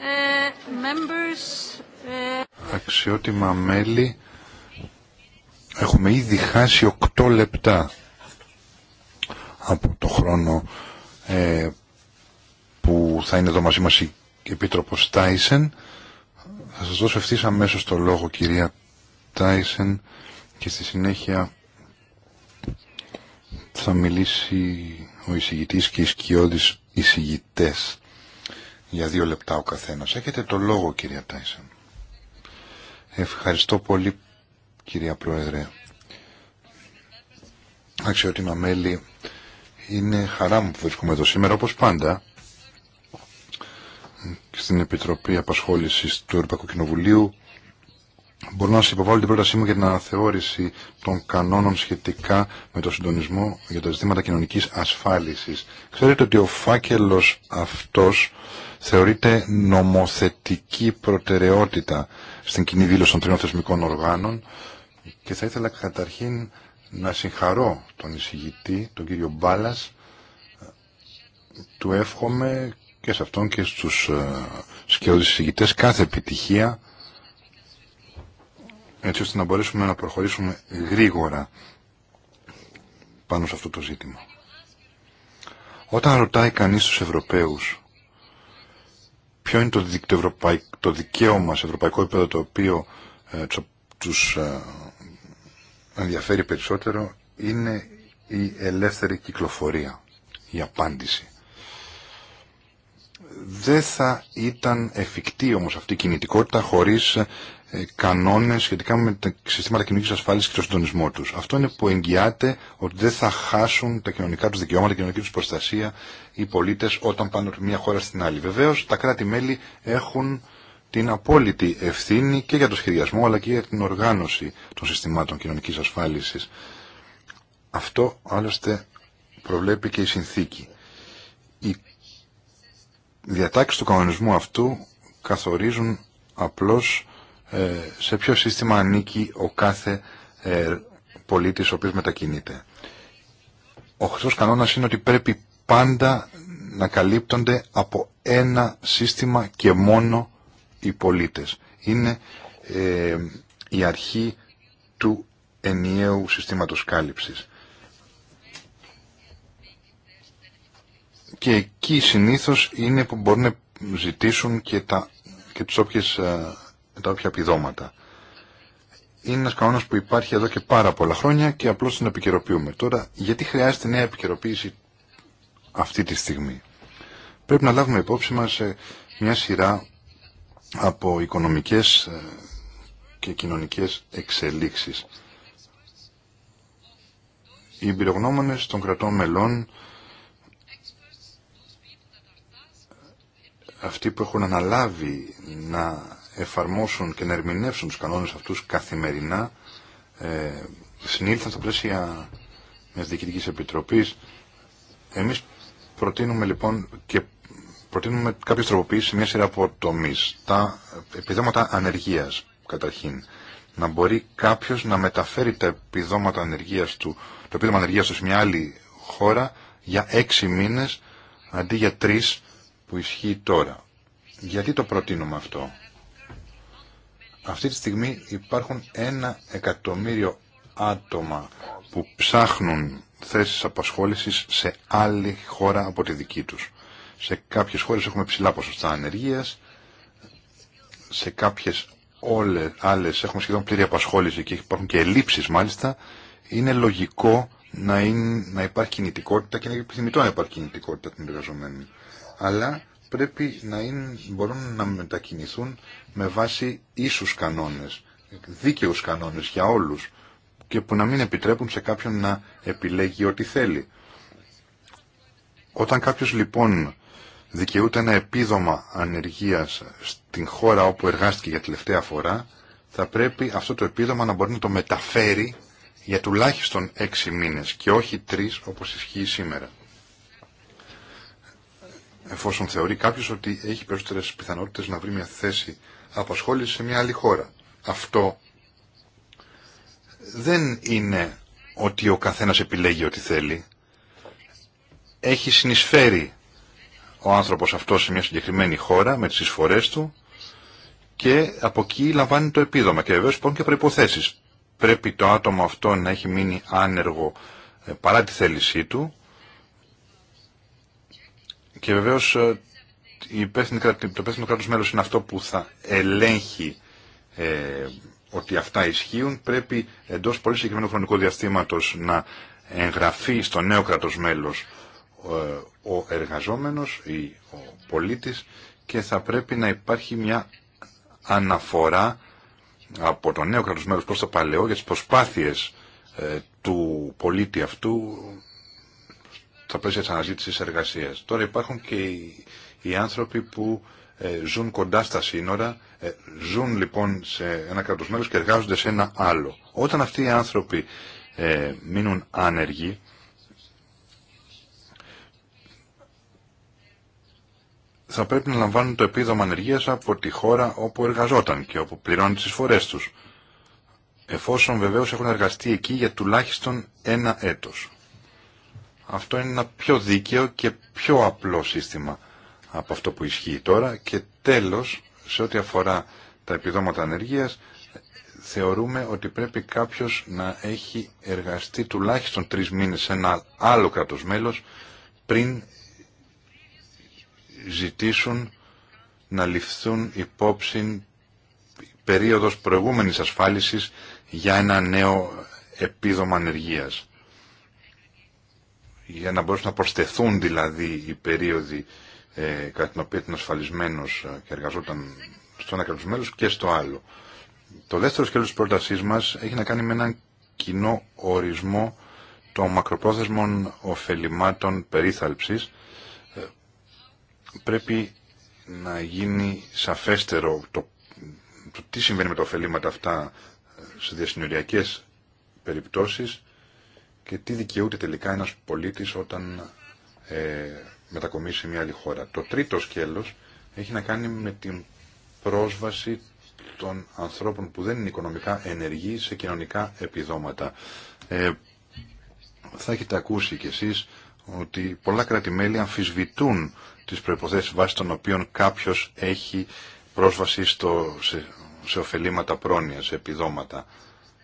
Ε, members, ε, Αξιότιμα μέλη, έχουμε ήδη χάσει 8 λεπτά από το χρόνο ε, που θα είναι εδώ μαζί μας η Επίτροπος Τάισεν. Θα σας δώσω ευθύς αμέσως το λόγο κυρία Τάισεν και στη συνέχεια θα μιλήσει ο εισηγητής και οι σκιώδεις εισηγητές για δύο λεπτά ο καθένας. Έχετε το λόγο κυρία Τάισον. Ευχαριστώ πολύ κυρία Πρόεδρε. Αξιότιμα μέλη, είναι χαρά μου που βρίσκομαι εδώ σήμερα όπως πάντα στην Επιτροπή Απασχόλησης του Ευρωπαϊκού Κοινοβουλίου μπορώ να σας υποβάλω την πρότασή μου για την αναθεώρηση των κανόνων σχετικά με το συντονισμό για τα ζητήματα κοινωνικής ασφάλισης. Ξέρετε ότι ο φάκελος αυτός θεωρείται νομοθετική προτεραιότητα στην κοινή δήλωση των τριών θεσμικών οργάνων και θα ήθελα καταρχήν να συγχαρώ τον εισηγητή, τον κύριο Μπάλας, του εύχομαι και σε αυτόν και στους ε, σκιώδεις εισηγητές κάθε επιτυχία έτσι ώστε να μπορέσουμε να προχωρήσουμε γρήγορα πάνω σε αυτό το ζήτημα. Όταν ρωτάει κανείς τους Ευρωπαίους ποιο είναι το, το δικαίωμα σε ευρωπαϊκό επίπεδο το οποίο ε, τους ε, ενδιαφέρει περισσότερο είναι η ελεύθερη κυκλοφορία, η απάντηση. Δεν θα ήταν εφικτή όμως αυτή η κινητικότητα χωρίς ε, ε, κανόνε σχετικά με τα συστήματα κοινωνική ασφάλισης και τον συντονισμό του. Αυτό είναι που εγγυάται ότι δεν θα χάσουν τα κοινωνικά του δικαιώματα, την κοινωνική του προστασία οι πολίτε όταν πάνε από μια χώρα στην άλλη. Βεβαίω τα κράτη-μέλη έχουν την απόλυτη ευθύνη και για το σχεδιασμό αλλά και για την οργάνωση των συστημάτων κοινωνική ασφάλιση. Αυτό άλλωστε προβλέπει και η συνθήκη. Οι διατάξει του κανονισμού αυτού καθορίζουν απλώς ε, σε ποιο σύστημα ανήκει ο κάθε ε, πολίτης ο οποίος μετακινείται. Ο χρυσός κανόνας είναι ότι πρέπει πάντα να καλύπτονται από ένα σύστημα και μόνο οι πολίτες. Είναι ε, η αρχή του ενιαίου συστήματος κάλυψης. Και εκεί συνήθως είναι που μπορούν να ζητήσουν και, τα, και τις τα όποια επιδόματα. Είναι ένας κανόνας που υπάρχει εδώ και πάρα πολλά χρόνια και απλώς την επικαιροποιούμε. Τώρα, γιατί χρειάζεται νέα επικαιροποίηση αυτή τη στιγμή. Πρέπει να λάβουμε υπόψη μας ε, μια σειρά από οικονομικές ε, και κοινωνικές εξελίξεις. Οι εμπειρογνώμονες των κρατών μελών, αυτοί που έχουν αναλάβει να εφαρμόσουν και να ερμηνεύσουν τους κανόνες αυτούς καθημερινά ε, συνήλθαν στα πλαίσια μιας διοικητικής επιτροπής. Εμείς προτείνουμε λοιπόν και προτείνουμε κάποιες τροποποιήσεις σε μια σειρά από τομείς. Τα επιδόματα ανεργίας καταρχήν. Να μπορεί κάποιος να μεταφέρει τα επιδόματα ανεργίας του, το επίδομα ανεργίας του σε μια άλλη χώρα για έξι μήνες αντί για τρει που ισχύει τώρα. Γιατί το προτείνουμε αυτό. Αυτή τη στιγμή υπάρχουν ένα εκατομμύριο άτομα που ψάχνουν θέσεις απασχόλησης σε άλλη χώρα από τη δική τους. Σε κάποιες χώρες έχουμε ψηλά ποσοστά ανεργίας, σε κάποιες όλες, άλλες έχουμε σχεδόν πλήρη απασχόληση και υπάρχουν και ελλείψεις μάλιστα, είναι λογικό να, είναι, να υπάρχει κινητικότητα και είναι επιθυμητό να υπάρχει κινητικότητα των εργαζομένων. Αλλά πρέπει να είναι, μπορούν να μετακινηθούν με βάση ίσους κανόνες, δίκαιους κανόνες για όλους και που να μην επιτρέπουν σε κάποιον να επιλέγει ό,τι θέλει. Όταν κάποιος λοιπόν δικαιούται ένα επίδομα ανεργίας στην χώρα όπου εργάστηκε για τελευταία φορά, θα πρέπει αυτό το επίδομα να μπορεί να το μεταφέρει για τουλάχιστον έξι μήνες και όχι τρεις όπως ισχύει σήμερα εφόσον θεωρεί κάποιο ότι έχει περισσότερε πιθανότητε να βρει μια θέση απασχόληση σε μια άλλη χώρα. Αυτό δεν είναι ότι ο καθένας επιλέγει ό,τι θέλει. Έχει συνεισφέρει ο άνθρωπος αυτό σε μια συγκεκριμένη χώρα με τις εισφορέ του και από εκεί λαμβάνει το επίδομα. Και βεβαίω υπάρχουν και προϋποθέσεις. Πρέπει το άτομο αυτό να έχει μείνει άνεργο ε, παρά τη θέλησή του και βεβαίω ε, το υπεύθυνο κράτο μέλος είναι αυτό που θα ελέγχει ε, ότι αυτά ισχύουν. Πρέπει εντό πολύ συγκεκριμένου χρονικού διαστήματος να εγγραφεί στο νέο κράτος μέλος ε, ο εργαζόμενος ή ο πολίτης και θα πρέπει να υπάρχει μια αναφορά από το νέο κράτος μέλος προς το παλαιό για τι προσπάθειες του πολίτη αυτού στα πλαίσια της αναζήτησης εργασίας. Τώρα υπάρχουν και οι, άνθρωποι που ε, ζουν κοντά στα σύνορα, ε, ζουν λοιπόν σε ένα κράτος μέρος και εργάζονται σε ένα άλλο. Όταν αυτοί οι άνθρωποι ε, μείνουν άνεργοι, θα πρέπει να λαμβάνουν το επίδομα ανεργίας από τη χώρα όπου εργαζόταν και όπου πληρώνουν τις φορές τους. Εφόσον βεβαίως έχουν εργαστεί εκεί για τουλάχιστον ένα έτος αυτό είναι ένα πιο δίκαιο και πιο απλό σύστημα από αυτό που ισχύει τώρα και τέλος σε ό,τι αφορά τα επιδόματα ανεργίας θεωρούμε ότι πρέπει κάποιος να έχει εργαστεί τουλάχιστον τρεις μήνες σε ένα άλλο κράτος μέλος πριν ζητήσουν να ληφθούν υπόψη περίοδος προηγούμενης ασφάλισης για ένα νέο επίδομα ανεργίας για να μπορέσουν να προστεθούν δηλαδή οι περίοδοι ε, κατά την οποία ήταν ασφαλισμένο ε, και εργαζόταν στο ένα κράτο και στο άλλο. Το δεύτερο σκέλο τη πρότασή μα έχει να κάνει με έναν κοινό ορισμό των μακροπρόθεσμων ωφελημάτων περίθαλψης ε, πρέπει να γίνει σαφέστερο το, το τι συμβαίνει με τα ωφελήματα αυτά ε, σε διασυνοριακές περιπτώσεις και τι δικαιούται τελικά ένας πολίτης όταν ε, μετακομίσει σε μια άλλη χώρα. Το τρίτο σκέλος έχει να κάνει με την πρόσβαση των ανθρώπων που δεν είναι οικονομικά ενεργοί σε κοινωνικά επιδόματα. Ε, θα έχετε ακούσει κι εσείς ότι πολλά κράτη-μέλη αμφισβητούν τις προϋποθέσεις βάσει των οποίων κάποιος έχει πρόσβαση στο, σε, σε ωφελήματα πρόνοια, σε επιδόματα.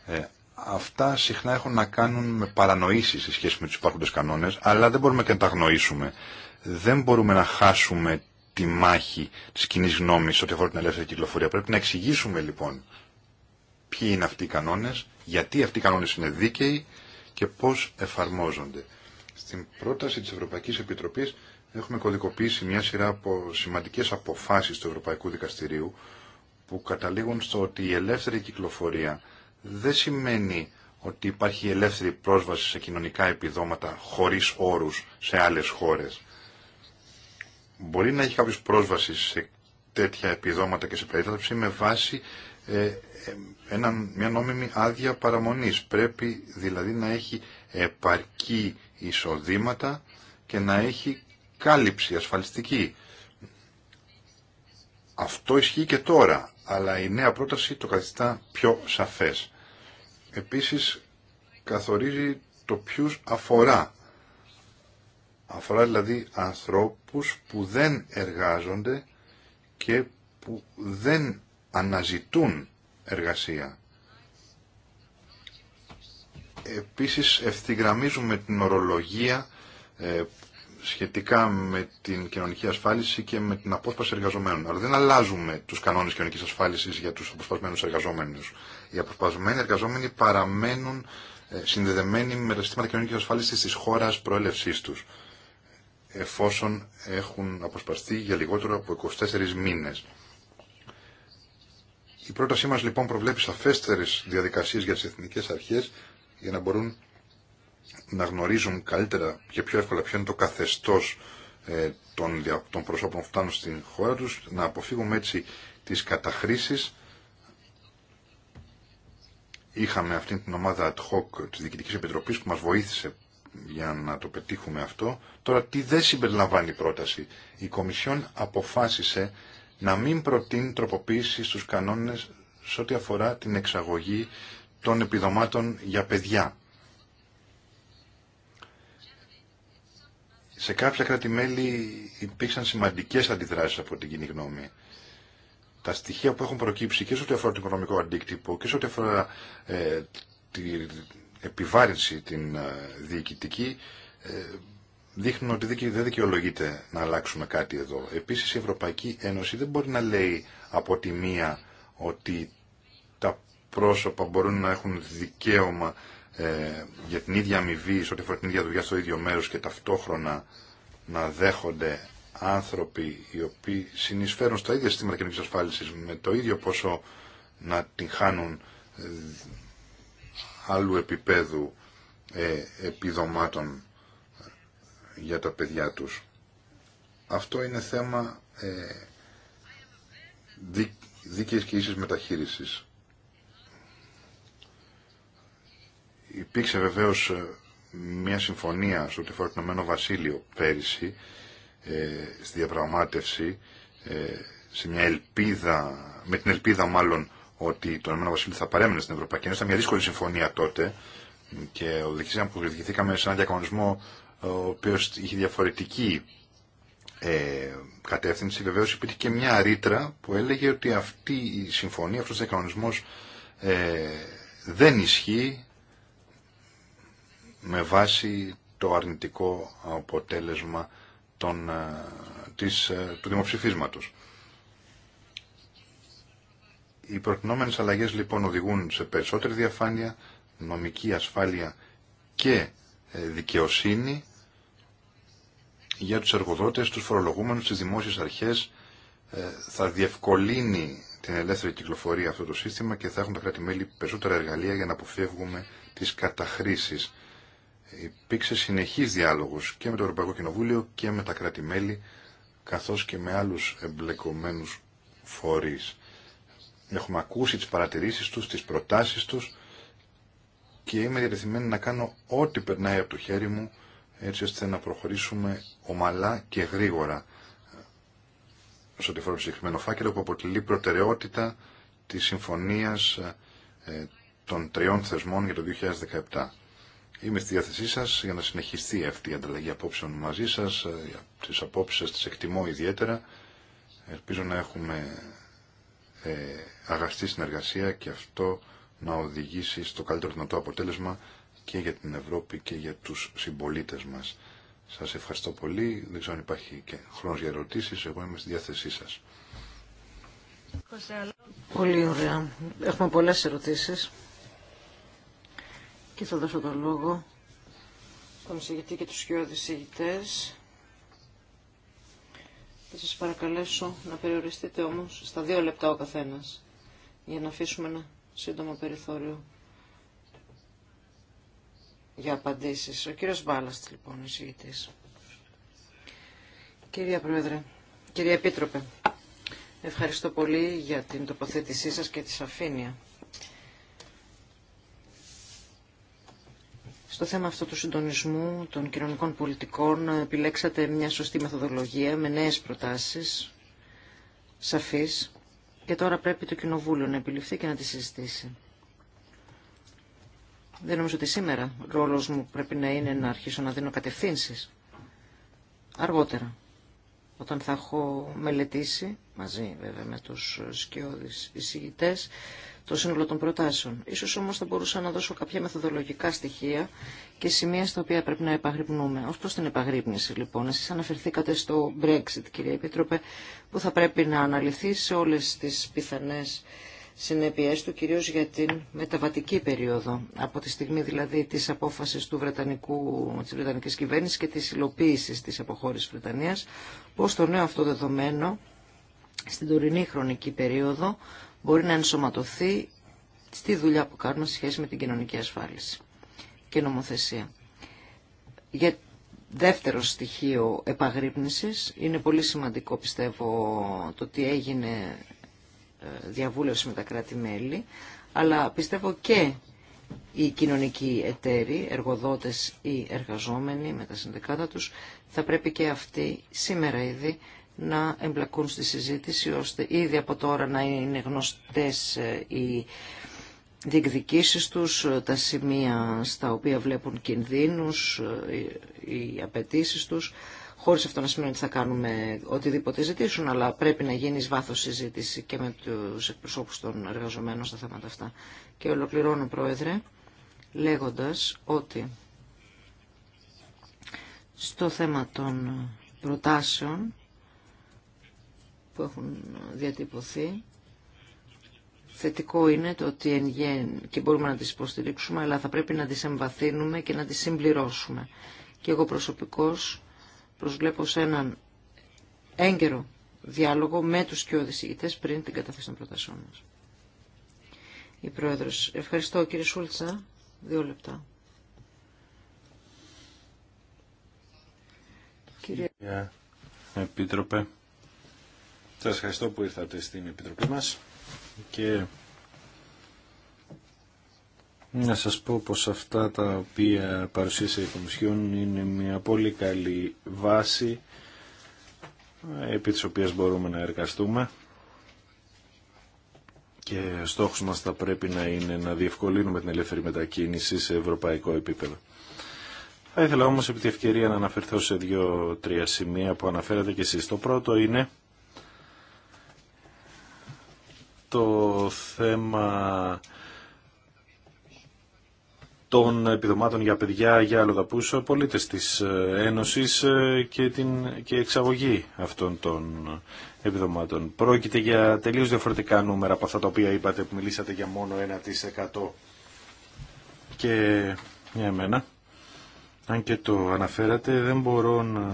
Ε, αυτά συχνά έχουν να κάνουν με παρανοήσεις σε σχέση με τους υπάρχοντες κανόνες, αλλά δεν μπορούμε και να τα γνωρίσουμε. Δεν μπορούμε να χάσουμε τη μάχη της κοινή γνώμης ό,τι αφορά την ελεύθερη κυκλοφορία. Πρέπει να εξηγήσουμε λοιπόν ποιοι είναι αυτοί οι κανόνες, γιατί αυτοί οι κανόνες είναι δίκαιοι και πώς εφαρμόζονται. Στην πρόταση της Ευρωπαϊκής Επιτροπής έχουμε κωδικοποιήσει μια σειρά από σημαντικές αποφάσεις του Ευρωπαϊκού Δικαστηρίου που καταλήγουν στο ότι η ελεύθερη κυκλοφορία δεν σημαίνει ότι υπάρχει ελεύθερη πρόσβαση σε κοινωνικά επιδόματα χωρίς όρους σε άλλες χώρες. Μπορεί να έχει κάποιος πρόσβαση σε τέτοια επιδόματα και σε περίπτωση με βάση ε, ε, ένα, μια νόμιμη άδεια παραμονής. Πρέπει δηλαδή να έχει επαρκή εισοδήματα και να έχει κάλυψη ασφαλιστική. Αυτό ισχύει και τώρα, αλλά η νέα πρόταση το καθιστά πιο σαφές. Επίσης καθορίζει το ποιους αφορά. Αφορά δηλαδή ανθρώπους που δεν εργάζονται και που δεν αναζητούν εργασία. Επίσης ευθυγραμμίζουμε την ορολογία ε, σχετικά με την κοινωνική ασφάλιση και με την απόσπαση εργαζομένων. Αλλά δεν αλλάζουμε τους κανόνες κοινωνικής ασφάλισης για τους αποσπασμένους εργαζόμενους. Οι αποσπασμένοι εργαζόμενοι παραμένουν ε, συνδεδεμένοι με τα συστήματα κοινωνική ασφάλιση τη χώρα προέλευσή του, εφόσον έχουν αποσπαστεί για λιγότερο από 24 μήνε. Η πρότασή μα λοιπόν προβλέπει σαφέστερε διαδικασίε για τι εθνικέ αρχέ για να μπορούν να γνωρίζουν καλύτερα και πιο εύκολα ποιο είναι το καθεστώ ε, των, προσώπων που φτάνουν στην χώρα του, να αποφύγουμε έτσι τι καταχρήσει είχαμε αυτή την ομάδα ad hoc της Διοικητικής Επιτροπής που μας βοήθησε για να το πετύχουμε αυτό. Τώρα τι δεν συμπεριλαμβάνει η πρόταση. Η Κομισιόν αποφάσισε να μην προτείνει τροποποίηση στους κανόνες σε ό,τι αφορά την εξαγωγή των επιδομάτων για παιδιά. Σε κάποια κράτη-μέλη υπήρξαν σημαντικές αντιδράσεις από την κοινή γνώμη τα στοιχεία που έχουν προκύψει και σε ό,τι αφορά το οικονομικό αντίκτυπο και σε ό,τι αφορά ε, την επιβάρυνση την ε, διοικητική ε, δείχνουν ότι δεν δικαιολογείται να αλλάξουμε κάτι εδώ. Επίσης η Ευρωπαϊκή Ένωση δεν μπορεί να λέει από τη μία ότι τα πρόσωπα μπορούν να έχουν δικαίωμα για την ίδια αμοιβή, σε ό,τι αφορά την ίδια δουλειά στο ίδιο μέρος και ταυτόχρονα να δέχονται άνθρωποι οι οποίοι συνεισφέρουν στα ίδια συστήματα κοινωνικής ασφάλισης με το ίδιο πόσο να την χάνουν ε, άλλου επίπεδου ε, επιδομάτων ε, για τα παιδιά τους. Αυτό είναι θέμα ε, δί, δίκαιης και ίσης μεταχείρισης. Υπήρξε βεβαίως μια συμφωνία στο τεφόρο Βασίλειο πέρυσι ε, στη διαπραγμάτευση ε, σε μια ελπίδα, με την ελπίδα μάλλον ότι το βασίλειο θα παρέμεινε στην Ευρωπαϊκή Ένωση. Ήταν μια δύσκολη συμφωνία τότε και οδηγηθήκαμε σε έναν διακανονισμό ο οποίο είχε διαφορετική ε, κατεύθυνση. Βεβαίω υπήρχε και μια ρήτρα που έλεγε ότι αυτή η συμφωνία, αυτό ο διακανονισμό ε, δεν ισχύει με βάση το αρνητικό αποτέλεσμα ε, της, ε, του δημοψηφίσματος. Οι προτινόμενες αλλαγές λοιπόν οδηγούν σε περισσότερη διαφάνεια, νομική ασφάλεια και ε, δικαιοσύνη για τους εργοδότες, τους φορολογούμενους, τις δημόσιες αρχές θα διευκολύνει την ελεύθερη κυκλοφορία αυτό το σύστημα και θα έχουν τα κράτη-μέλη περισσότερα εργαλεία για να αποφεύγουμε τις καταχρήσεις υπήρξε συνεχής διάλογος και με το Ευρωπαϊκό Κοινοβούλιο και με τα κράτη-μέλη καθώς και με άλλους εμπλεκομένους φορείς. Έχουμε ακούσει τις παρατηρήσεις τους, τις προτάσεις τους και είμαι διατεθειμένη να κάνω ό,τι περνάει από το χέρι μου έτσι ώστε να προχωρήσουμε ομαλά και γρήγορα σε ό,τι αφορά το συγκεκριμένο φάκελο που αποτελεί προτεραιότητα της συμφωνίας ε, των τριών θεσμών για το 2017. Είμαι στη διάθεσή σας για να συνεχιστεί αυτή η ανταλλαγή απόψεων μαζί σα, ε, Τις απόψεις σα τι εκτιμώ ιδιαίτερα. Ελπίζω να έχουμε ε, αγαστή συνεργασία και αυτό να οδηγήσει στο καλύτερο δυνατό αποτέλεσμα και για την Ευρώπη και για τους συμπολίτε μας. Σας ευχαριστώ πολύ. Δεν ξέρω αν υπάρχει και χρόνο για ερωτήσει. Εγώ είμαι στη διάθεσή σα. Πολύ ωραία. Έχουμε πολλές ερωτήσεις. Και θα δώσω το λόγο στον εισηγητή και τους σκιώδης εισηγητές. Θα σας παρακαλέσω να περιοριστείτε όμως στα δύο λεπτά ο καθένας για να αφήσουμε ένα σύντομο περιθώριο για απαντήσεις. Ο κύριος Μπάλαστ λοιπόν, εισηγητής. Κυρία Πρόεδρε, κυρία Επίτροπε, ευχαριστώ πολύ για την τοποθέτησή σας και τη σαφήνεια. Στο θέμα αυτό του συντονισμού των κοινωνικών πολιτικών επιλέξατε μια σωστή μεθοδολογία με νέες προτάσεις, σαφείς, και τώρα πρέπει το Κοινοβούλιο να επιληφθεί και να τη συζητήσει. Δεν νομίζω ότι σήμερα ρόλος μου πρέπει να είναι να αρχίσω να δίνω κατευθύνσεις. Αργότερα, όταν θα έχω μελετήσει, μαζί βέβαια με τους σκιώδεις εισηγητές, το σύνολο των προτάσεων. Ίσως όμως θα μπορούσα να δώσω κάποια μεθοδολογικά στοιχεία και σημεία στα οποία πρέπει να επαγρυπνούμε. Ως προς την επαγρύπνηση λοιπόν, εσείς αναφερθήκατε στο Brexit κύριε Επίτροπε, που θα πρέπει να αναλυθεί σε όλες τις πιθανές συνέπειές του, κυρίως για την μεταβατική περίοδο, από τη στιγμή δηλαδή της απόφασης του Βρετανικού, της Βρετανικής κυβέρνησης και της υλοποίησης της αποχώρησης Βρετανίας, πώς το νέο αυτό δεδομένο στην τωρινή χρονική περίοδο μπορεί να ενσωματωθεί στη δουλειά που κάνουμε σε σχέση με την κοινωνική ασφάλιση και νομοθεσία. Για δεύτερο στοιχείο επαγρύπνησης, είναι πολύ σημαντικό πιστεύω το ότι έγινε ε, διαβούλευση με τα κράτη-μέλη, αλλά πιστεύω και οι κοινωνικοί εταίροι, εργοδότες ή εργαζόμενοι με τα συνδικάτα τους, θα πρέπει και αυτοί σήμερα ήδη να εμπλακούν στη συζήτηση ώστε ήδη από τώρα να είναι γνωστές ε, οι διεκδικήσεις τους, ε, τα σημεία στα οποία βλέπουν κινδύνους, ε, οι απαιτήσει τους, χωρίς αυτό να σημαίνει ότι θα κάνουμε οτιδήποτε ζητήσουν, αλλά πρέπει να γίνει βάθος συζήτηση και με τους εκπροσώπους των εργαζομένων στα θέματα αυτά. Και ολοκληρώνω, Πρόεδρε, λέγοντας ότι στο θέμα των προτάσεων που έχουν διατυπωθεί. Θετικό είναι το ότι εν γέν και μπορούμε να τις υποστηρίξουμε, αλλά θα πρέπει να τις εμβαθύνουμε και να τις συμπληρώσουμε. Και εγώ προσωπικώς προσβλέπω σε έναν έγκαιρο διάλογο με τους και πριν την καταθέση των προτασών μας. Η Πρόεδρος. Ευχαριστώ κύριε Σούλτσα. Δύο λεπτά. Κύριε Επίτροπε. Σας ευχαριστώ που ήρθατε στην Επιτροπή μας και να σας πω πως αυτά τα οποία παρουσίασε η Κομισιόν είναι μια πολύ καλή βάση επί της οποίας μπορούμε να εργαστούμε και στόχος μας θα πρέπει να είναι να διευκολύνουμε την ελεύθερη μετακίνηση σε ευρωπαϊκό επίπεδο. Θα ήθελα όμως επί τη ευκαιρία να αναφερθώ σε δύο-τρία σημεία που αναφέρατε και εσείς. Το πρώτο είναι το θέμα των επιδομάτων για παιδιά, για αλλοδαπούς πολίτες της ε, Ένωσης ε, και, την, και εξαγωγή αυτών των επιδομάτων. Πρόκειται για τελείως διαφορετικά νούμερα από αυτά τα οποία είπατε που μιλήσατε για μόνο 1% και για εμένα. Αν και το αναφέρατε δεν μπορώ να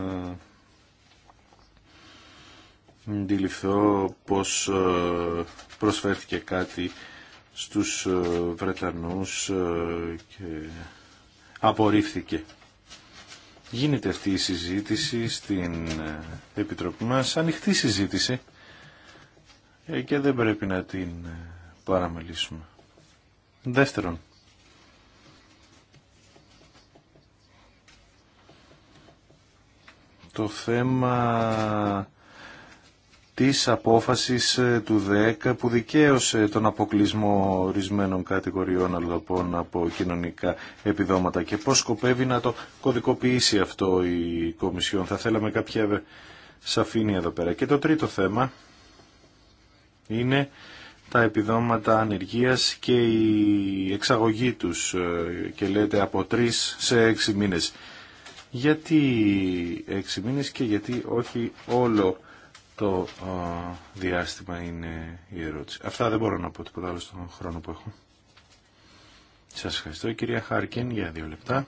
αντιληφθώ πως ε, προσφέρθηκε κάτι στους ε, Βρετανούς ε, και απορρίφθηκε. Γίνεται αυτή η συζήτηση στην ε, Επιτροπή μας, ανοιχτή συζήτηση και δεν πρέπει να την παραμελήσουμε. Δεύτερον, το θέμα της απόφασης ε, του ΔΕΚ που δικαίωσε τον αποκλεισμό ορισμένων κατηγοριών αλλοδαπών από κοινωνικά επιδόματα και πώς σκοπεύει να το κωδικοποιήσει αυτό η Κομισιόν. Θα θέλαμε κάποια σαφήνεια εδώ πέρα. Και το τρίτο θέμα είναι τα επιδόματα ανεργίας και η εξαγωγή τους ε, και λέτε από τρεις σε έξι μήνες. Γιατί έξι μήνες και γιατί όχι όλο το διάστημα είναι η ερώτηση. Αυτά δεν μπορώ να πω τίποτα άλλο στον χρόνο που έχω. Σας ευχαριστώ κυρία Χάρκιν για δύο λεπτά.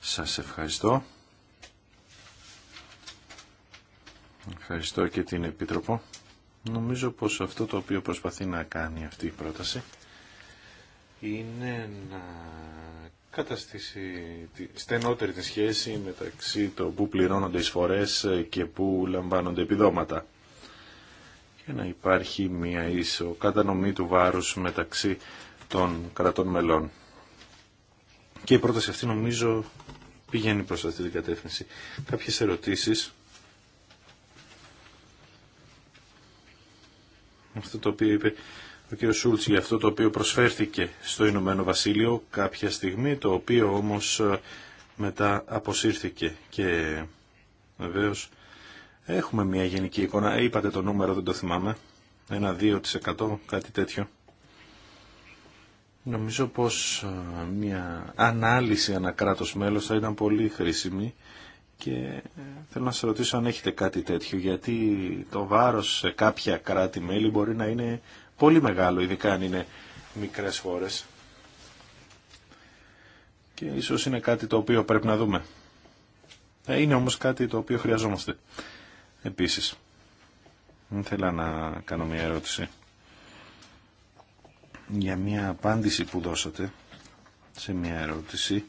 Σας ευχαριστώ. Ευχαριστώ και την Επίτροπο. Νομίζω πως αυτό το οποίο προσπαθεί να κάνει αυτή η πρόταση είναι να καταστήσει τη στενότερη τη σχέση μεταξύ το που πληρώνονται εισφορές και που λαμβάνονται επιδόματα και να υπάρχει μία ίσο κατανομή του βάρους μεταξύ των κρατών μελών. Και η πρόταση αυτή νομίζω πηγαίνει προς αυτή την κατεύθυνση. Κάποιες ερωτήσεις. Αυτό το οποίο είπε ο κ. Σούλτς για αυτό το οποίο προσφέρθηκε στο Ηνωμένο Βασίλειο κάποια στιγμή, το οποίο όμως ε, μετά αποσύρθηκε και βεβαίω έχουμε μια γενική εικόνα. Είπατε το νούμερο, δεν το θυμάμαι. Ένα 2% κάτι τέτοιο. Νομίζω πως ε, μια ανάλυση ανακράτος μέλος θα ήταν πολύ χρήσιμη και ε, θέλω να σας ρωτήσω αν έχετε κάτι τέτοιο γιατί το βάρος σε κάποια κράτη-μέλη μπορεί να είναι πολύ μεγάλο, ειδικά αν είναι μικρές φορές. Και ίσως είναι κάτι το οποίο πρέπει να δούμε. Ε, είναι όμως κάτι το οποίο χρειαζόμαστε. Επίσης, ήθελα να κάνω μια ερώτηση για μια απάντηση που δώσατε σε μια ερώτηση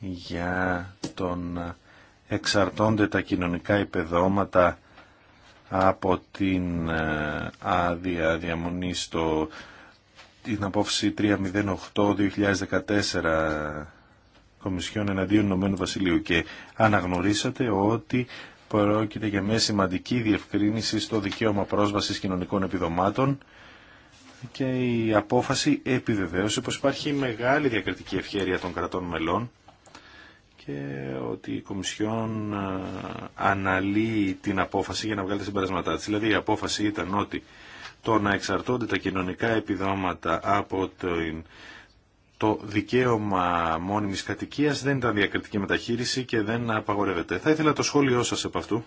για τον ε, εξαρτώνται τα κοινωνικά υπεδόματα» από την ε, άδεια διαμονή στο την απόφαση 308-2014 Κομισιόν εναντίον Ηνωμένου Βασιλείου και αναγνωρίσατε ότι πρόκειται για μια σημαντική διευκρίνηση στο δικαίωμα πρόσβασης κοινωνικών επιδομάτων και η απόφαση επιβεβαίωσε πως υπάρχει μεγάλη διακριτική ευχέρεια των κρατών μελών και ότι η Κομισιόν ε, αναλύει την απόφαση για να βγάλει τα συμπερασματά της. Δηλαδή η απόφαση ήταν ότι το να εξαρτώνται τα κοινωνικά επιδόματα από το, το δικαίωμα μόνιμης κατοικίας δεν ήταν διακριτική μεταχείριση και δεν απαγορεύεται. Θα ήθελα το σχόλιο σας από αυτού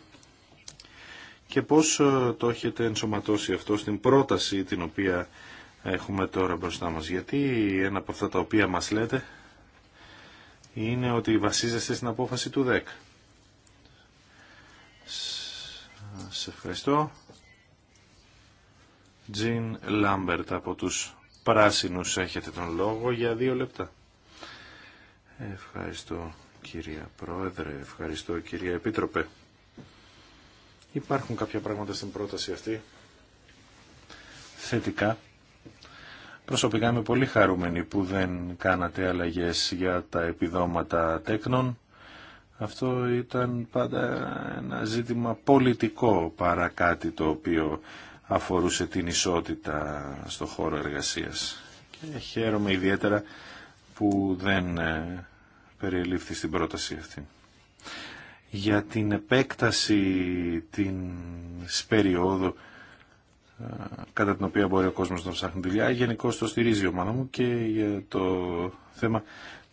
και πώς ε, το έχετε ενσωματώσει αυτό στην πρόταση την οποία έχουμε τώρα μπροστά μας. Γιατί ένα από αυτά τα οποία μας λέτε είναι ότι βασίζεστε στην απόφαση του ΔΕΚ. Σε ευχαριστώ. Τζιν Λάμπερτ από τους Πράσινους έχετε τον λόγο για δύο λεπτά. Ευχαριστώ κυρία Πρόεδρε, ευχαριστώ κυρία Επίτροπε. Υπάρχουν κάποια πράγματα στην πρόταση αυτή θετικά Προσωπικά είμαι πολύ χαρούμενοι που δεν κάνατε αλλαγές για τα επιδόματα τέκνων. Αυτό ήταν πάντα ένα ζήτημα πολιτικό παρά κάτι το οποίο αφορούσε την ισότητα στο χώρο εργασίας. Και χαίρομαι ιδιαίτερα που δεν ε, περιελήφθη στην πρόταση αυτή. Για την επέκταση την περίοδου κατά την οποία μπορεί ο κόσμος να ψάχνει δουλειά. Γενικώ το στηρίζει η ομάδα μου και για το θέμα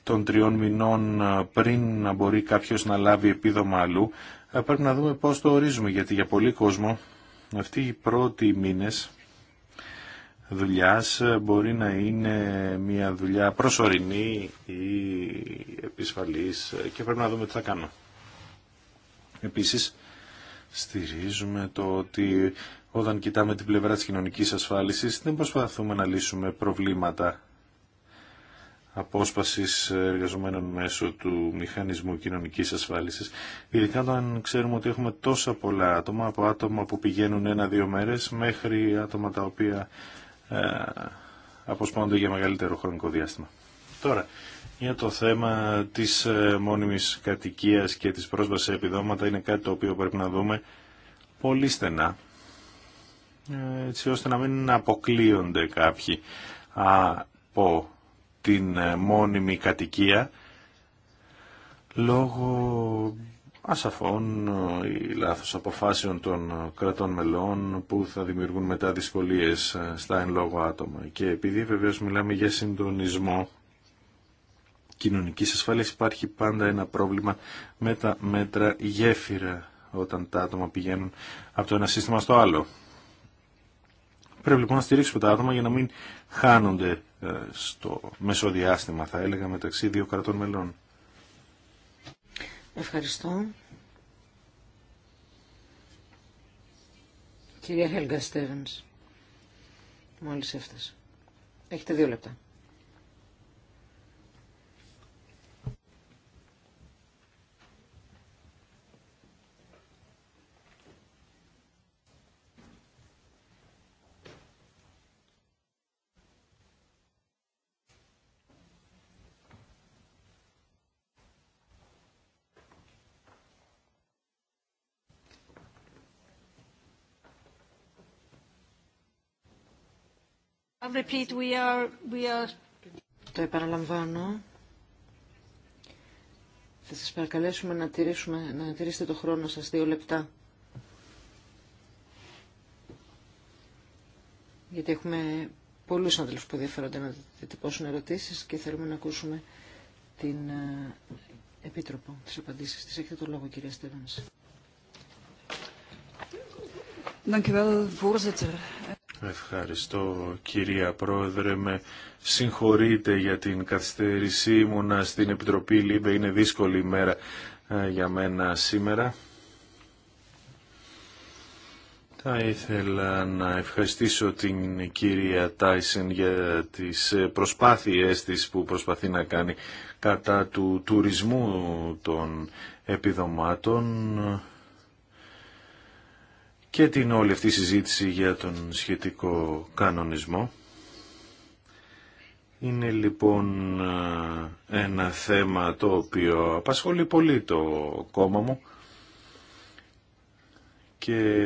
των τριών μηνών πριν να μπορεί κάποιος να λάβει επίδομα αλλού. Πρέπει να δούμε πώς το ορίζουμε, γιατί για πολύ κόσμο αυτοί οι πρώτοι μήνες δουλειά μπορεί να είναι μια δουλειά προσωρινή ή επισφαλής και πρέπει να δούμε τι θα κάνουμε. Επίσης, στηρίζουμε το ότι όταν κοιτάμε την πλευρά της κοινωνικής ασφάλισης δεν προσπαθούμε να λύσουμε προβλήματα απόσπασης εργαζομένων μέσω του μηχανισμού κοινωνικής ασφάλισης. Ειδικά όταν ξέρουμε ότι έχουμε τόσα πολλά άτομα, από άτομα που πηγαίνουν ένα-δύο μέρες μέχρι άτομα τα οποία ε, αποσπάνονται για μεγαλύτερο χρονικό διάστημα. Τώρα, για το θέμα της ε, μόνιμης κατοικίας και της πρόσβασης σε επιδόματα είναι κάτι το οποίο πρέπει να δούμε πολύ στενά έτσι ώστε να μην αποκλείονται κάποιοι από την μόνιμη κατοικία λόγω ασαφών ή λάθος αποφάσεων των κρατών μελών που θα δημιουργούν μετά δυσκολίες στα εν λόγω άτομα. Και επειδή βεβαίως μιλάμε για συντονισμό κοινωνικής ασφάλειας υπάρχει πάντα ένα πρόβλημα με τα μέτρα γέφυρα όταν τα άτομα πηγαίνουν από το ένα σύστημα στο άλλο. Πρέπει λοιπόν να στηρίξουμε τα άτομα για να μην χάνονται ε, στο μεσοδιάστημα, θα έλεγα, μεταξύ δύο κρατών μελών. Ευχαριστώ. Κυρία Χέλγκα Στέβενς, μόλις έφτασε. Έχετε δύο λεπτά. repeat, we are, we are... Το επαναλαμβάνω. Θα σας παρακαλέσουμε να, τηρήσουμε, να τηρήσετε το χρόνο σας δύο λεπτά. Γιατί έχουμε πολλούς ανθρώπους που ενδιαφέρονται να τυπώσουν ερωτήσεις και θέλουμε να ακούσουμε την ε, Επίτροπο της απαντήσεις της. Έχετε το λόγο κυρία Στέβανση. Ευχαριστώ κυρία Πρόεδρε. Με συγχωρείτε για την καθυστέρησή μου να στην Επιτροπή Λίμπε. Είναι δύσκολη ημέρα ε, για μένα σήμερα. Θα ήθελα να ευχαριστήσω την κυρία Τάισεν για τις προσπάθειές της που προσπαθεί να κάνει κατά του τουρισμού των επιδομάτων και την όλη αυτή συζήτηση για τον σχετικό κανονισμό. Είναι λοιπόν ένα θέμα το οποίο απασχολεί πολύ το κόμμα μου και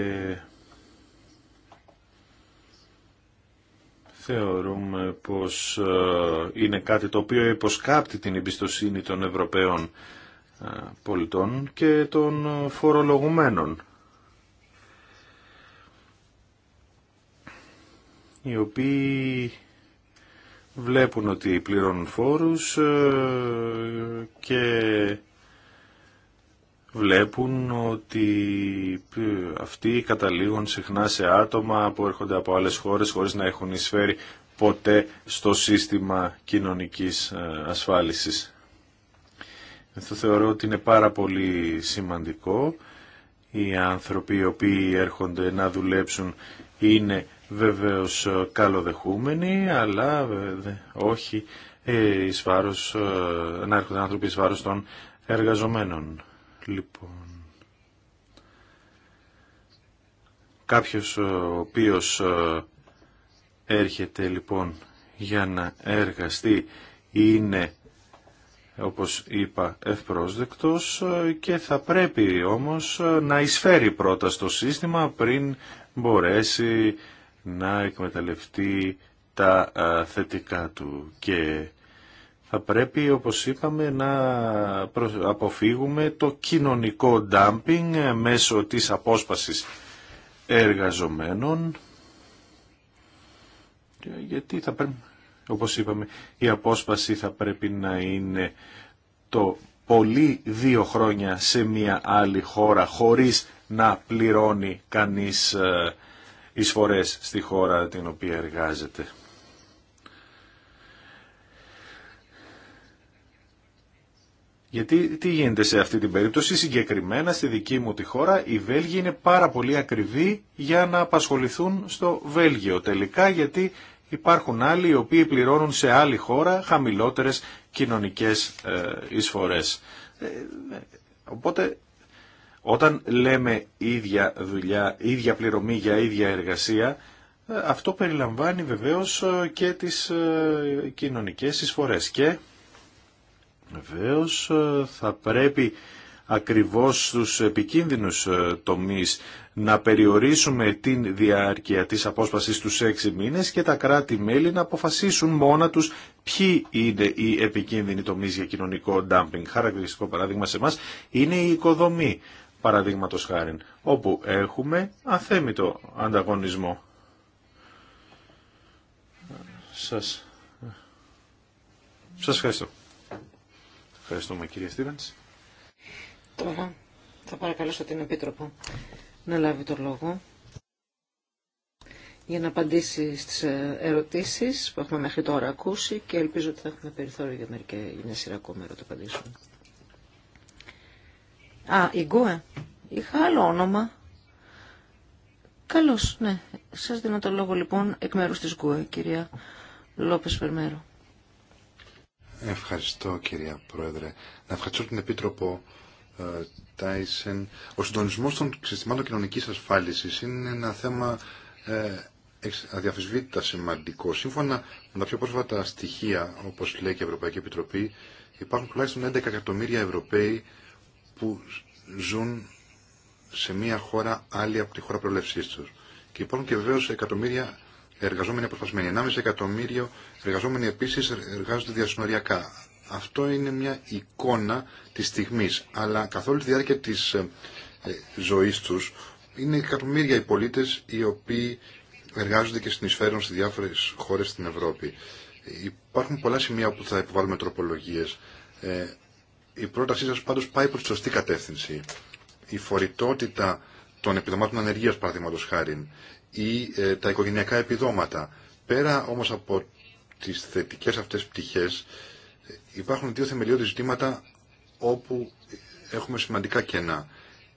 θεωρούμε πως είναι κάτι το οποίο υποσκάπτει την εμπιστοσύνη των Ευρωπαίων πολιτών και των φορολογουμένων οι οποίοι βλέπουν ότι πληρώνουν φόρους ε, και βλέπουν ότι ε, αυτοί καταλήγουν συχνά σε άτομα που έρχονται από άλλες χώρες χωρίς να έχουν εισφέρει ποτέ στο σύστημα κοινωνικής ε, ασφάλισης. Αυτό θεωρώ ότι είναι πάρα πολύ σημαντικό. Οι άνθρωποι οι οποίοι έρχονται να δουλέψουν είναι βεβαίως ε, καλοδεχούμενοι, αλλά ε, όχι ε, εις βάρος, να έρχονται άνθρωποι εις των εργαζομένων. Λοιπόν, κάποιος ο οποίος έρχεται λοιπόν για να εργαστεί είναι όπως είπα ευπρόσδεκτος και θα πρέπει όμως να εισφέρει πρώτα στο σύστημα πριν μπορέσει να εκμεταλλευτεί τα θετικά του και θα πρέπει όπως είπαμε να αποφύγουμε το κοινωνικό ντάμπινγκ μέσω της απόσπασης εργαζομένων γιατί θα πρέπει, όπως είπαμε, η απόσπαση θα πρέπει να είναι το πολύ δύο χρόνια σε μια άλλη χώρα χωρίς να πληρώνει κανείς ε, εισφορές στη χώρα την οποία εργάζεται. Γιατί τι γίνεται σε αυτή την περίπτωση, συγκεκριμένα στη δική μου τη χώρα, η Βέλγοι είναι πάρα πολύ ακριβοί για να απασχοληθούν στο Βέλγιο τελικά, γιατί υπάρχουν άλλοι οι οποίοι πληρώνουν σε άλλη χώρα χαμηλότερες κοινωνικές ε, εισφορές. Ε, ε, οπότε όταν λέμε ίδια δουλειά, ίδια πληρωμή για ίδια εργασία, ε, αυτό περιλαμβάνει βεβαίως ε, και τις ε, κοινωνικές εισφορές και βεβαίως θα πρέπει ακριβώς στους επικίνδυνους τομείς να περιορίσουμε την διάρκεια της απόσπασης τους έξι μήνες και τα κράτη-μέλη να αποφασίσουν μόνα τους ποιοι είναι οι επικίνδυνοι τομείς για κοινωνικό ντάμπινγκ. Χαρακτηριστικό παράδειγμα σε εμά είναι η οικοδομή παραδείγματος χάρη, όπου έχουμε αθέμητο ανταγωνισμό. Σας, σας ευχαριστώ. Ευχαριστούμε κύριε Στίβενς. Τώρα θα παρακαλέσω την Επίτροπο να λάβει το λόγο για να απαντήσει στις ε, ερωτήσεις που έχουμε μέχρι τώρα ακούσει και ελπίζω ότι θα έχουμε περιθώριο για, μερικές, για μια σειρά ακόμα ερωτοπαντήσεων. Α, η Γκουε. Είχα άλλο όνομα. Καλώς, ναι. Σας δίνω το λόγο λοιπόν εκ μέρους της Γκουε, κυρία Λόπες Φερμέρο. Ευχαριστώ κυρία Πρόεδρε. Να ευχαριστώ την Επίτροπο ε, Τάισεν. Ο συντονισμός των συστημάτων κοινωνικής ασφάλισης είναι ένα θέμα ε, αδιαφυσβήτητα σημαντικό. Σύμφωνα με τα πιο πρόσφατα στοιχεία, όπως λέει και η Ευρωπαϊκή Επιτροπή, υπάρχουν τουλάχιστον 11 εκατομμύρια Ευρωπαίοι που ζουν σε μια χώρα άλλη από τη χώρα προέλευσή του. Και υπάρχουν και βεβαίω εκατομμύρια εργαζόμενοι αποσπασμένοι. 1,5 εκατομμύριο εργαζόμενοι επίση εργάζονται διασυνοριακά. Αυτό είναι μια εικόνα τη στιγμή. Αλλά καθ' όλη τη διάρκεια τη ε, ε, ζωή του είναι εκατομμύρια οι πολίτε οι οποίοι εργάζονται και συνεισφέρουν σε διάφορε χώρε στην Ευρώπη. Υπάρχουν πολλά σημεία που θα υποβάλουμε τροπολογίε. Ε, η πρότασή σας πάντως πάει προς τη σωστή κατεύθυνση. Η φορητότητα των επιδομάτων ανεργίας παραδείγματος χάρη ή ε, τα οικογενειακά επιδόματα. Πέρα όμως από τις θετικές αυτές πτυχές υπάρχουν δύο θεμελιώδη ζητήματα όπου έχουμε σημαντικά κενά.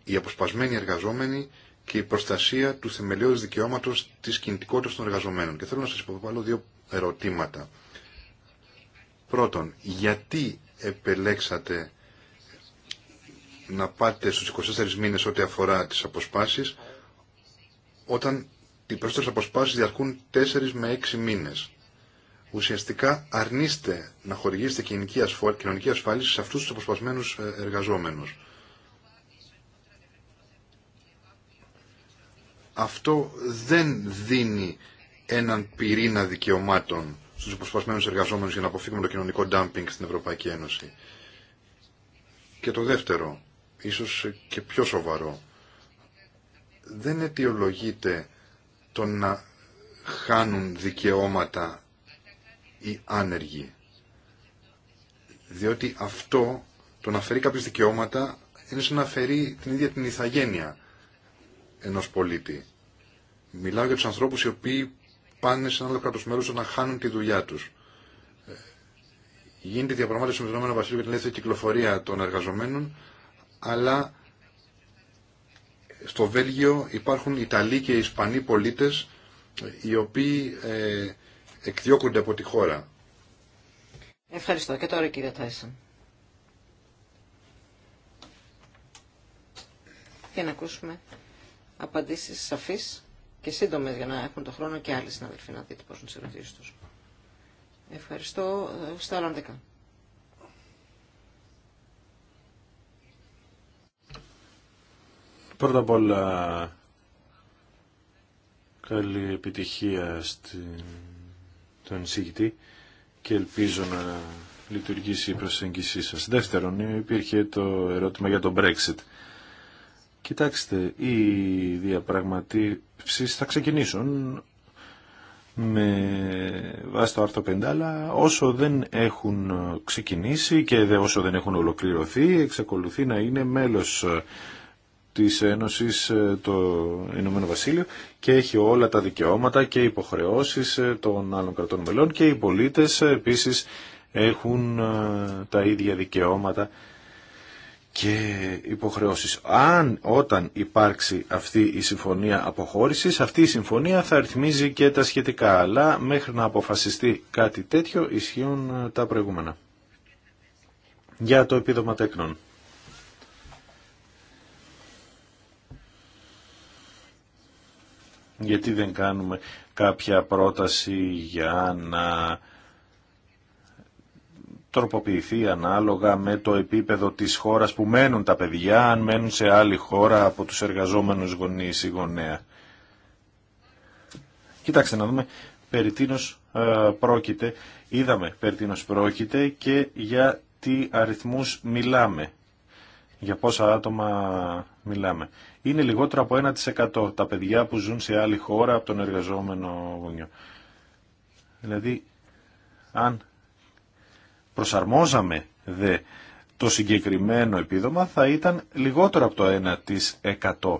Οι αποσπασμένοι εργαζόμενοι και η προστασία του θεμελιώδη δικαιώματος της κινητικότητας των εργαζομένων. Και θέλω να σας υποβάλω δύο ερωτήματα. Πρώτον, γιατί επελέξατε να πάτε στους 24 μήνες ό,τι αφορά τις αποσπάσεις, όταν οι περισσότερες αποσπάσεις διαρκούν 4 με 6 μήνες. Ουσιαστικά αρνείστε να χορηγήσετε κοινωνική, κοινωνική ασφάλιση σε αυτούς τους αποσπασμένους ε, εργαζόμενους. Αυτό δεν δίνει έναν πυρήνα δικαιωμάτων στους υποσπασμένους εργαζόμενους για να αποφύγουμε το κοινωνικό ντάμπινγκ στην Ευρωπαϊκή Ένωση. Και το δεύτερο, ίσως και πιο σοβαρό, δεν αιτιολογείται το να χάνουν δικαιώματα οι άνεργοι. Διότι αυτό, το να φέρει κάποιες δικαιώματα, είναι σαν να φέρει την ίδια την ηθαγένεια ενός πολίτη. Μιλάω για τους ανθρώπους οι οποίοι πάνε σε ένα άλλο κράτο μέλο να χάνουν τη δουλειά του. Ε, γίνεται διαπραγμάτευση με τον Ηνωμένο Βασίλειο για την ελεύθερη κυκλοφορία των εργαζομένων, αλλά στο Βέλγιο υπάρχουν Ιταλοί και Ισπανοί πολίτε ε, οι οποίοι ε, εκδιώκονται από τη χώρα. Ευχαριστώ. Και τώρα κύριε Τάισον. Για να ακούσουμε απαντήσεις σαφείς και σύντομε για να έχουν το χρόνο και άλλοι συναδελφοί να δείτε πώ είναι τι ερωτήσεις τους. Ευχαριστώ ε, στα άλλα Ολλανδικά. Πρώτα απ' όλα, καλή επιτυχία στον εισηγητή και ελπίζω να λειτουργήσει η προσέγγιση σας. Δεύτερον, υπήρχε το ερώτημα για το Brexit. Κοιτάξτε, οι διαπραγματεύσεις θα ξεκινήσουν με βάση το άρθρο 5, αλλά όσο δεν έχουν ξεκινήσει και όσο δεν έχουν ολοκληρωθεί, εξακολουθεί να είναι μέλος της Ένωσης ε, το Ηνωμένο Βασίλειο και έχει όλα τα δικαιώματα και υποχρεώσεις ε, των άλλων κρατών μελών και οι πολίτες ε, επίσης έχουν τα ίδια δικαιώματα και υποχρεώσεις. Αν όταν υπάρξει αυτή η συμφωνία αποχώρησης, αυτή η συμφωνία θα ρυθμίζει και τα σχετικά, αλλά μέχρι να αποφασιστεί κάτι τέτοιο ισχύουν ε, τα προηγούμενα. Για το επίδομα τέκνων. Γιατί δεν κάνουμε κάποια πρόταση για να τροποποιηθεί ανάλογα με το επίπεδο της χώρας που μένουν τα παιδιά, αν μένουν σε άλλη χώρα από τους εργαζόμενους γονείς ή γονέα. Κοιτάξτε να δούμε περί τίνος ε, πρόκειται, είδαμε περί τίνος πρόκειται και για τι αριθμούς μιλάμε, για πόσα άτομα μιλάμε. Είναι λιγότερο από 1% τα παιδιά που ζουν σε άλλη χώρα από τον εργαζόμενο γονιό. Δηλαδή, αν προσαρμόζαμε δε το συγκεκριμένο επίδομα θα ήταν λιγότερο από το 1%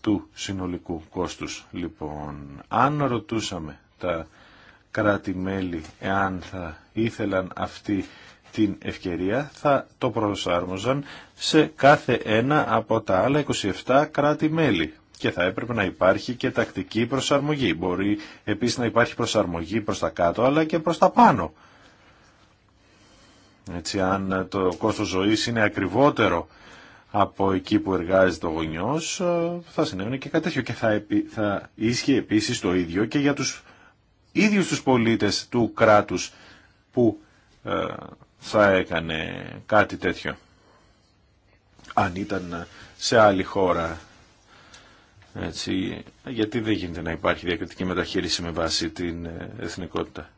του συνολικού κόστους. Λοιπόν, αν ρωτούσαμε τα κράτη-μέλη εάν θα ήθελαν αυτή την ευκαιρία θα το προσάρμοζαν σε κάθε ένα από τα άλλα 27 κράτη-μέλη και θα έπρεπε να υπάρχει και τακτική προσαρμογή. Μπορεί επίσης να υπάρχει προσαρμογή προς τα κάτω αλλά και προς τα πάνω. Έτσι, αν ε, το κόστος ζωής είναι ακριβότερο από εκεί που εργάζεται ο γονιός, ε, θα συνέβαινε και κάτι τέτοιο. Και θα, θα ίσχυε επίσης το ίδιο και για τους ίδιους τους πολίτες του κράτους που ε, θα έκανε κάτι τέτοιο. Αν ήταν σε άλλη χώρα. Έτσι, γιατί δεν γίνεται να υπάρχει διακριτική μεταχείριση με βάση την εθνικότητα.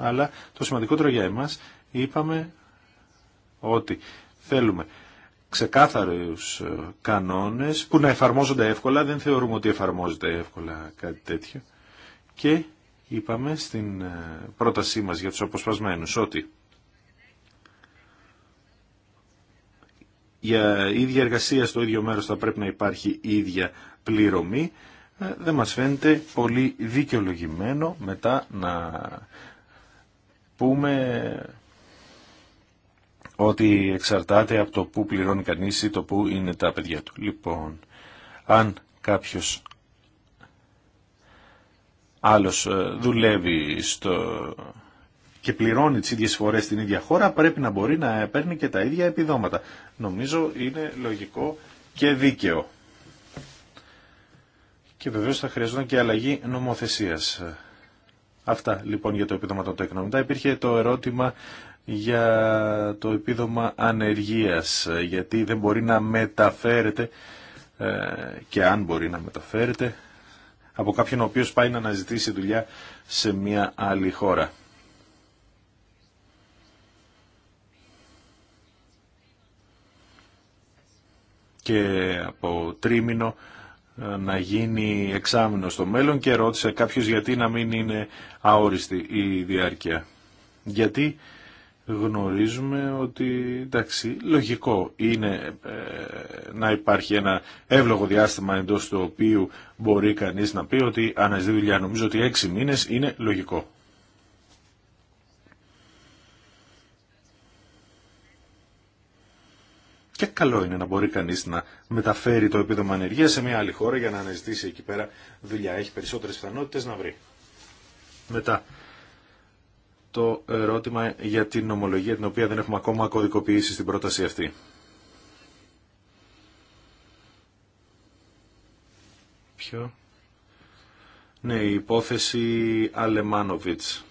Αλλά το σημαντικότερο για εμάς είπαμε ότι θέλουμε ξεκάθαρους ε, κανόνες που να εφαρμόζονται εύκολα, δεν θεωρούμε ότι εφαρμόζεται εύκολα κάτι τέτοιο και είπαμε στην ε, πρότασή μας για τους αποσπασμένους ότι για ίδια εργασία στο ίδιο μέρος θα πρέπει να υπάρχει ίδια πληρωμή ε, δεν μας φαίνεται πολύ δικαιολογημένο μετά να πούμε ότι εξαρτάται από το που πληρώνει κανείς ή το που είναι τα παιδιά του. Λοιπόν, αν κάποιος άλλος ε, δουλεύει στο... και πληρώνει τις ίδιες φορές στην ίδια χώρα, πρέπει να μπορεί να παίρνει και τα ίδια επιδόματα. Νομίζω είναι λογικό και δίκαιο. Και βεβαίως θα χρειαζόταν και αλλαγή νομοθεσίας. Αυτά λοιπόν για το επιδόματο το Υπήρχε το ερώτημα για το επίδομα ανεργίας, γιατί δεν μπορεί να μεταφέρεται ε, και αν μπορεί να μεταφέρεται από κάποιον ο οποίος πάει να αναζητήσει δουλειά σε μια άλλη χώρα. και από τρίμηνο ε, να γίνει εξάμηνο στο μέλλον και ρώτησε κάποιος γιατί να μην είναι αόριστη η διάρκεια. Γιατί γνωρίζουμε ότι εντάξει, λογικό είναι ε, να υπάρχει ένα εύλογο διάστημα εντός του οποίου μπορεί κανείς να πει ότι αναζητεί δουλειά. Νομίζω ότι έξι μήνες είναι λογικό. Και καλό είναι να μπορεί κανείς να μεταφέρει το επίδομα ανεργία σε μια άλλη χώρα για να αναζητήσει εκεί πέρα δουλειά. Έχει περισσότερες πιθανότητες να βρει. Μετά, το ερώτημα για την ομολογία την οποία δεν έχουμε ακόμα κωδικοποιήσει στην πρόταση αυτή. Ποιο? Ναι, η υπόθεση Αλεμάνοβιτς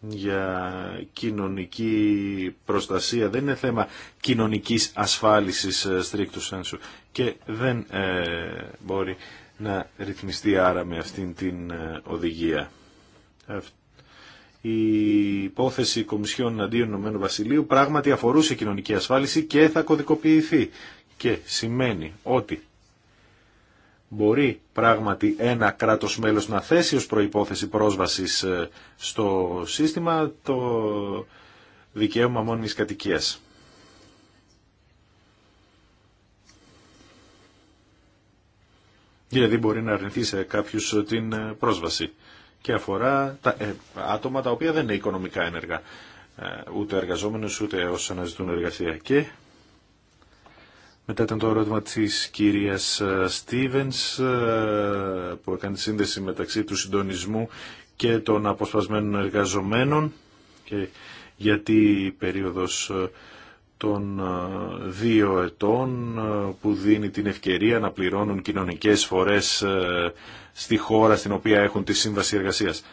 για κοινωνική προστασία. Δεν είναι θέμα κοινωνικής ασφάλισης ε, στρίκτου σένσου και δεν ε, μπορεί να ρυθμιστεί άρα με αυτήν την ε, οδηγία η υπόθεση Κομισιών αντίον Ηνωμένου Βασιλείου πράγματι αφορούσε κοινωνική ασφάλιση και θα κωδικοποιηθεί. Και σημαίνει ότι μπορεί πράγματι ένα κράτος μέλος να θέσει ως προϋπόθεση πρόσβασης ε, στο σύστημα το δικαίωμα μόνιμης κατοικίας. Δηλαδή μπορεί να αρνηθεί σε κάποιους ε, την ε, πρόσβαση και αφορά τα, ε, άτομα τα οποία δεν είναι οικονομικά ένεργα, ε, ούτε εργαζόμενους ούτε όσοι αναζητούν εργασία. Και μετά ήταν το ερώτημα της κυρίας ε, Στίβενς που έκανε σύνδεση μεταξύ του συντονισμού και των αποσπασμένων εργαζομένων και γιατί η περίοδος των δύο ετών που δίνει την ευκαιρία να πληρώνουν κοινωνικές φορές στη χώρα στην οποία έχουν τη σύμβαση εργασίας.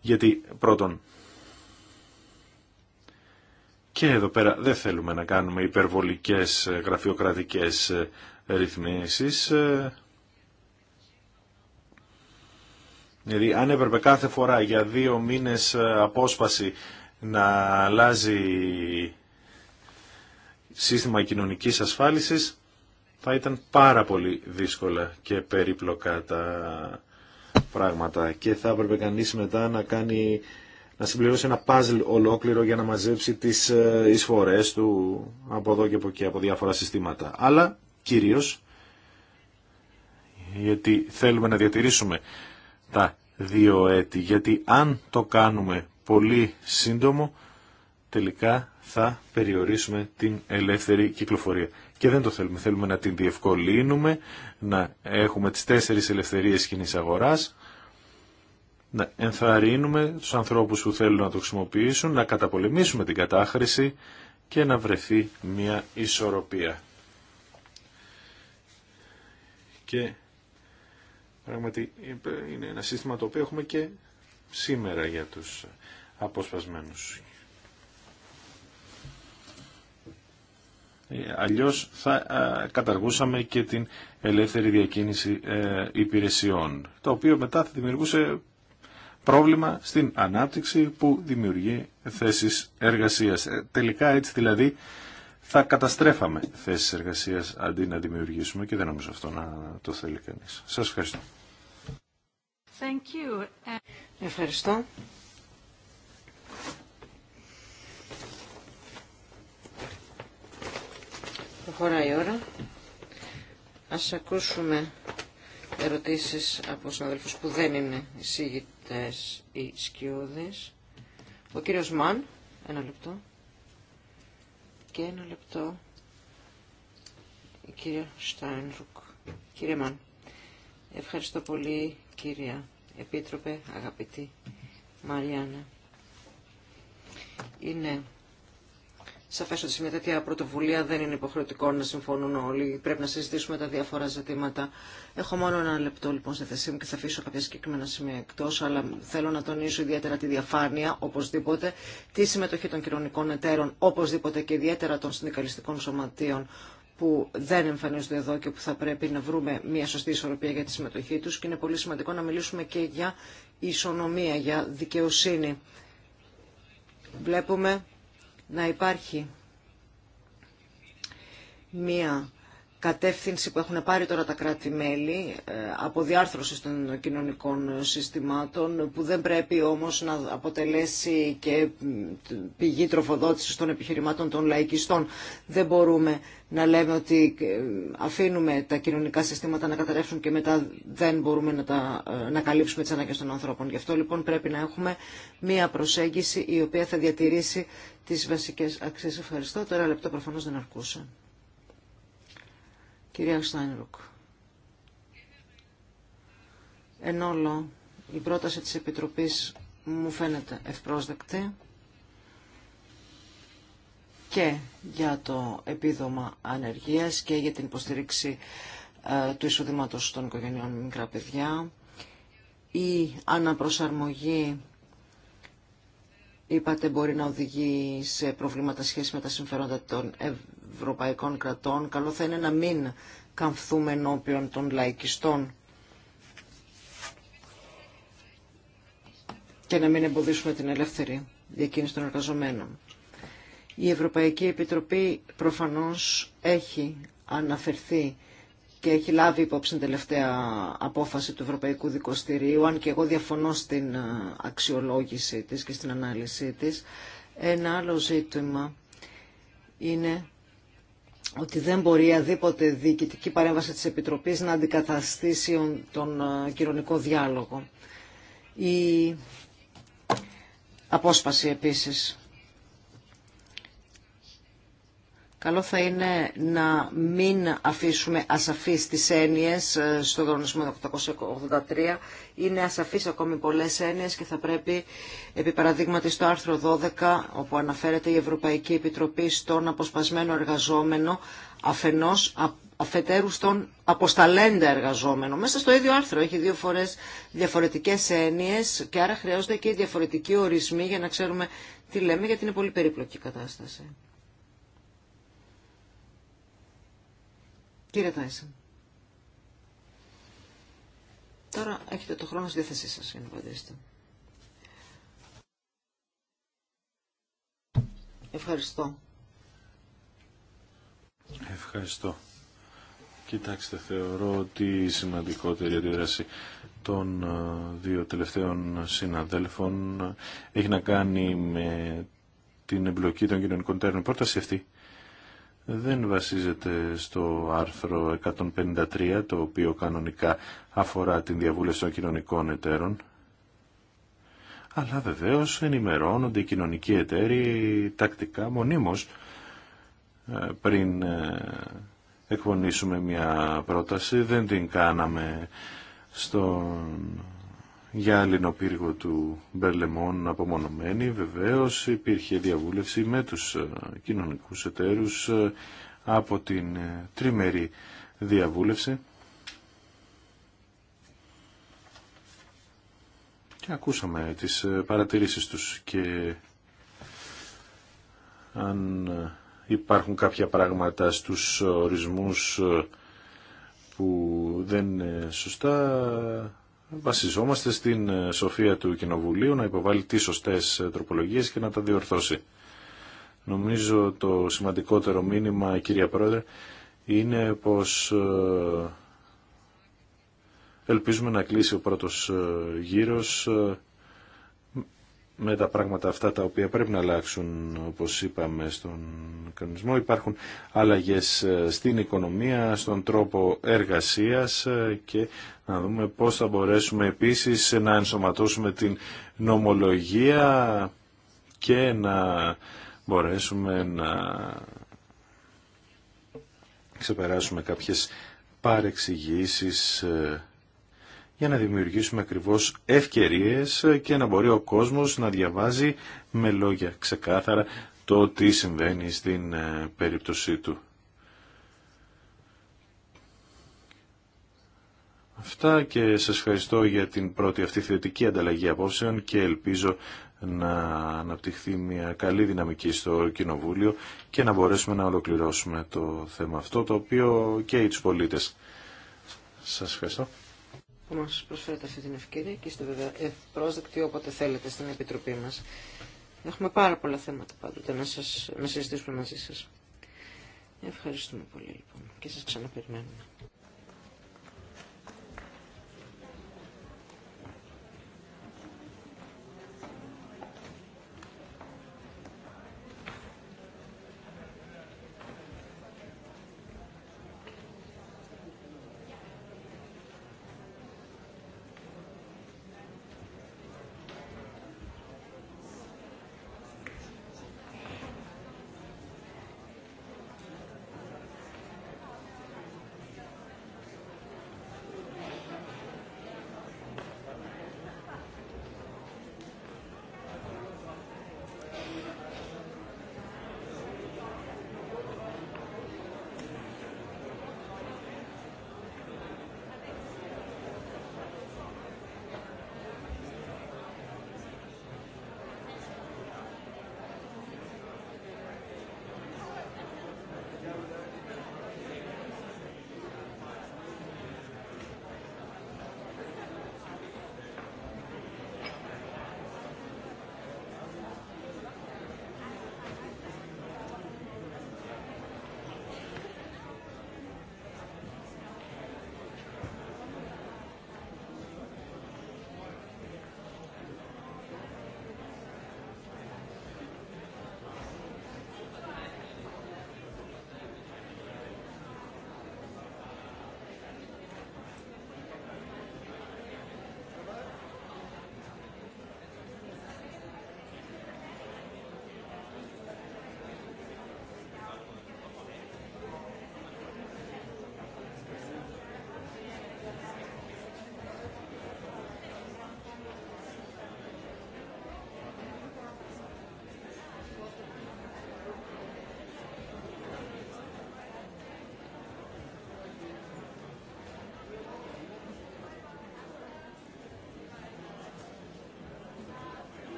Γιατί πρώτον, και εδώ πέρα δεν θέλουμε να κάνουμε υπερβολικές ε, γραφειοκρατικές ε, ρυθμίσεις. Ε. Δηλαδή αν έπρεπε κάθε φορά για δύο μήνες απόσπαση να αλλάζει σύστημα κοινωνικής ασφάλισης θα ήταν πάρα πολύ δύσκολα και περίπλοκα τα πράγματα και θα έπρεπε κανείς μετά να κάνει να συμπληρώσει ένα παζλ ολόκληρο για να μαζέψει τις ε, εισφορές του από εδώ και από εκεί, από διάφορα συστήματα. Αλλά κυρίως γιατί θέλουμε να διατηρήσουμε τα δύο έτη, γιατί αν το κάνουμε πολύ σύντομο τελικά θα περιορίσουμε την ελεύθερη κυκλοφορία. Και δεν το θέλουμε. Θέλουμε να την διευκολύνουμε, να έχουμε τις τέσσερις ελευθερίες κοινή αγοράς, να ενθαρρύνουμε τους ανθρώπους που θέλουν να το χρησιμοποιήσουν, να καταπολεμήσουμε την κατάχρηση και να βρεθεί μια ισορροπία. Και πράγματι είναι ένα σύστημα το οποίο έχουμε και σήμερα για τους αποσπασμένους. Αλλιώς θα καταργούσαμε και την ελεύθερη διακίνηση ε, υπηρεσιών, το οποίο μετά θα δημιουργούσε πρόβλημα στην ανάπτυξη που δημιουργεί θέσεις εργασίας. Ε, τελικά έτσι δηλαδή θα καταστρέφαμε θέσεις εργασίας αντί να δημιουργήσουμε και δεν νομίζω αυτό να το θέλει κανείς. Σας ευχαριστώ. Ευχαριστώ. Προχωράει η ώρα. Ας ακούσουμε ερωτήσεις από συναδελφούς που δεν είναι εισήγητες ή σκιώδες. Ο κύριος Μαν, ένα λεπτό. Και ένα λεπτό η κυρία Στάινρουκ. Κύριε Μαν, ευχαριστώ πολύ κυρία Επίτροπε, αγαπητή Μαριάννα. Είναι Σαφέ ότι σε μια τέτοια πρωτοβουλία δεν είναι υποχρεωτικό να συμφωνούν όλοι. Πρέπει να συζητήσουμε τα διάφορα ζητήματα. Έχω μόνο ένα λεπτό λοιπόν στη θέση μου και θα αφήσω κάποια συγκεκριμένα σημεία εκτό, αλλά θέλω να τονίσω ιδιαίτερα τη διαφάνεια οπωσδήποτε, τη συμμετοχή των κοινωνικών εταίρων οπωσδήποτε και ιδιαίτερα των συνδικαλιστικών σωματείων που δεν εμφανίζονται εδώ και που θα πρέπει να βρούμε μια σωστή ισορροπία για τη συμμετοχή του. Και είναι πολύ σημαντικό να μιλήσουμε και για ισονομία, για δικαιοσύνη. Βλέπουμε να υπάρχει μία κατεύθυνση που έχουν πάρει τώρα τα κράτη-μέλη ε, από διάρθρωση των κοινωνικών συστημάτων που δεν πρέπει όμως να αποτελέσει και πηγή τροφοδότησης των επιχειρημάτων των λαϊκιστών. Δεν μπορούμε να λέμε ότι ε, αφήνουμε τα κοινωνικά συστήματα να καταρρεύσουν και μετά δεν μπορούμε να, τα, ε, να καλύψουμε τις ανάγκες των ανθρώπων. Γι' αυτό λοιπόν πρέπει να έχουμε μία προσέγγιση η οποία θα διατηρήσει τις βασικές αξίες. Ευχαριστώ. Τώρα λεπτό προφανώς δεν αρκούσε. Κυρία Στάινρουκ, εν όλο η πρόταση της Επιτροπής μου φαίνεται ευπρόσδεκτη και για το επίδομα ανεργίας και για την υποστήριξη ε, του εισοδήματος των οικογενειών μικρά παιδιά. Η αναπροσαρμογή είπατε μπορεί να οδηγεί σε προβλήματα σχέση με τα συμφέροντα των ευρωπαϊκών κρατών. Καλό θα είναι να μην καμφθούμε ενώπιον των λαϊκιστών και να μην εμποδίσουμε την ελεύθερη διακίνηση των εργαζομένων. Η Ευρωπαϊκή Επιτροπή προφανώς έχει αναφερθεί και έχει λάβει υπόψη την τελευταία απόφαση του Ευρωπαϊκού Δικοστηρίου, αν και εγώ διαφωνώ στην ε, αξιολόγησή της και στην ανάλυση της. Ένα άλλο ζήτημα είναι ότι δεν μπορεί αδίποτε διοικητική παρέμβαση της Επιτροπής να αντικαταστήσει τον ε, κοινωνικό διάλογο. Η απόσπαση επίσης Καλό θα είναι να μην αφήσουμε ασαφείς τις έννοιες ε, στο κανονισμό 883. Είναι ασαφείς ακόμη πολλές έννοιες και θα πρέπει, επί παραδείγματι στο άρθρο 12, όπου αναφέρεται η Ευρωπαϊκή Επιτροπή στον αποσπασμένο εργαζόμενο, αφενός αφετέρου στον αποσταλέντα εργαζόμενο. Μέσα στο ίδιο άρθρο έχει δύο φορές διαφορετικές έννοιες και άρα χρειάζονται και διαφορετικοί ορισμοί για να ξέρουμε τι λέμε γιατί είναι πολύ περίπλοκη η κατάσταση. Κύριε Τάισον. Τώρα έχετε το χρόνο στη διάθεσή σας για να απαντήσετε. Ευχαριστώ. Ευχαριστώ. Κοιτάξτε, θεωρώ ότι η σημαντικότερη αντίδραση των ε, δύο τελευταίων συναδέλφων ε, έχει να κάνει με την εμπλοκή των κοινωνικών τέρων. Η πρόταση αυτή δεν βασίζεται στο άρθρο 153, το οποίο κανονικά αφορά την διαβούλευση των κοινωνικών εταίρων, αλλά βεβαίως ενημερώνονται οι κοινωνικοί εταίροι τακτικά μονίμως ε, πριν ε, εκπονήσουμε μια πρόταση. Δεν την κάναμε στον για πύργο του Μπερλεμόν απομονωμένη. Βεβαίως υπήρχε διαβούλευση με τους ε, κοινωνικούς εταίρους ε, από την ε, τριμερή διαβούλευση. Και ακούσαμε τις παρατηρήσεις τους και αν υπάρχουν κάποια πράγματα στους ορισμούς που δεν είναι σωστά βασιζόμαστε στην ε, σοφία του Κοινοβουλίου να υποβάλει τις σωστές ε, τροπολογίες και να τα διορθώσει. Νομίζω το σημαντικότερο μήνυμα, κυρία Πρόεδρε, είναι πως ε, ελπίζουμε να κλείσει ο πρώτος γύρος με τα πράγματα αυτά τα οποία πρέπει να αλλάξουν όπως είπαμε στον κανονισμό. Υπάρχουν αλλαγές ε, στην οικονομία, στον τρόπο εργασίας ε, και να δούμε πώς θα μπορέσουμε επίσης να ενσωματώσουμε την νομολογία και να μπορέσουμε να ξεπεράσουμε κάποιες παρεξηγήσεις ε, για να δημιουργήσουμε ακριβώς ευκαιρίες και να μπορεί ο κόσμος να διαβάζει με λόγια ξεκάθαρα το τι συμβαίνει στην ε, περίπτωσή του. Αυτά και σας ευχαριστώ για την πρώτη αυτή θετική ανταλλαγή απόψεων και ελπίζω να αναπτυχθεί μια καλή δυναμική στο Κοινοβούλιο και να μπορέσουμε να ολοκληρώσουμε το θέμα αυτό το οποίο και οι τους πολίτες. Σας ευχαριστώ που μας προσφέρετε αυτή την ευκαιρία και είστε βέβαια ευπρόσδεκτοι όποτε θέλετε στην Επιτροπή μας. Έχουμε πάρα πολλά θέματα πάντοτε να, σας, να συζητήσουμε μαζί σας. Ευχαριστούμε πολύ λοιπόν και σας ξαναπεριμένουμε.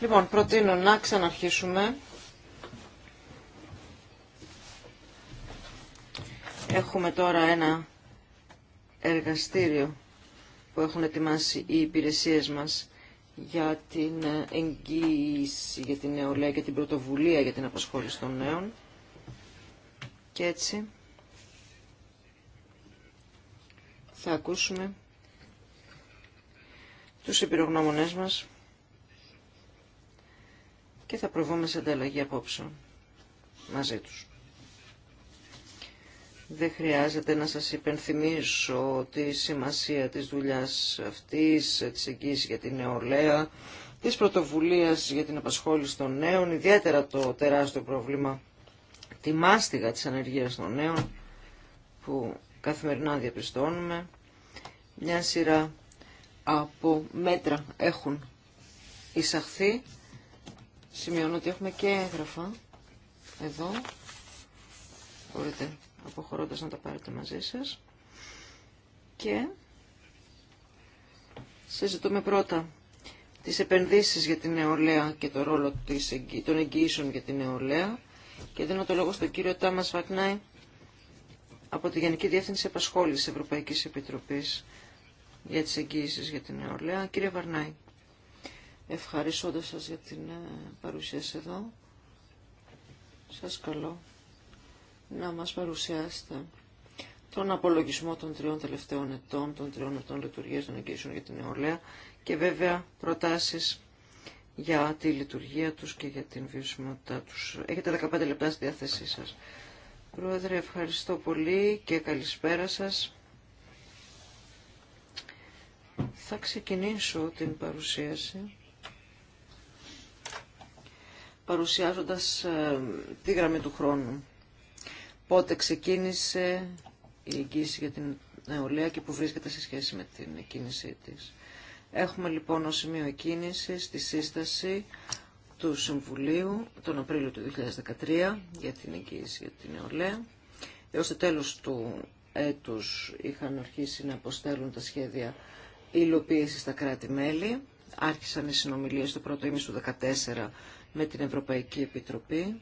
Λοιπόν, προτείνω να ξαναρχίσουμε. Έχουμε τώρα ένα εργαστήριο που έχουν ετοιμάσει οι υπηρεσίες μας για την εγγύηση, για την νεολαία και την πρωτοβουλία για την απασχόληση των νέων. Και έτσι θα ακούσουμε τους εμπειρογνώμονές μας και θα προβούμε σε ανταλλαγή απόψεων μαζί τους. Δεν χρειάζεται να σας υπενθυμίσω τη σημασία της δουλειάς αυτής, της εγγύησης για την νεολαία, της πρωτοβουλίας για την απασχόληση των νέων, ιδιαίτερα το τεράστιο πρόβλημα, τη μάστιγα της ανεργίας των νέων που καθημερινά διαπιστώνουμε, μια σειρά από μέτρα έχουν εισαχθεί. Σημειώνω ότι έχουμε και έγγραφα εδώ. Μπορείτε αποχωρώντας να τα πάρετε μαζί σας. Και συζητούμε πρώτα τις επενδύσεις για την νεολαία και το ρόλο των εγγυήσεων για την νεολαία. Και δίνω το λόγο στον κύριο Τάμας Βακνάη από τη Γενική Διεύθυνση Επασχόλησης Ευρωπαϊκής Επιτροπής για τις εγγύησεις για την νεολαία. Κύριε Βαρνάη, ευχαριστώντα σας για την ε, παρουσία εδώ, σας καλώ να μας παρουσιάσετε τον απολογισμό των τριών τελευταίων ετών, των τριών ετών λειτουργίας των εγγύησεων για την νεολαία και βέβαια προτάσεις για τη λειτουργία τους και για την βιωσιμότητά τους. Έχετε 15 λεπτά στη διάθεσή σας. Πρόεδρε, ευχαριστώ πολύ και καλησπέρα σας. Θα ξεκινήσω την παρουσίαση παρουσιάζοντας ε, τη γραμμή του χρόνου. Πότε ξεκίνησε η εγγύηση για την νεολαία και που βρίσκεται σε σχέση με την κίνησή της. Έχουμε λοιπόν ως σημείο κίνηση τη σύσταση του Συμβουλίου τον Απρίλιο του 2013 για την εγγύηση για την νεολαία. Έως το τέλος του έτους είχαν αρχίσει να αποστέλουν τα σχέδια υλοποίηση στα κράτη-μέλη. Άρχισαν οι συνομιλίες το πρώτο ήμιση του 2014 με την Ευρωπαϊκή Επιτροπή.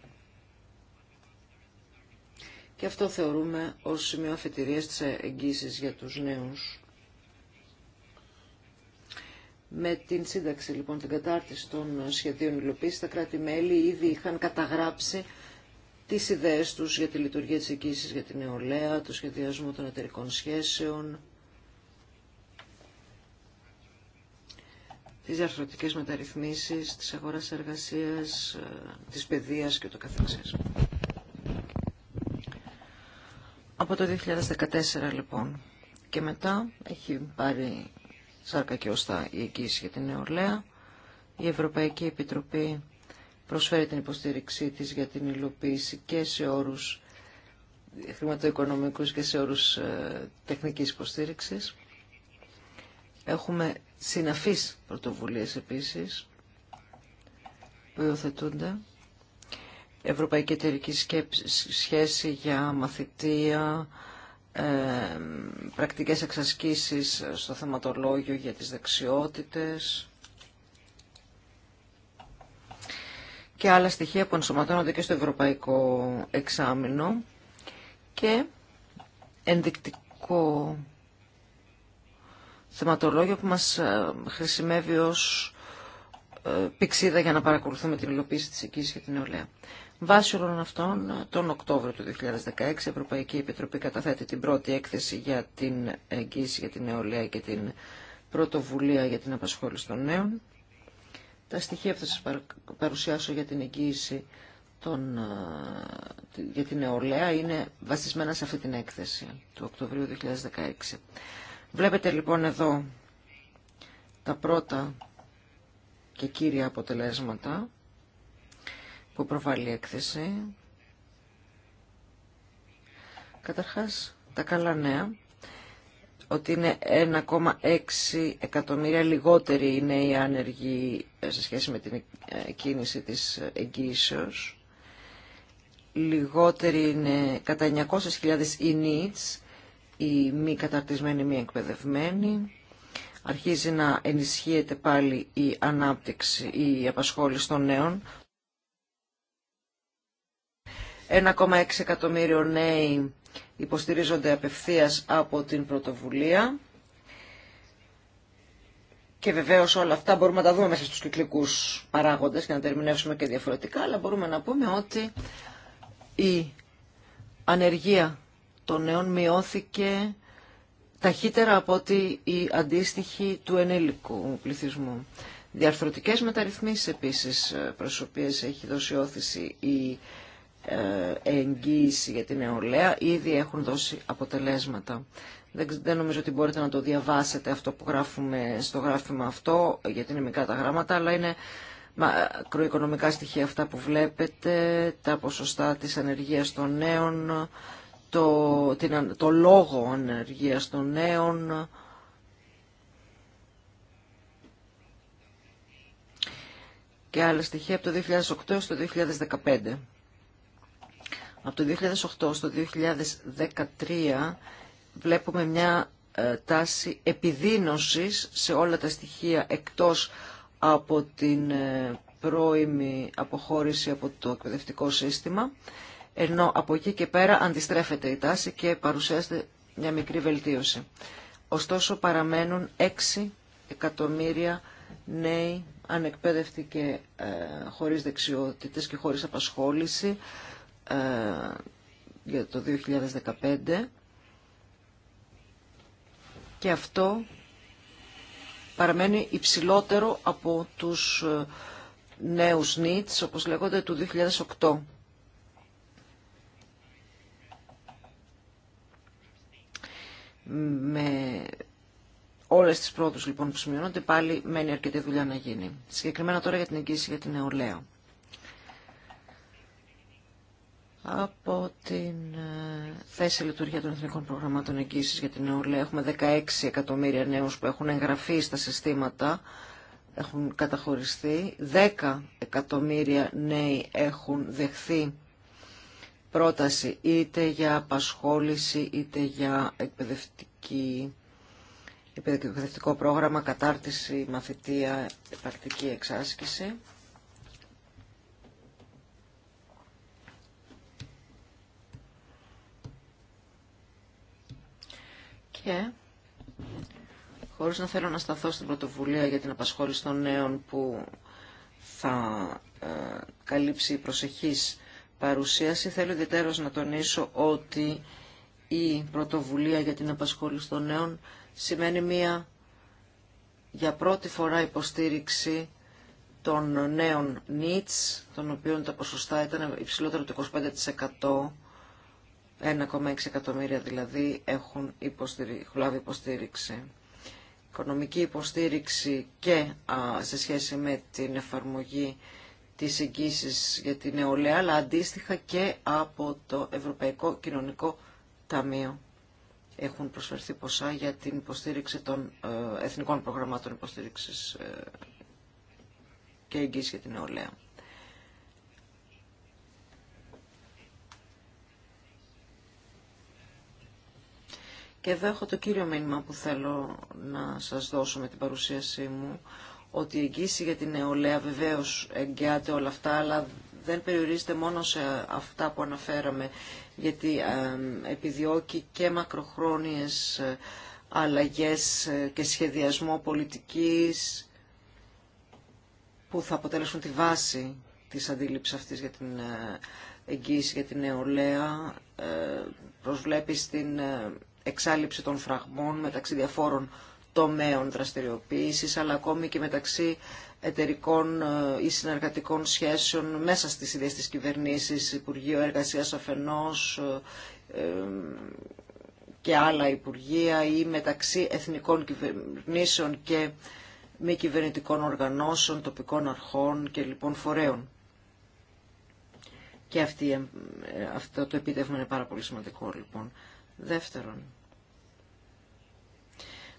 Και αυτό θεωρούμε ως σημείο αφετηρίας της εγγύησης για τους νέους. Με την σύνταξη λοιπόν την κατάρτιση των σχεδίων υλοποίησης, τα κράτη-μέλη ήδη είχαν καταγράψει τις ιδέες τους για τη λειτουργία της εγγύησης για την νεολαία, το σχεδιασμό των εταιρικών σχέσεων, τις διαρθρωτικές μεταρρυθμίσεις, της αγοράς εργασίας, ε, της παιδείας και το καθεξής. Από το 2014 λοιπόν και μετά έχει πάρει σάρκα και ώστα η εγγύηση για την νεολαία. Η Ευρωπαϊκή Επιτροπή προσφέρει την υποστήριξή της για την υλοποίηση και σε όρους χρηματοοικονομικούς και σε όρους ε, τεχνικής υποστήριξης. Έχουμε συναφείς πρωτοβουλίες επίσης που υιοθετούνται. Ευρωπαϊκή εταιρική σχέση για μαθητεία, ε, πρακτικές εξασκήσεις στο θεματολόγιο για τις δεξιότητες και άλλα στοιχεία που ενσωματώνονται και στο ευρωπαϊκό εξάμεινο και ενδεικτικό θεματολόγιο που μας ε, χρησιμεύει ως ε, πηξίδα για να παρακολουθούμε την υλοποίηση της εγγύησης για την νεολαία. Βάσει όλων αυτών, τον Οκτώβριο του 2016, η Ευρωπαϊκή Επιτροπή καταθέτει την πρώτη έκθεση για την εγγύηση για την νεολαία και την πρωτοβουλία για την απασχόληση των νέων. Τα στοιχεία που θα σας παρουσιάσω για την εγγύηση ε, για την νεολαία είναι βασισμένα σε αυτή την έκθεση του Οκτωβρίου 2016. Βλέπετε λοιπόν εδώ τα πρώτα και κύρια αποτελέσματα που προβάλλει η έκθεση. Καταρχάς, τα καλά νέα, ότι είναι 1,6 εκατομμύρια λιγότεροι είναι νέοι άνεργοι ε, σε σχέση με την ε, κίνηση της εγγύησεως. Λιγότεροι είναι κατά 900.000 οι οι μη καταρτισμένοι, μη εκπαιδευμένη. Αρχίζει να ενισχύεται πάλι η ανάπτυξη, η απασχόληση των νέων. 1,6 εκατομμύριο νέοι υποστηρίζονται απευθείας από την πρωτοβουλία. Και βεβαίως όλα αυτά μπορούμε να τα δούμε μέσα στους κυκλικούς παράγοντες και να τα και διαφορετικά, αλλά μπορούμε να πούμε ότι η ανεργία των νέων μειώθηκε ταχύτερα από ότι η αντίστοιχη του ενήλικου πληθυσμού. Διαρθρωτικές μεταρρυθμίσεις επίσης ε, προς οποίες έχει δώσει όθηση η ε, εγγύηση για την νεολαία ήδη έχουν δώσει αποτελέσματα. Δεν, δεν νομίζω ότι μπορείτε να το διαβάσετε αυτό που γράφουμε στο γράφημα αυτό, γιατί είναι μικρά τα γράμματα, αλλά είναι μακροοικονομικά στοιχεία αυτά που βλέπετε, τα ποσοστά της ανεργίας των νέων, το, την, το λόγο ανεργίας των νέων, και άλλα στοιχεία από το 2008 στο 2015. Από το 2008 στο 2013 βλέπουμε μια ε, τάση επιδίνωσης σε όλα τα στοιχεία εκτός από την ε, πρώιμη αποχώρηση από το εκπαιδευτικό σύστημα ενώ από εκεί και πέρα αντιστρέφεται η τάση και παρουσιάζεται μια μικρή βελτίωση. Ωστόσο παραμένουν 6 εκατομμύρια νέοι ανεκπαίδευτοι και ε, χωρίς δεξιότητες και χωρίς απασχόληση ε, για το 2015 και αυτό παραμένει υψηλότερο από τους ε, νέους νίτς όπως λέγονται του 2008 με όλες τις πρόοδους λοιπόν που σημειώνονται πάλι μένει αρκετή δουλειά να γίνει. Συγκεκριμένα τώρα για την εγγύηση για την νεολαία. Από την ε, θέση λειτουργία των Εθνικών Προγραμμάτων Εγγύησης για την Νεολαία έχουμε 16 εκατομμύρια νέους που έχουν εγγραφεί στα συστήματα, έχουν καταχωριστεί, 10 εκατομμύρια νέοι έχουν δεχθεί πρόταση είτε για απασχόληση είτε για εκπαιδευτική εκπαιδευτικό πρόγραμμα, κατάρτιση, μαθητεία, πρακτική εξάσκηση. Και χωρίς να θέλω να σταθώ στην πρωτοβουλία για την απασχόληση των νέων που θα ε, καλύψει προσεχής παρουσίαση. Θέλω ιδιαίτερως να τονίσω ότι η πρωτοβουλία για την απασχόληση των νέων σημαίνει μία για πρώτη φορά υποστήριξη των νέων νίτς, των οποίων τα ποσοστά ήταν υψηλότερα το 25%, 1,6 εκατομμύρια δηλαδή, έχουν, λάβει υποστήριξη. Οικονομική υποστήριξη και σε σχέση με την εφαρμογή τις εγγύσεις για την νεολαία, αλλά αντίστοιχα και από το Ευρωπαϊκό Κοινωνικό Ταμείο. Έχουν προσφερθεί ποσά για την υποστήριξη των ε, εθνικών προγραμμάτων υποστήριξης ε, και εγγύηση για την νεολαία. Και εδώ έχω το κύριο μήνυμα που θέλω να σας δώσω με την παρουσίασή μου, ότι η εγγύηση για την νεολαία βεβαίως εγγυάται όλα αυτά, αλλά δεν περιορίζεται μόνο σε αυτά που αναφέραμε, γιατί επιδιώκει και μακροχρόνιες ε, αλλαγές ε, και σχεδιασμό πολιτικής που θα αποτέλεσουν τη βάση της αντίληψης αυτής για την ε, εγγύηση για την νεολαία, προσβλέπει στην εξάλληψη των φραγμών μεταξύ διαφόρων τομέων δραστηριοποίησης, αλλά ακόμη και μεταξύ εταιρικών ε, ή συνεργατικών σχέσεων μέσα στις ιδέες της κυβερνήσης, Υπουργείο Εργασίας αφενός ε, και άλλα Υπουργεία ή μεταξύ εθνικών κυβερνήσεων και μη κυβερνητικών οργανώσεων, τοπικών αρχών και λοιπόν φορέων. Και αυτή, ε, αυτό το επίτευγμα είναι πάρα πολύ σημαντικό λοιπόν. Δεύτερον,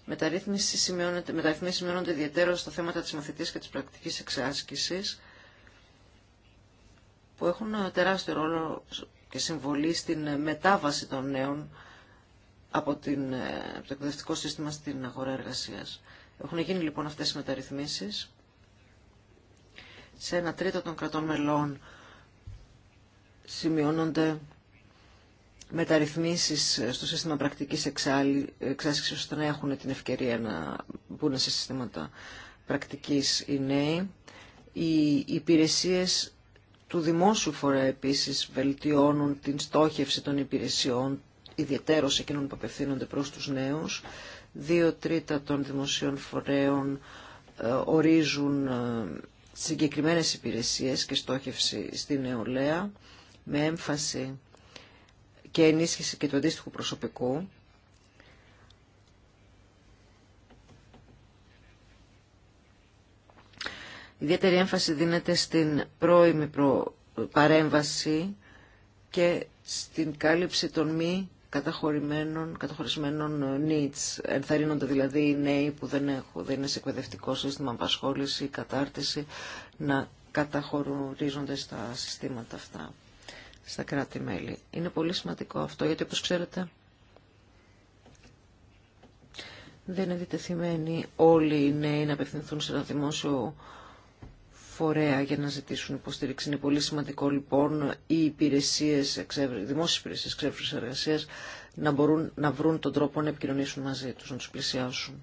Μεταρρύθμιση σημειώνεται, μεταρρυθμίσεις σημειώνονται ιδιαίτερα στα θέματα της μαθητής και της πρακτικής εξάσκησης που έχουν τεράστιο ρόλο και συμβολή στην μετάβαση των νέων από, την, ε, από το εκπαιδευτικό σύστημα στην αγορά εργασίας. Έχουν γίνει λοιπόν αυτές οι μεταρρυθμίσεις σε ένα τρίτο των κρατών μελών σημειώνονται μεταρρυθμίσεις στο σύστημα πρακτικής εξάσκησης ώστε να έχουν την ευκαιρία να μπουν σε συστήματα πρακτικής οι νέοι. Οι υπηρεσίες του δημόσιου φορέα επίσης βελτιώνουν την στόχευση των υπηρεσιών, ιδιαίτερως εκείνων που απευθύνονται προς τους νέους. Δύο τρίτα των δημοσίων φορέων ε, ορίζουν ε, συγκεκριμένες υπηρεσίες και στόχευση στη νεολαία με έμφαση και ενίσχυση και του αντίστοιχου προσωπικού. Ιδιαίτερη έμφαση δίνεται στην πρώιμη παρέμβαση και στην κάλυψη των μη καταχωρημένων, καταχωρισμένων ε, needs, ενθαρρύνονται δηλαδή οι νέοι που δεν, έχουν, δεν είναι σε εκπαιδευτικό σύστημα απασχόληση ή κατάρτιση να καταχωρίζονται στα συστήματα αυτά στα κράτη-μέλη. Είναι πολύ σημαντικό αυτό, γιατί όπως ξέρετε δεν είναι διτεθειμένοι όλοι οι νέοι να απευθυνθούν σε ένα δημόσιο φορέα για να ζητήσουν υποστήριξη. Είναι πολύ σημαντικό λοιπόν οι υπηρεσίες, οι δημόσιες υπηρεσίες εργασίας να μπορούν να βρουν τον τρόπο να επικοινωνήσουν μαζί τους, να τους πλησιάσουν.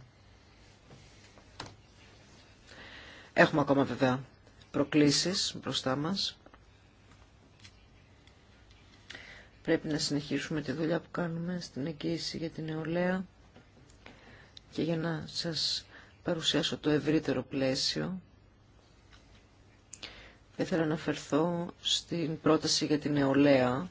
Έχουμε ακόμα βέβαια προκλήσεις μπροστά μας. Πρέπει να συνεχίσουμε τη δουλειά που κάνουμε στην εγγύηση για την νεολαία και για να σας παρουσιάσω το ευρύτερο πλαίσιο. Θα ήθελα να αφερθώ στην πρόταση για την νεολαία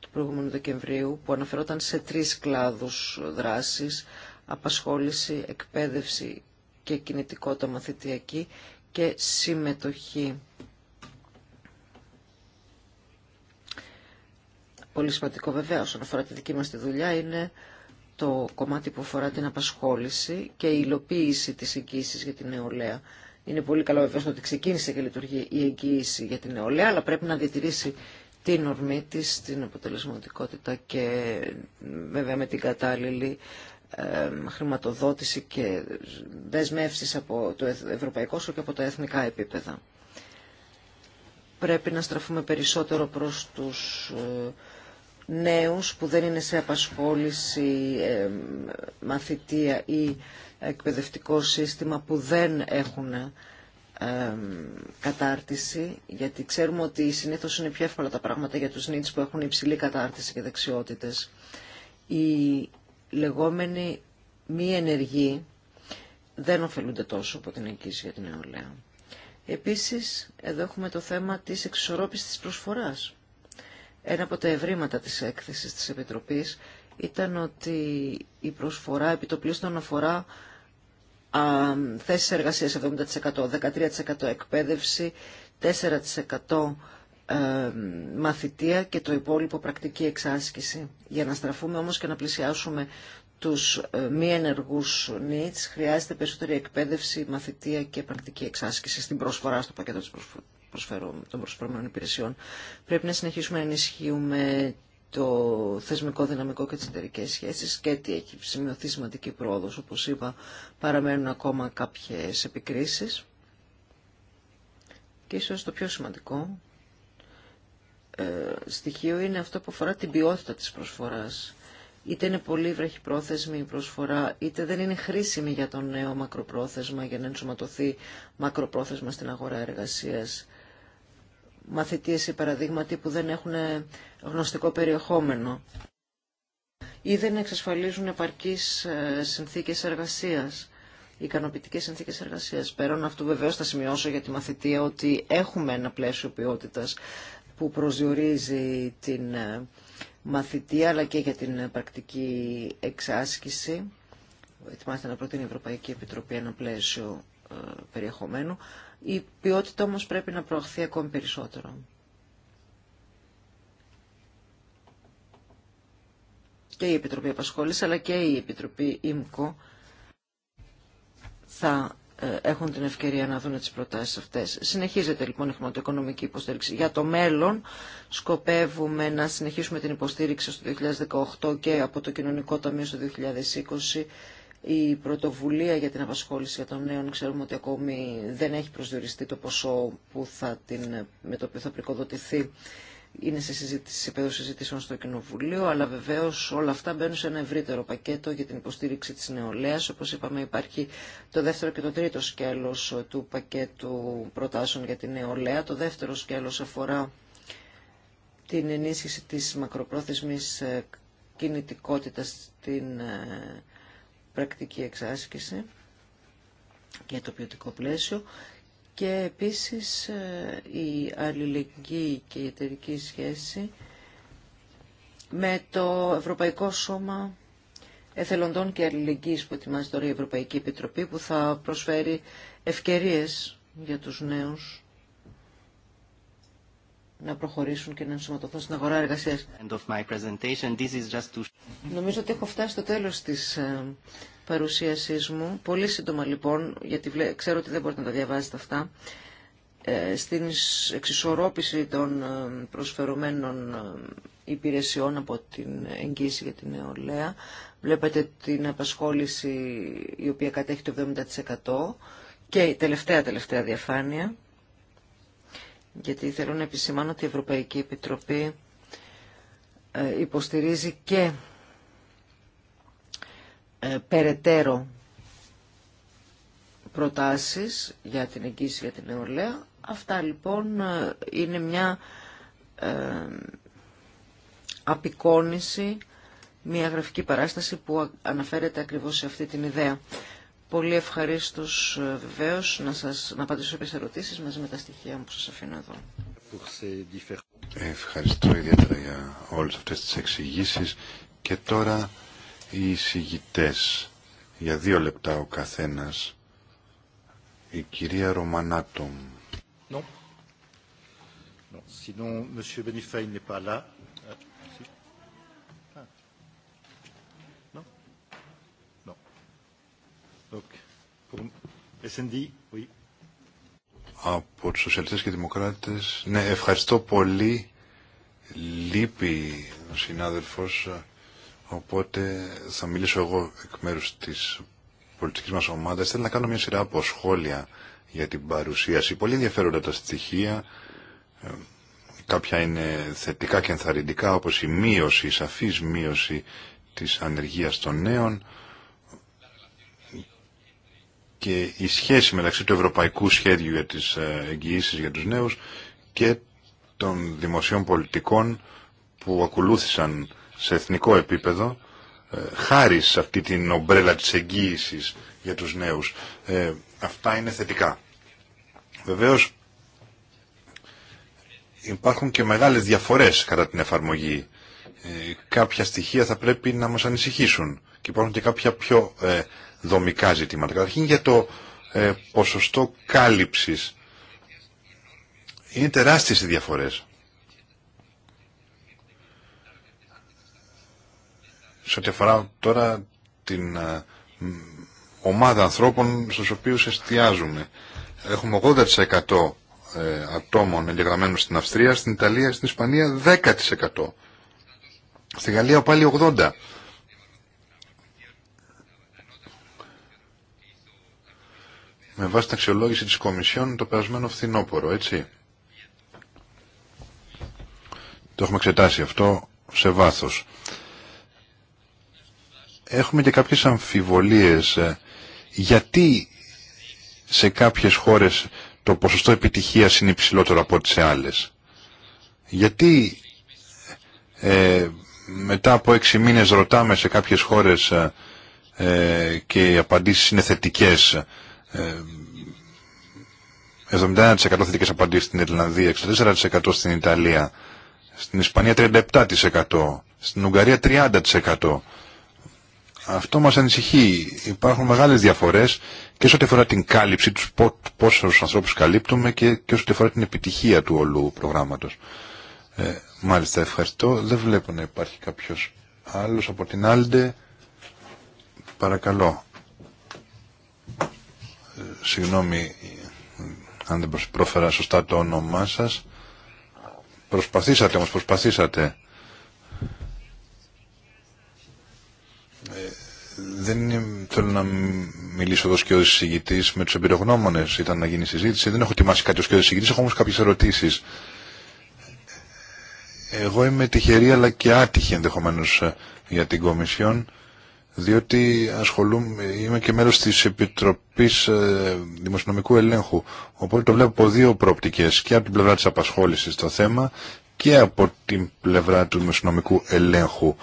του προηγούμενου Δεκεμβρίου που αναφερόταν σε τρεις κλάδους δράσης, απασχόληση, εκπαίδευση και κινητικότητα μαθητιακή και συμμετοχή πολύ σημαντικό βεβαίω όσον αφορά τη δική μα τη δουλειά είναι το κομμάτι που αφορά την απασχόληση και η υλοποίηση τη εγγύηση για την νεολαία. Είναι πολύ καλό βεβαίω ότι ξεκίνησε και λειτουργεί η εγγύηση για την νεολαία, αλλά πρέπει να διατηρήσει την ορμή τη, την αποτελεσματικότητα και βέβαια με την κατάλληλη χρηματοδότηση και δεσμεύσει από το ευρωπαϊκό σου και από τα εθνικά επίπεδα. Πρέπει να στραφούμε περισσότερο προς τους ε, νέους που δεν είναι σε απασχόληση, μαθητεία ή εκπαιδευτικό σύστημα που δεν έχουν κατάρτιση, γιατί ξέρουμε ότι συνήθως είναι πιο εύκολα τα πράγματα για τους νίτς που έχουν υψηλή κατάρτιση και δεξιότητες. Οι λεγόμενοι μη ενεργοί δεν ωφελούνται τόσο από την εγγύηση για την νεολαία. Επίσης, εδώ έχουμε το θέμα της εξισορρόπησης της προσφοράς. Ένα από τα ευρήματα της έκθεσης της Επιτροπής ήταν ότι η προσφορά επιτοπλίστων αφορά α, θέσεις εργασίας 70%, 13% εκπαίδευση, 4% ε, μαθητεία και το υπόλοιπο πρακτική εξάσκηση. Για να στραφούμε όμως και να πλησιάσουμε τους ε, μη ενεργούς νίτς χρειάζεται περισσότερη εκπαίδευση, μαθητεία και πρακτική εξάσκηση στην προσφορά στο πακέτο της προσφοράς των προσφερόμενων υπηρεσιών. Πρέπει να συνεχίσουμε να ενισχύουμε το θεσμικό δυναμικό και τι εταιρικέ σχέσει και τι έχει σημειωθεί σημαντική πρόοδο, όπω είπα, παραμένουν ακόμα κάποιε επικρίσει. Και ίσω το πιο σημαντικό ε, στοιχείο είναι αυτό που αφορά την ποιότητα τη προσφορά. Είτε είναι πολύ βραχυπρόθεσμη η προσφορά, είτε δεν είναι χρήσιμη για το νέο μακροπρόθεσμα, για να ενσωματωθεί μακροπρόθεσμα στην αγορά εργασίας μαθητείες παραδείγματι που δεν έχουν γνωστικό περιεχόμενο ή δεν εξασφαλίζουν επαρκείς ε, συνθήκες εργασίας, ικανοποιητικές συνθήκες εργασίας. Πέραν αυτού βεβαίως θα σημειώσω για τη μαθητεία ότι έχουμε ένα πλαίσιο ποιότητα που προσδιορίζει την ε, μαθητεία αλλά και για την ε, πρακτική εξάσκηση. Ετοιμάζεται να προτείνει η Ευρωπαϊκή Επιτροπή ένα πλαίσιο περιεχομένου. Η ποιότητα όμως πρέπει να προωθεί ακόμη περισσότερο. Και η Επιτροπή Απασχόληση αλλά και η Επιτροπή ΙΜΚΟ θα ε, έχουν την ευκαιρία να δουν τις προτάσεις αυτές. Συνεχίζεται λοιπόν η χρηματοοικονομική υποστήριξη. Για το μέλλον σκοπεύουμε να συνεχίσουμε την υποστήριξη στο 2018 και από το Κοινωνικό Ταμείο στο 2020 η πρωτοβουλία για την απασχόληση για των νέων ξέρουμε ότι ακόμη δεν έχει προσδιοριστεί το ποσό που θα την, με το οποίο θα πρικοδοτηθεί είναι σε συζήτηση, σε επίπεδο συζητήσεων στο Κοινοβουλίο, αλλά βεβαίω όλα αυτά μπαίνουν σε ένα ευρύτερο πακέτο για την υποστήριξη τη νεολαία. Όπω είπαμε, υπάρχει το δεύτερο και το τρίτο σκέλο του πακέτου προτάσεων για την νεολαία. Το δεύτερο σκέλο αφορά την ενίσχυση της μακροπρόθεσμης κινητικότητας στην ε, πρακτική εξάσκηση και το ποιοτικό πλαίσιο και επίσης ε, η αλληλεγγύη και η εταιρική σχέση με το Ευρωπαϊκό Σώμα Εθελοντών και Αλληλεγγύης που ετοιμάζει τώρα η Ευρωπαϊκή Επιτροπή που θα προσφέρει ευκαιρίες για τους νέους να προχωρήσουν και να ενσωματωθούν στην αγορά εργασία. Νομίζω ότι έχω φτάσει στο τέλος της ε, παρουσίασής μου. Πολύ σύντομα λοιπόν, γιατί ξέρω ότι δεν μπορείτε να τα διαβάζετε αυτά, ε, στην εξισορρόπηση των ε, προσφερωμένων υπηρεσιών από την εγγύηση για την νεολαία. Βλέπετε την απασχόληση η οποία κατέχει το 70% και η τελευταία τελευταία διαφάνεια γιατί θέλω να επισημάνω ότι η Ευρωπαϊκή Επιτροπή ε, υποστηρίζει και ε, περαιτέρω προτάσεις για την εγγύηση για την νεολαία. Αυτά λοιπόν ε, είναι μια απεικόνηση, μια γραφική παράσταση που αναφέρεται ακριβώς σε αυτή την ιδέα. Πολύ ευχαρίστω ε, βεβαίω να, σα να απαντήσω σε ερωτήσει μαζί με τα στοιχεία μου που σα αφήνω εδώ. Ευχαριστώ ιδιαίτερα για όλε αυτέ τι εξηγήσει. Και τώρα οι εισηγητέ για δύο λεπτά ο καθένα, Η κυρία Ρωμανάτομ. Non. Non. Sinon, M. n'est pas là. Από τους Σοσιαλιστές και Δημοκράτες. Ναι, ευχαριστώ πολύ. Λείπει ο συνάδελφος, οπότε θα μιλήσω εγώ εκ μέρους της πολιτικής μας ομάδας. Θέλω να κάνω μια σειρά από σχόλια για την παρουσίαση. Πολύ ενδιαφέροντα τα στοιχεία. Ε, κάποια είναι θετικά και ενθαρρυντικά, όπως η μείωση, η σαφής μείωση της ανεργίας των νέων και η σχέση μεταξύ του ευρωπαϊκού σχέδιου για τις ε, εγγυήσεις για τους νέους και των δημοσίων πολιτικών που ακολούθησαν σε εθνικό επίπεδο ε, χάρη σε αυτή την ομπρέλα της εγγύησης για τους νέους. Ε, αυτά είναι θετικά. Βεβαίως υπάρχουν και μεγάλες διαφορές κατά την εφαρμογή. κάποια στοιχεία θα πρέπει να μας ανησυχήσουν και υπάρχουν και κάποια πιο δομικά ζητήματα. Καταρχήν για το ε, ποσοστό κάλυψης. Είναι τεράστιες οι διαφορές. Σε ό,τι αφορά τώρα την ε, ομάδα ανθρώπων στους οποίους εστιάζουμε. Έχουμε 80% ε, ατόμων εγγεγραμμένων στην Αυστρία, στην Ιταλία, στην Ισπανία 10%. Στη Γαλλία πάλι 80%. με βάση την αξιολόγηση της Κομισιόν το περασμένο φθινόπωρο, έτσι. Το έχουμε εξετάσει αυτό σε βάθος. Έχουμε και κάποιες αμφιβολίες ε, γιατί σε κάποιες χώρες το ποσοστό επιτυχίας είναι υψηλότερο από ό,τι σε άλλες. Γιατί ε, μετά από έξι μήνες ρωτάμε σε κάποιες χώρες ε, ε και οι απαντήσεις είναι θετικές 71% θετικές απαντήσεις στην Ιρλανδία, 64% στην Ιταλία, στην Ισπανία 37%, στην Ουγγαρία 30%. Αυτό μας ανησυχεί. Υπάρχουν μεγάλες διαφορές και σε ό,τι αφορά την κάλυψη, τους πόσους ανθρώπους καλύπτουμε και, και σε ό,τι αφορά την επιτυχία του όλου προγράμματος. Ε, μάλιστα, ευχαριστώ. Δεν βλέπω να υπάρχει κάποιος άλλος από την Άλντε. Παρακαλώ συγγνώμη αν δεν πρόφερα σωστά το όνομά σας. Προσπαθήσατε όμως, προσπαθήσατε. Ε, δεν είναι, θέλω να μιλήσω εδώ και ο με τους εμπειρογνώμονες. Ήταν να γίνει συζήτηση. Δεν έχω ετοιμάσει κάτι ως και ο έχω όμως κάποιες ερωτήσεις. Εγώ είμαι τυχερή αλλά και άτυχη ενδεχομένως ε, για την Κομισιόν διότι ασχολούμαι, είμαι και μέλος της Επιτροπής ε, Δημοσιονομικού Ελέγχου. Οπότε το βλέπω από δύο προοπτικές, και από την πλευρά της απασχόλησης το θέμα και από την πλευρά του Δημοσιονομικού Ελέγχου.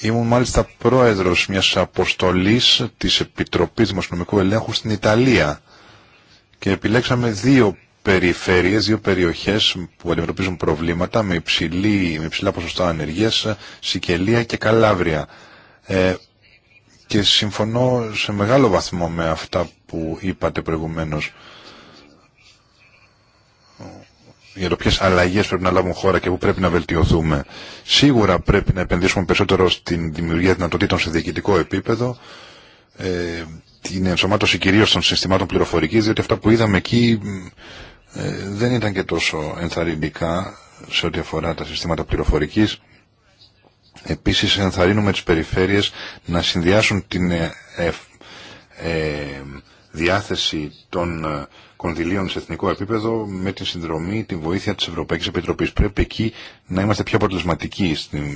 Ήμουν μάλιστα πρόεδρος μιας αποστολής της Επιτροπής Δημοσιονομικού Ελέγχου στην Ιταλία και επιλέξαμε δύο περιφέρειες, δύο περιοχές που αντιμετωπίζουν προβλήματα με, με υψηλά ποσοστά ανεργίας, Σικελία και Καλάβρια. Ε, και συμφωνώ σε μεγάλο βαθμό με αυτά που είπατε προηγουμένως για το ποιε αλλαγές πρέπει να λάβουν χώρα και πού πρέπει να βελτιωθούμε. Σίγουρα πρέπει να επενδύσουμε περισσότερο στην δημιουργία δυνατοτήτων σε διοικητικό επίπεδο, ε, την ενσωμάτωση κυρίω των συστημάτων πληροφορικης διότι αυτά που είδαμε εκεί ε, δεν ήταν και τόσο ενθαρρυντικά σε ό,τι αφορά τα συστήματα πληροφορική. Επίσης ενθαρρύνουμε τις περιφέρειες να συνδυάσουν την ε, ε, ε διάθεση των ε, κονδυλίων σε εθνικό επίπεδο με την συνδρομή, τη βοήθεια της Ευρωπαϊκής Επιτροπής. Πρέπει εκεί να είμαστε πιο αποτελεσματικοί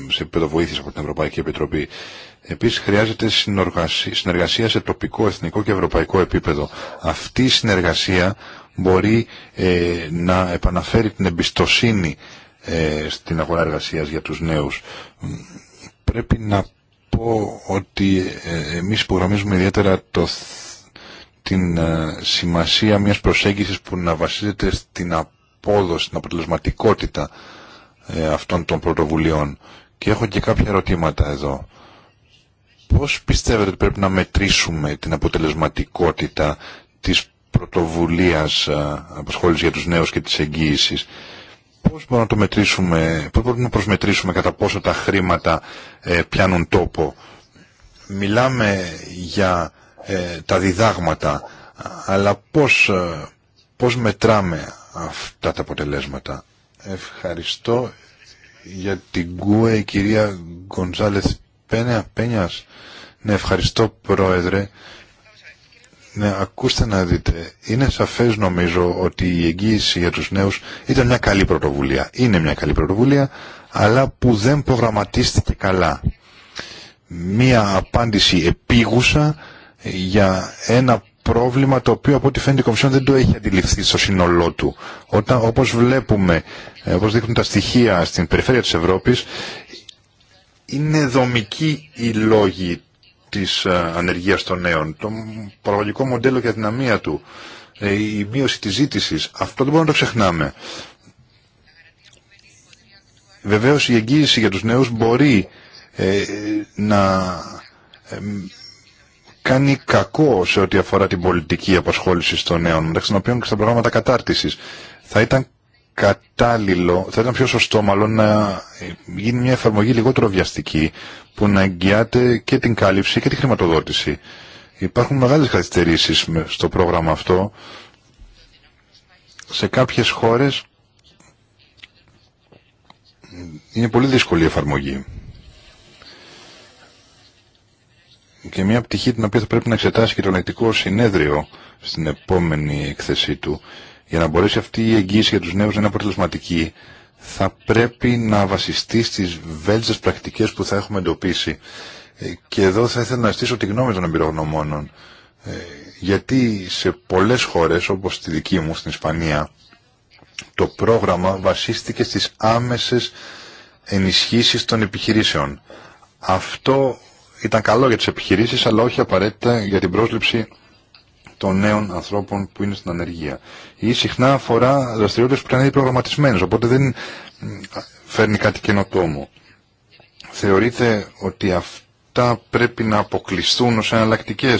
σε επίπεδο βοήθειας από την Ευρωπαϊκή Επιτροπή. Επίσης χρειάζεται συνεργασία σε τοπικό, εθνικό και ευρωπαϊκό επίπεδο. Αυτή η συνεργασία μπορεί να επαναφέρει την εμπιστοσύνη ε, στην αγορά εργασίας για τους νέους. Πρέπει να πω ότι ε, εμείς υπογραμμίζουμε ιδιαίτερα το, την ε, σημασία μιας προσέγγισης που να βασίζεται στην απόδοση, στην αποτελεσματικότητα αυτών των πρωτοβουλειών. Και έχω και κάποια ερωτήματα εδώ. Πώς πιστεύετε ότι πρέπει να μετρήσουμε την αποτελεσματικότητα της πρωτοβουλίας απασχόλησης για τους νέους και της εγγύησης πώς μπορούμε να το μετρήσουμε, πώς μπορούμε να προσμετρήσουμε κατά πόσο τα χρήματα ε, πιάνουν τόπο. Μιλάμε για ε, τα διδάγματα, αλλά πώς, ε, πώς μετράμε αυτά τα αποτελέσματα. Ευχαριστώ για την ΚΟΕ η κυρία Γκονζάλεθ Πένια, Πένιας. Ναι, ευχαριστώ πρόεδρε. Ναι, ακούστε να δείτε. Είναι σαφές νομίζω ότι η εγγύηση για τους νέους ήταν μια καλή πρωτοβουλία. Είναι μια καλή πρωτοβουλία, αλλά που δεν προγραμματίστηκε καλά. Μια απάντηση επίγουσα για ένα πρόβλημα το οποίο από ό,τι φαίνεται η Κομισιόν δεν το έχει αντιληφθεί στο σύνολό του. Όταν, όπως βλέπουμε, ε, όπως δείχνουν τα στοιχεία στην περιφέρεια της Ευρώπης, είναι δομικοί οι λόγοι της ε, ανεργίας των νέων, το παραγωγικό μοντέλο και αδυναμία του, ε, η μείωση της ζήτησης. Αυτό δεν μπορούμε να το ξεχνάμε. Βεβαίως η εγγύηση για τους νέους μπορεί ε, να κάνει κακό σε ό,τι αφορά την πολιτική απασχόληση των νέων, μεταξύ των οποίων και στα προγράμματα κατάρτισης. Θα ήταν κατάλληλο, θα ήταν πιο σωστό μάλλον να γίνει μια εφαρμογή λιγότερο βιαστική που να εγγυάται και την κάλυψη και τη χρηματοδότηση. Υπάρχουν μεγάλες καθυστερήσεις στο πρόγραμμα αυτό. Σε κάποιες χώρες είναι πολύ δύσκολη η εφαρμογή. Και μια πτυχή την οποία θα πρέπει να εξετάσει και το ελεκτικό συνέδριο στην επόμενη εκθεσή του για να μπορέσει αυτή η εγγύηση για τους νέους να είναι αποτελεσματική, θα πρέπει να βασιστεί στις βέλτιστες πρακτικές που θα έχουμε εντοπίσει. Ε, και εδώ θα ήθελα να στήσω τη γνώμη των εμπειρογνωμόνων. Ε, γιατί σε πολλές χώρες, όπως στη δική μου, στην Ισπανία, το πρόγραμμα βασίστηκε στις άμεσες ενισχύσεις των επιχειρήσεων. Αυτό ήταν καλό για τις επιχειρήσεις, αλλά όχι απαραίτητα για την πρόσληψη των νέων ανθρώπων που είναι στην ανεργία. Ή συχνά αφορά δραστηριότητε που ήταν ήδη προγραμματισμένε, οπότε δεν φέρνει κάτι καινοτόμο. Θεωρείτε ότι αυτά πρέπει να αποκλειστούν ω εναλλακτικέ.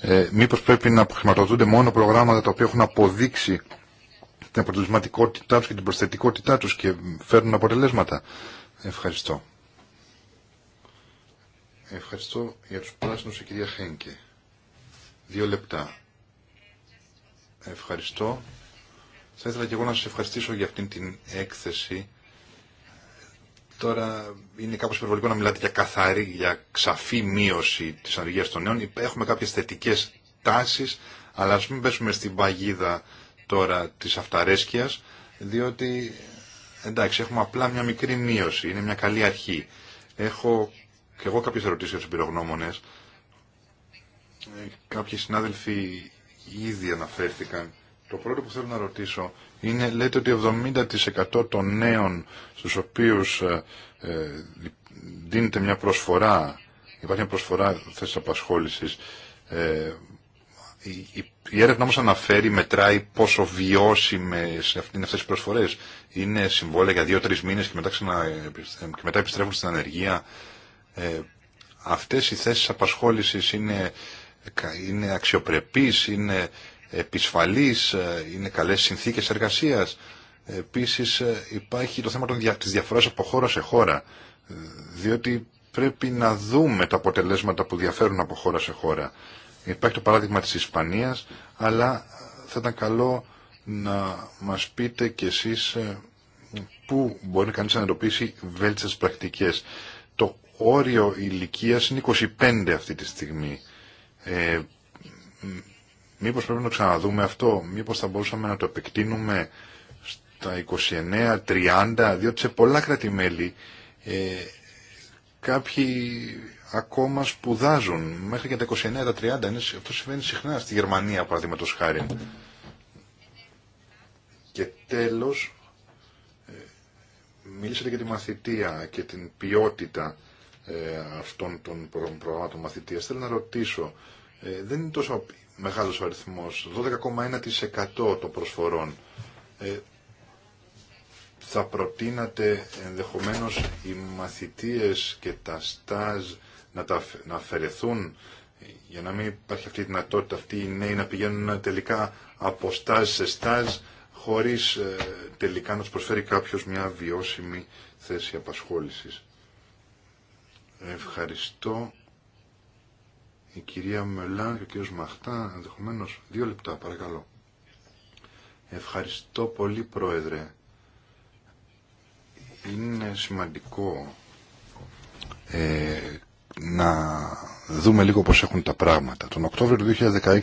Ε, μήπως πρέπει να χρηματοδοτούνται μόνο προγράμματα τα οποία έχουν αποδείξει την αποτελεσματικότητά του και την προσθετικότητά του και φέρνουν αποτελέσματα. Ευχαριστώ. Ευχαριστώ για τους πράσινους η κυρία Χένκε. Δύο λεπτά. Ευχαριστώ. Θα ήθελα και εγώ να σας ευχαριστήσω για αυτήν την έκθεση. Τώρα είναι κάπως υπερβολικό να μιλάτε για καθαρή, για ξαφή μείωση της ανεργίας των νέων. Έχουμε κάποιες θετικές τάσεις, αλλά ας μην πέσουμε στην παγίδα τώρα της αυταρέσκειας, διότι εντάξει έχουμε απλά μια μικρή μείωση, είναι μια καλή αρχή. Έχω και εγώ κάποιες ερωτήσεις για τους πυρογνώμονες. Ε, κάποιοι συνάδελφοι ήδη αναφέρθηκαν. Το πρώτο που θέλω να ρωτήσω είναι, λέτε ότι 70% των νέων στους οποίους ε, ε, δίνεται μια προσφορά, υπάρχει μια προσφορά θέσης απασχόλησης, ε, η, έρευνα όμως αναφέρει, μετράει πόσο βιώσιμες είναι αυτές οι προσφορές. Είναι συμβόλαια για δύο-τρεις μήνες και μετά, ξανα, ε, και μετά επιστρέφουν στην ανεργία. Ε, αυτές οι θέσεις απασχόλησης είναι ε, είναι αξιοπρεπής, είναι επισφαλής, ε, είναι καλές συνθήκες εργασίας. Επίσης ε, υπάρχει το θέμα των της από χώρα σε χώρα, διότι πρέπει να δούμε τα αποτελέσματα που διαφέρουν από χώρα σε χώρα. Υπάρχει το παράδειγμα της Ισπανίας, αλλά θα ήταν καλό να μας πείτε κι εσείς πού μπορεί κανείς να εντοπίσει βέλτιστες πρακτικές. Το όριο ηλικίας είναι 25 αυτή τη στιγμή. Ε, μήπως πρέπει να το ξαναδούμε αυτό, μήπως θα μπορούσαμε να το επεκτείνουμε στα 29, 30, διότι σε πολλά κρατημέλη ε, κάποιοι ακόμα σπουδάζουν μέχρι και τα 29, 30, είναι, αυτό συμβαίνει συχνά στη Γερμανία παραδείγματος χάρη. Και τέλος, ε, μίλησατε για τη μαθητεία και την ποιότητα ε, αυτών των προγραμμάτων μαθητείας. Θέλω να ρωτήσω, ε, δεν είναι τόσο μεγάλος ο αριθμός, 12,1% των προσφορών. Ε, θα προτείνατε ενδεχομένως οι μαθητίες και τα στάζ να, τα, να αφαιρεθούν για να μην υπάρχει αυτή η δυνατότητα αυτοί οι νέοι να πηγαίνουν τελικά από στάζ σε στάζ χωρίς τελικά να τους προσφέρει κάποιος μια βιώσιμη θέση απασχόλησης. Ευχαριστώ. Η κυρία Μελά και ο κύριος Μαχτά, ενδεχομένω δύο λεπτά, παρακαλώ. Ευχαριστώ πολύ, Πρόεδρε. Είναι σημαντικό ε, να δούμε λίγο πώς έχουν τα πράγματα. Τον Οκτώβριο του 2016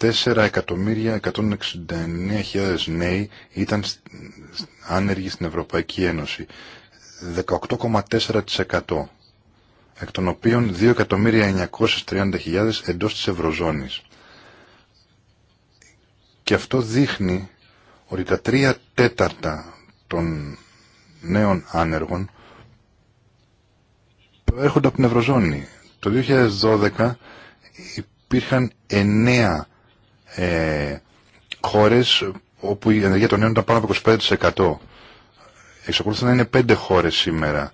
4.169.000 νέοι ήταν άνεργοι στην Ευρωπαϊκή Ένωση. 18,4% εκ των οποίων 2.930.000 εντός της Ευρωζώνης. Και αυτό δείχνει ότι τα τρία τέταρτα των νέων άνεργων προέρχονται από την Ευρωζώνη. Το 2012 υπήρχαν εννέα ε, χώρες όπου η ενεργεία των νέων ήταν πάνω από 25%. Εξακολουθούν να είναι πέντε χώρες σήμερα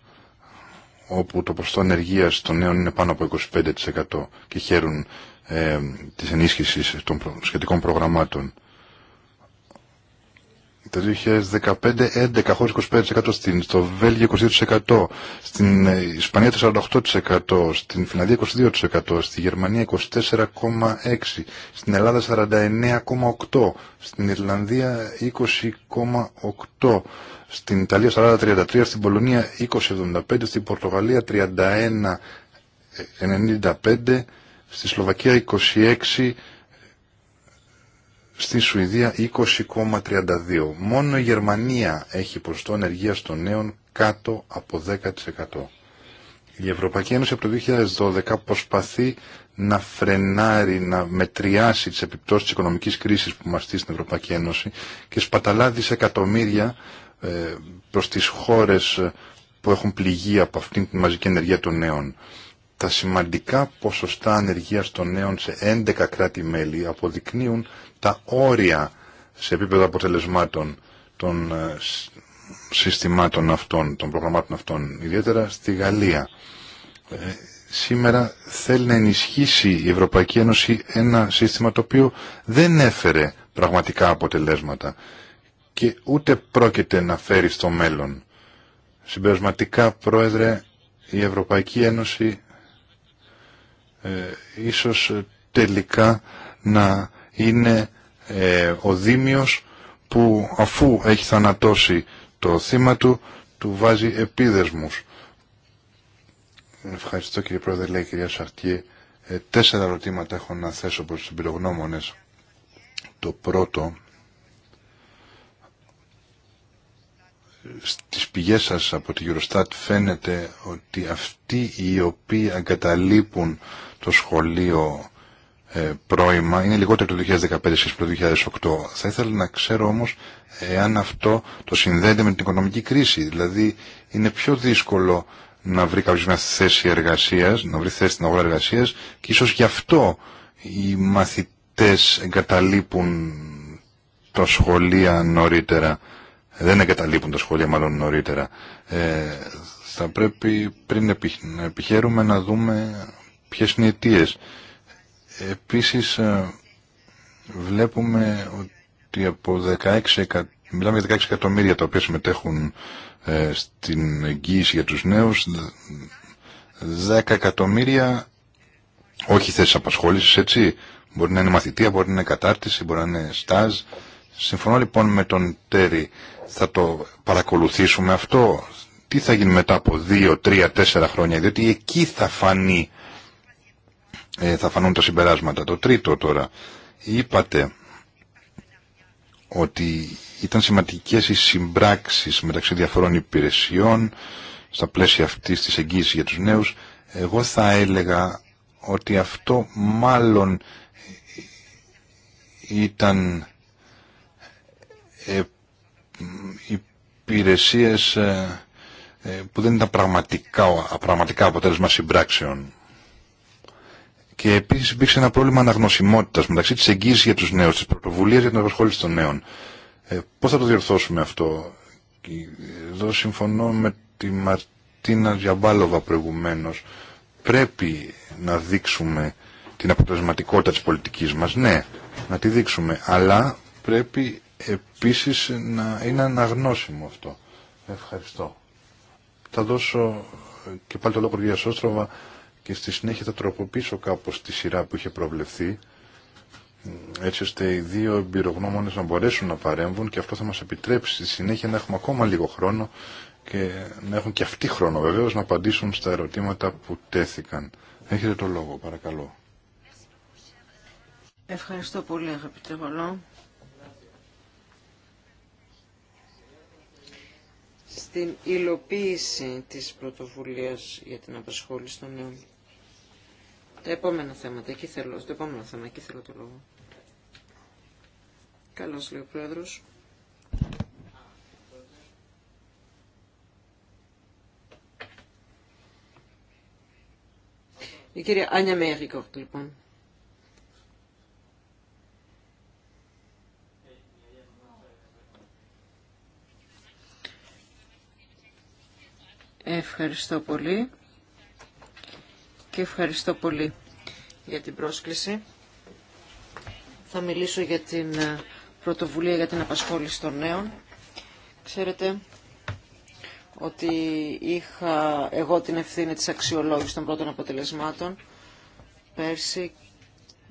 όπου το ποσοστό ανεργίας των νέων είναι πάνω από 25% και χαίρουν ε, της ενίσχυσης των σχετικών προγραμμάτων. Το 2015 11 χωρίς 25% στην, στο Βέλγιο 22%, στην ε, Ισπανία 48%, στην Φιλανδία 22%, στη Γερμανία 24,6%, στην Ελλάδα 49,8%, στην Ιρλανδία 20,8% στην Ιταλία 40-33, στην πολωνια 20,75, στην πορτογαλια 31,95, στη Σλοβακία 26, στη Σουηδία 20,32. Μόνο η Γερμανία έχει ποσοστό ενεργείας των νέων κάτω από 10%. Η Ευρωπαϊκή Ένωση από το 2012 προσπαθεί να φρενάρει, να μετριάσει τις επιπτώσεις της οικονομικής κρίσης που μαστεί στην Ευρωπαϊκή Ένωση και σπαταλά δισεκατομμύρια ε, προς τις χώρες ε, που έχουν πληγεί από αυτήν την μαζική ενεργεία των νέων. Τα σημαντικά ποσοστά ανεργίας των νέων σε 11 κράτη-μέλη αποδεικνύουν τα όρια σε επίπεδο αποτελεσμάτων των ε, συστημάτων αυτών, των προγραμμάτων αυτών, ιδιαίτερα στη Γαλλία. Σήμερα θέλει να ενισχύσει η Ευρωπαϊκή Ένωση ένα σύστημα το οποίο δεν έφερε πραγματικά αποτελέσματα και ούτε πρόκειται να φέρει στο μέλλον. Συμπερασματικά, Πρόεδρε, η Ευρωπαϊκή Ένωση ε, ίσως τελικά να είναι ε, ο Δήμιος που αφού έχει θανατώσει το θύμα του, του βάζει επίδεσμους. Ευχαριστώ κύριε Πρόεδρε, λέει η κυρία Σαρτιέ. Ε, τέσσερα ερωτήματα έχω να θέσω προς τους πυρογνώμονες. Το πρώτο στις πηγές σας από τη Eurostat φαίνεται ότι αυτοί οι οποίοι εγκαταλείπουν το σχολείο ε, πρώιμα είναι λιγότερο το 2015 σχέση το 2008. Θα ήθελα να ξέρω όμως εάν αυτό το συνδέεται με την οικονομική κρίση. Δηλαδή είναι πιο δύσκολο να βρει κάποιος μια θέση εργασίας, να βρει θέση στην αγορά εργασίας και ίσως γι' αυτό οι μαθητές εγκαταλείπουν τα σχολεία νωρίτερα δεν εγκαταλείπουν τα σχόλια μάλλον νωρίτερα. Ε, θα πρέπει πριν να επιχαίρουμε να δούμε ποιες είναι οι αιτίες. Επίσης ε, βλέπουμε ότι από 16, μιλάμε για 16 εκατομμύρια τα οποία συμμετέχουν ε, στην εγγύηση για τους νέους, 10 εκατομμύρια όχι θέσεις απασχόλησης, έτσι. Μπορεί να είναι μαθητεία, μπορεί να είναι κατάρτιση, μπορεί να είναι στάζ. Συμφωνώ λοιπόν με τον Τέρι θα το παρακολουθήσουμε αυτό, τι θα γίνει μετά από δύο, τρία, τέσσερα χρόνια, διότι εκεί θα φανεί, ε, θα φανούν τα συμπεράσματα. Το τρίτο τώρα, είπατε ότι ήταν σημαντικές οι συμπράξεις μεταξύ διαφορών υπηρεσιών στα πλαίσια αυτής της εγγύησης για τους νέους. Εγώ θα έλεγα ότι αυτό μάλλον ήταν ε, υπηρεσίες ε, ε, που δεν ήταν πραγματικά, πραγματικά αποτέλεσμα συμπράξεων. Και επίσης υπήρξε ένα πρόβλημα αναγνωσιμότητας μεταξύ της εγγύησης για τους νέους, της πρωτοβουλίας για την απασχόληση των νέων. Ε, πώς θα το διορθώσουμε αυτό. Ε, εδώ συμφωνώ με τη Μαρτίνα Διαμπάλοβα προηγουμένως. Πρέπει να δείξουμε την αποτελεσματικότητα της πολιτικής μας, ναι, να τη δείξουμε, αλλά πρέπει επίσης να είναι αναγνώσιμο αυτό. Ευχαριστώ. Θα δώσω και πάλι το λόγο για Σόστροβα και στη συνέχεια θα τροποποιήσω κάπως τη σειρά που είχε προβλεφθεί έτσι ώστε οι δύο εμπειρογνώμονε να μπορέσουν να παρέμβουν και αυτό θα μας επιτρέψει στη συνέχεια να έχουμε ακόμα λίγο χρόνο και να έχουν και αυτοί χρόνο βεβαίως να απαντήσουν στα ερωτήματα που τέθηκαν. Έχετε το λόγο, παρακαλώ. Ευχαριστώ πολύ, αγαπητέ Βολό. στην υλοποίηση της πρωτοβουλίας για την απασχόληση των νέων. Τα επόμενα θέματα, εκεί θέλω, το επόμενο θέμα, εκεί θέλω το λόγο. Καλώς λέει ο Πρόεδρος. Η κυρία Άνια Μέγικορτ, λοιπόν. Ευχαριστώ πολύ και ευχαριστώ πολύ για την πρόσκληση. Θα μιλήσω για την ε, πρωτοβουλία για την απασχόληση των νέων. Ξέρετε ότι είχα εγώ την ευθύνη της αξιολόγησης των πρώτων αποτελεσμάτων πέρσι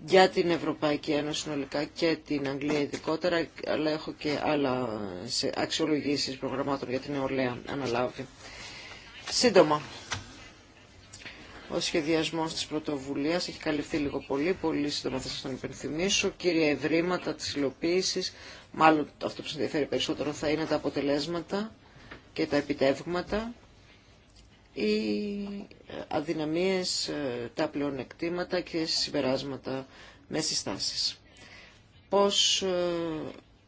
για την Ευρωπαϊκή Ένωση συνολικά και την Αγγλία ειδικότερα, αλλά έχω και άλλα αξιολογήσεις προγραμμάτων για την νεολαία αναλάβει. Σύντομα, ο σχεδιασμός της πρωτοβουλίας έχει καλυφθεί λίγο πολύ, πολύ σύντομα θα σας τον υπενθυμίσω. Κύρια ευρήματα της υλοποίησης, μάλλον αυτό που σας ενδιαφέρει περισσότερο θα είναι τα αποτελέσματα και τα επιτεύγματα, οι ε, αδυναμίες, ε, τα πλεονεκτήματα και συμπεράσματα με συστάσεις. Πώς ε,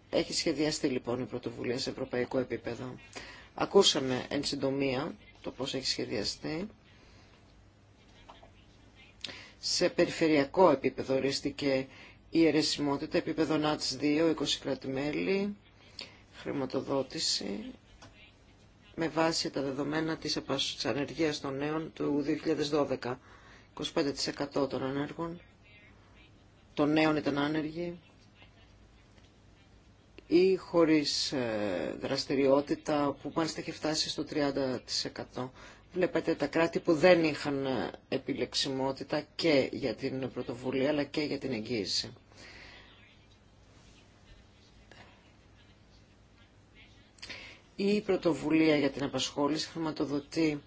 έχει σχεδιαστεί λοιπόν η πρωτοβουλία σε ευρωπαϊκό επίπεδο. Ακούσαμε εν συντομία το πώς έχει σχεδιαστεί. Σε περιφερειακό επίπεδο ορίστηκε η αιρεσιμότητα, επίπεδο ΝΑΤΣ 2, 20 κρατημέλη, χρηματοδότηση, με βάση τα δεδομένα της ανεργίας των νέων του 2012. 25% των ανέργων, των νέων ήταν άνεργοι, ή χωρίς ε, δραστηριότητα που μάλιστα έχει φτάσει στο 30%. Βλέπετε τα κράτη που δεν είχαν ε, επιλεξιμότητα και για την πρωτοβουλία αλλά και για την εγγύηση. Η πρωτοβουλία για την απασχόληση χρηματοδοτεί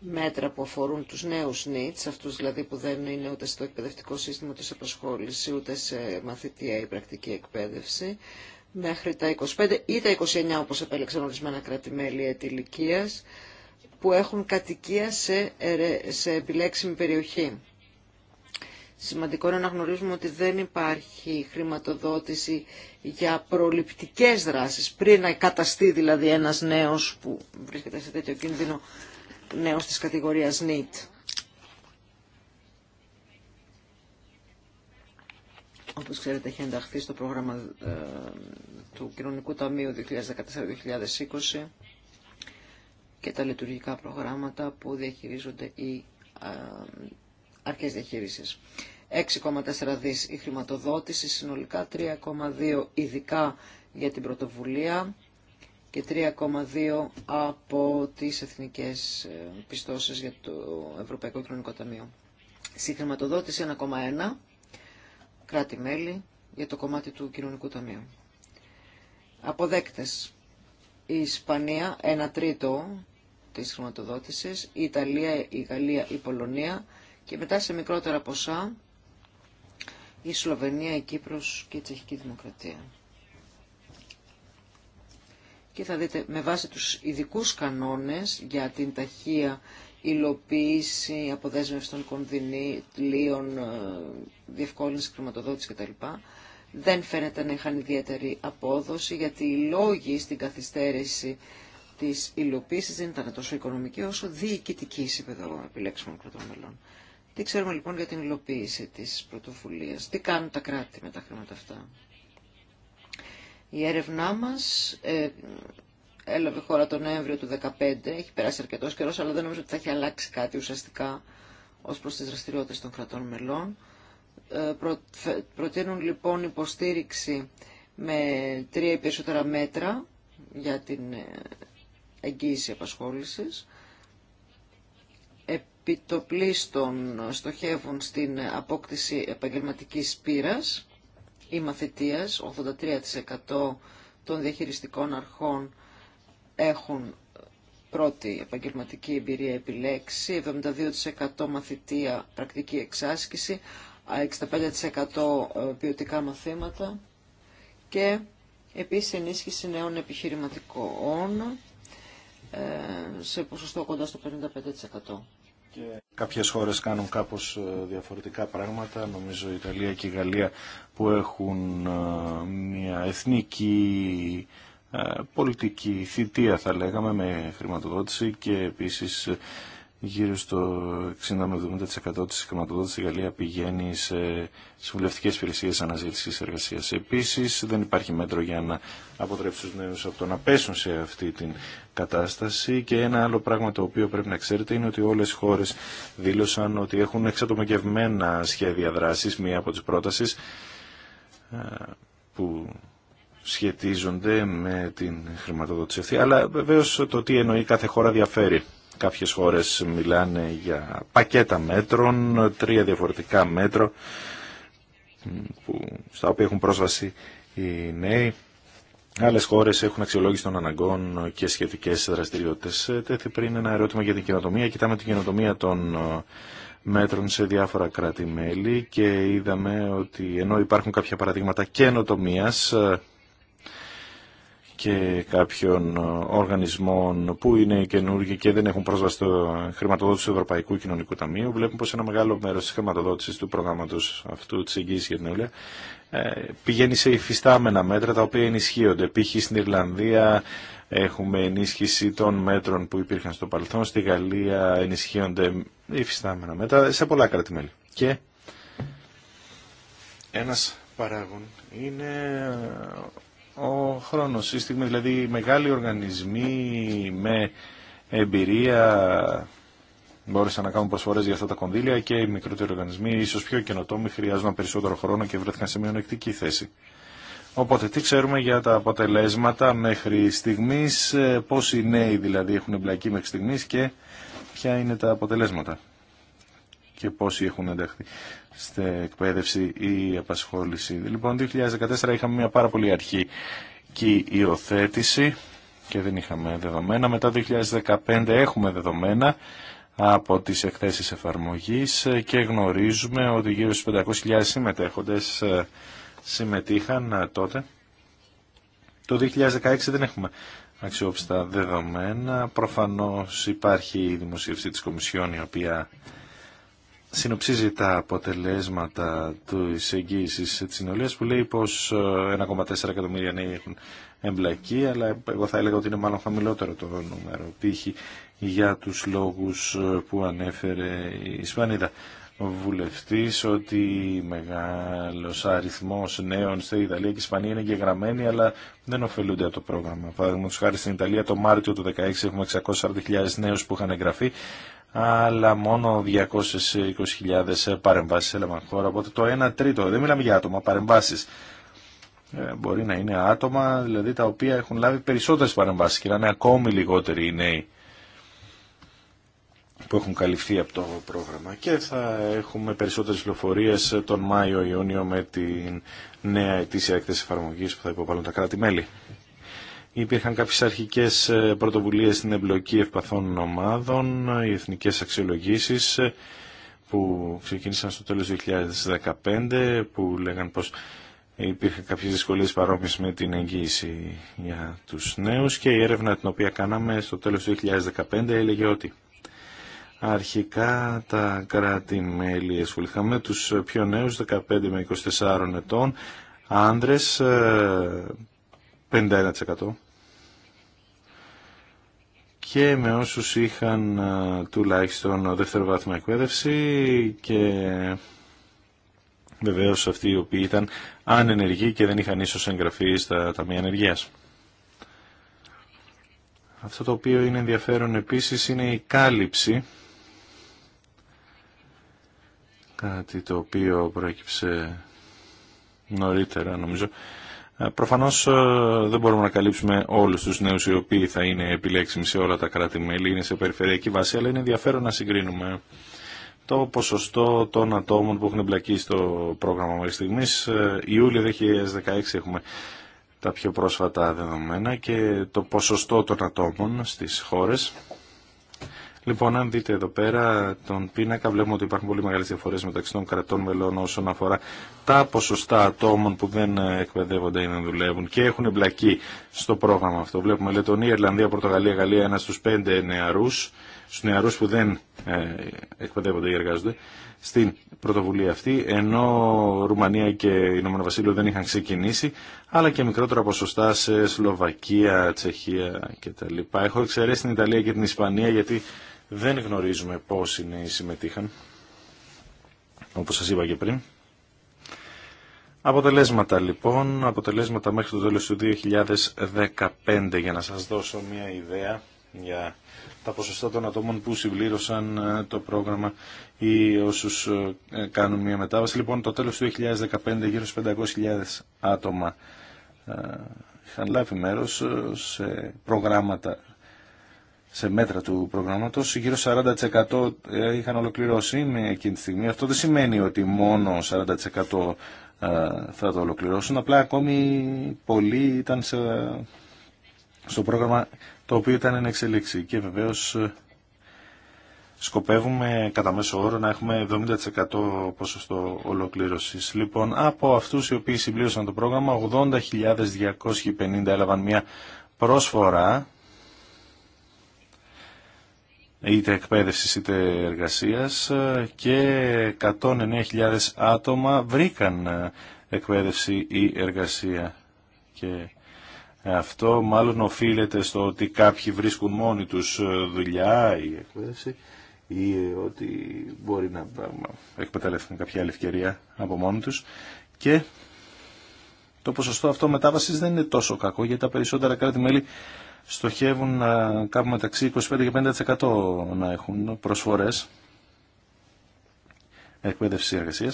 μέτρα που αφορούν τους νέους νίτς, αυτούς δηλαδή που δεν είναι ούτε στο εκπαιδευτικό σύστημα της απασχόληση, ούτε σε μαθητεία ή πρακτική εκπαίδευση μέχρι τα 25 ή τα 29 όπως επέλεξαν ορισμένα κράτη-μέλη ετηλικίας που έχουν κατοικία σε, σε επιλέξιμη περιοχή. Σημαντικό είναι να γνωρίζουμε ότι δεν υπάρχει χρηματοδότηση για προληπτικές δράσεις, πριν να καταστεί δηλαδή ένας νέος που βρίσκεται σε τέτοιο κίνδυνο, νέος της κατηγορίας NEET. όπως ξέρετε έχει ενταχθεί στο πρόγραμμα ε, του Κοινωνικού Ταμείου 2014-2020 και τα λειτουργικά προγράμματα που διαχειρίζονται οι ε, αρχές διαχείρισης. 6,4 δις η χρηματοδότηση, συνολικά 3,2 ειδικά για την πρωτοβουλία και 3,2 από τις εθνικές ε, πιστώσεις για το Ευρωπαϊκό Κοινωνικό Ταμείο. Στη χρηματοδότηση 1,1 κράτη-μέλη για το κομμάτι του κοινωνικού ταμείου. Αποδέκτες. Η Ισπανία, ένα τρίτο της χρηματοδότησης, η Ιταλία, η Γαλλία, η Πολωνία και μετά σε μικρότερα ποσά η Σλοβενία, η Κύπρος και η Τσεχική Δημοκρατία. Και θα δείτε με βάση τους ειδικούς κανόνες για την ταχεία υλοποίηση, αποδέσμευση των κονδυλίων, ε, διευκόλυνση χρηματοδότηση κτλ. Δεν φαίνεται να είχαν ιδιαίτερη απόδοση γιατί οι λόγοι στην καθυστέρηση της υλοποίηση δεν ήταν τόσο οικονομική όσο διοικητική σε επίπεδο επιλέξιμων κρατών μελών. Τι ξέρουμε λοιπόν για την υλοποίηση της πρωτοβουλία. Τι κάνουν τα κράτη με τα χρήματα αυτά. Η έρευνά μας ε, έλαβε χώρα τον Νοέμβριο του 2015, έχει περάσει αρκετός καιρός, αλλά δεν νομίζω ότι θα έχει αλλάξει κάτι ουσιαστικά ως προς τις δραστηριότητες των κρατών μελών. Ε, προτείνουν λοιπόν υποστήριξη με τρία ή περισσότερα μέτρα για την ε, εγγύηση απασχόλησης. Επιτοπλίστων στοχεύουν στην απόκτηση επαγγελματικής πείρας ή μαθητείας, 83% των διαχειριστικών αρχών έχουν πρώτη επαγγελματική εμπειρία επιλέξει, 72% μαθητεία πρακτική εξάσκηση, 65% ε, ποιοτικά μαθήματα και επίσης ενίσχυση νέων επιχειρηματικών ε, σε ποσοστό κοντά στο 55%. Και... Κάποιες χώρες κάνουν κάπως ε, διαφορετικά πράγματα, νομίζω η Ιταλία και η Γαλλία που έχουν μια εθνική ε, πολιτική θητεία θα λέγαμε με χρηματοδότηση και επίσης γύρω στο 60-70% της χρηματοδότησης στη Γαλλία πηγαίνει σε συμβουλευτικές υπηρεσίε αναζήτησης εργασίας. Επίσης δεν υπάρχει μέτρο για να αποτρέψει τους νέους από το να πέσουν σε αυτή την κατάσταση και ένα άλλο πράγμα το οποίο πρέπει να ξέρετε είναι ότι όλες οι χώρες δήλωσαν ότι έχουν εξατομικευμένα σχέδια δράσης, μία από τις πρότασεις ε, που σχετίζονται με την χρηματοδότηση αυτή, αλλά βεβαίω το τι εννοεί κάθε χώρα διαφέρει. Κάποιε χώρε μιλάνε για πακέτα μέτρων, τρία διαφορετικά μέτρα, στα οποία έχουν πρόσβαση οι νέοι. Άλλε χώρε έχουν αξιολόγηση των αναγκών και σχετικέ δραστηριότητε. Ε, τέθη πριν ένα ερώτημα για την καινοτομία. Κοιτάμε την καινοτομία των ε, μέτρων σε διάφορα κράτη-μέλη και είδαμε ότι ενώ υπάρχουν κάποια παραδείγματα καινοτομία, ε, και κάποιων οργανισμών που είναι καινούργοι και δεν έχουν πρόσβαση στο χρηματοδότηση του Ευρωπαϊκού Κοινωνικού Ταμείου, βλέπουμε πως ένα μεγάλο μέρος της χρηματοδότησης του προγράμματος αυτού της εγγύησης για την Ελλάδα ε, πηγαίνει σε υφιστάμενα μέτρα τα οποία ενισχύονται. Π.χ. στην Ιρλανδία έχουμε ενίσχυση των μέτρων που υπήρχαν στο παρελθόν, στη Γαλλία ενισχύονται υφιστάμενα μέτρα, σε πολλά κράτη-μέλη. Και ένας παράγων είναι ο χρόνος. Η στιγμή δηλαδή μεγάλοι οργανισμοί με εμπειρία μπόρεσαν να κάνουν προσφορές για αυτά τα κονδύλια και οι μικρότεροι οργανισμοί, ίσως πιο καινοτόμοι, χρειάζονταν περισσότερο χρόνο και βρέθηκαν σε μειονεκτική θέση. Οπότε, τι ξέρουμε για τα αποτελέσματα μέχρι στιγμής, ε, πόσοι νέοι δηλαδή έχουν εμπλακεί μέχρι στιγμής και ποια είναι τα αποτελέσματα και πόσοι έχουν ενταχθεί στην εκπαίδευση ή απασχόληση. Λοιπόν, 2014 είχαμε μια πάρα πολύ αρχική υιοθέτηση και δεν είχαμε δεδομένα. Μετά το 2015 έχουμε δεδομένα από τις εκθέσεις εφαρμογής και γνωρίζουμε ότι γύρω στους 500.000 συμμετέχοντες ε, συμμετείχαν ε, τότε. Το 2016 δεν έχουμε αξιόπιστα δεδομένα. Προφανώς υπάρχει η δημοσίευση της Κομισιόν η οποία συνοψίζει τα αποτελέσματα του εγγύηση τη συνολία που λέει πω 1,4 ε, εκατομμύρια νέοι έχουν εμπλακεί, αλλά εγώ θα έλεγα ότι είναι μάλλον χαμηλότερο το νούμερο. Π.χ. για του λόγου ε, που ανέφερε η Ισπανίδα βουλευτής ότι μεγάλος αριθμός νέων στην Ιταλία και η Ισπανία είναι εγγεγραμμένοι αλλά δεν ωφελούνται από το πρόγραμμα. Παραδείγματο χάρη στην Ιταλία το Μάρτιο του 2016 έχουμε 640.000 νέους που είχαν εγγραφεί αλλά μόνο 220.000 ε, παρεμβάσεις έλαβαν χώρα, οπότε το 1 τρίτο, δεν μιλάμε για άτομα, παρεμβάσεις. Ε, μπορεί να είναι άτομα δηλαδή τα οποία έχουν λάβει περισσότερες παρεμβάσεις και να είναι ακόμη λιγότεροι οι νέοι που έχουν καλυφθεί από το πρόγραμμα και θα έχουμε περισσότερες πληροφορίες τον Μάιο-Ιούνιο με την νέα ετήσια έκθεση εφαρμογής που θα υποβάλουν τα κράτη-μέλη. Υπήρχαν κάποιες αρχικές ε, πρωτοβουλίες στην εμπλοκή ευπαθών ομάδων, οι εθνικές αξιολογήσεις ε, που ξεκίνησαν στο τέλος 2015 που λέγαν πως υπήρχαν κάποιες δυσκολίες παρόμοιες με την εγγύηση για τους νέους και η έρευνα την οποία κάναμε στο τέλος του 2015 έλεγε ότι αρχικά τα κράτη-μέλη ασχοληθήκαμε με τους πιο νέους 15 με 24 ετών άνδρες ε, 51% και με όσους είχαν τουλάχιστον δεύτερο βάθμα εκπαίδευση και βεβαίως αυτοί οι οποίοι ήταν ανενεργοί και δεν είχαν ίσως εγγραφεί στα ταμεία ενεργείας. Αυτό το οποίο είναι ενδιαφέρον επίσης είναι η κάλυψη κάτι το οποίο προέκυψε νωρίτερα νομίζω ε, προφανώς ε, δεν μπορούμε να καλύψουμε όλους τους νέους οι οποίοι θα είναι επιλέξιμοι σε όλα τα κράτη-μέλη, είναι σε περιφερειακή βάση, αλλά είναι ενδιαφέρον να συγκρίνουμε το ποσοστό των ατόμων που έχουν εμπλακεί στο πρόγραμμα μέχρι στιγμή. Ε, Ιούλιο 2016 έχουμε τα πιο πρόσφατα δεδομένα και το ποσοστό των ατόμων στις χώρες Λοιπόν, αν δείτε εδώ πέρα τον πίνακα, βλέπουμε ότι υπάρχουν πολύ μεγάλε διαφορέ μεταξύ των κρατών μελών όσον αφορά τα ποσοστά ατόμων που δεν εκπαιδεύονται ή δεν δουλεύουν και έχουν εμπλακεί στο πρόγραμμα αυτό. Βλέπουμε Λετωνία, Ιρλανδία, Πορτογαλία, Γαλλία, ένα στου πέντε νεαρού, στου νεαρού που δεν ε, εκπαιδεύονται ή εργάζονται στην πρωτοβουλία αυτή, ενώ Ρουμανία και Ηνωμένο Βασίλειο δεν είχαν ξεκινήσει, αλλά και μικρότερα ποσοστά σε Σλοβακία, Τσεχία κτλ. Έχω εξαιρέσει την Ιταλία και την Ισπανία γιατί δεν γνωρίζουμε πόσοι νέοι συμμετείχαν, όπως σας είπα και πριν. Αποτελέσματα λοιπόν, αποτελέσματα μέχρι το τέλος του 2015 για να σας δώσω μια ιδέα για τα ποσοστά των ατόμων που συμπλήρωσαν ε, το πρόγραμμα ή όσους ε, ε, κάνουν μια μετάβαση. Λοιπόν, το τέλος του 2015 γύρω στους 500.000 άτομα είχαν λάβει μέρος σε προγράμματα σε μέτρα του προγράμματος, γύρω 40% ε, είχαν ολοκληρώσει με εκείνη τη στιγμή. Αυτό δεν σημαίνει ότι μόνο 40% ε, θα το ολοκληρώσουν, απλά ακόμη πολλοί ήταν σε, στο πρόγραμμα το οποίο ήταν εν εξελίξη. Και βεβαίως ε, σκοπεύουμε κατά μέσο όρο να έχουμε 70% ποσοστό ολοκλήρωση. Λοιπόν, από αυτούς οι οποίοι συμπλήρωσαν το πρόγραμμα, 80.250 έλαβαν μια πρόσφορα είτε εκπαίδευση είτε εργασίας και 109.000 άτομα βρήκαν ε, εκπαίδευση ή εργασία. Και αυτό μάλλον οφείλεται στο ότι κάποιοι βρίσκουν μόνοι τους ε, δουλειά ή εκπαίδευση ή ε, ότι μπορεί να εκμεταλλευτούν κάποια άλλη ευκαιρία από μόνοι τους και το ποσοστό αυτό μετάβασης δεν είναι τόσο κακό γιατί τα περισσότερα κράτη-μέλη στοχεύουν να κάπου μεταξύ 25 και 50% να έχουν προσφορές εκπαίδευση εργασία.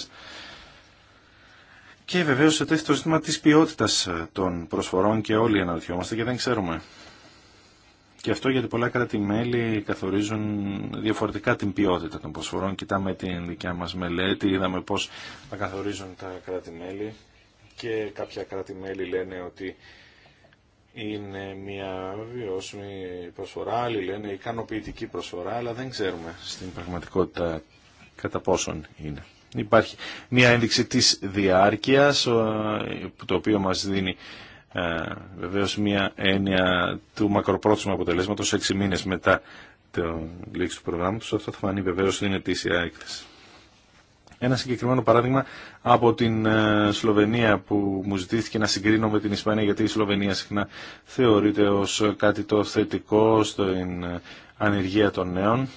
Και βεβαίω σε το ζήτημα τη ποιότητα των προσφορών και όλοι αναρωτιόμαστε και δεν ξέρουμε. Και αυτό γιατί πολλά κράτη-μέλη καθορίζουν διαφορετικά την ποιότητα των προσφορών. Κοιτάμε την δικιά μας μελέτη, είδαμε πώς θα καθορίζουν τα κράτη-μέλη και κάποια κράτη-μέλη λένε ότι είναι μια βιώσιμη προσφορά, άλλοι λένε ικανοποιητική προσφορά, αλλά δεν ξέρουμε στην πραγματικότητα κατά πόσον είναι. Υπάρχει μια ένδειξη της διάρκειας, το οποίο μας δίνει ε, βεβαίως μια έννοια του μακροπρόθεσμου αποτελέσματος έξι μήνες μετά το λήξη του προγράμματος. Αυτό θα φανεί βεβαίως στην αιτήσια έκθεση ένα συγκεκριμένο παράδειγμα από την ε, Σλοβενία που μου ζητήθηκε να συγκρίνω με την Ισπανία γιατί η Σλοβενία συχνά θεωρείται ως κάτι το θετικό στην ε, ανεργία των νέων.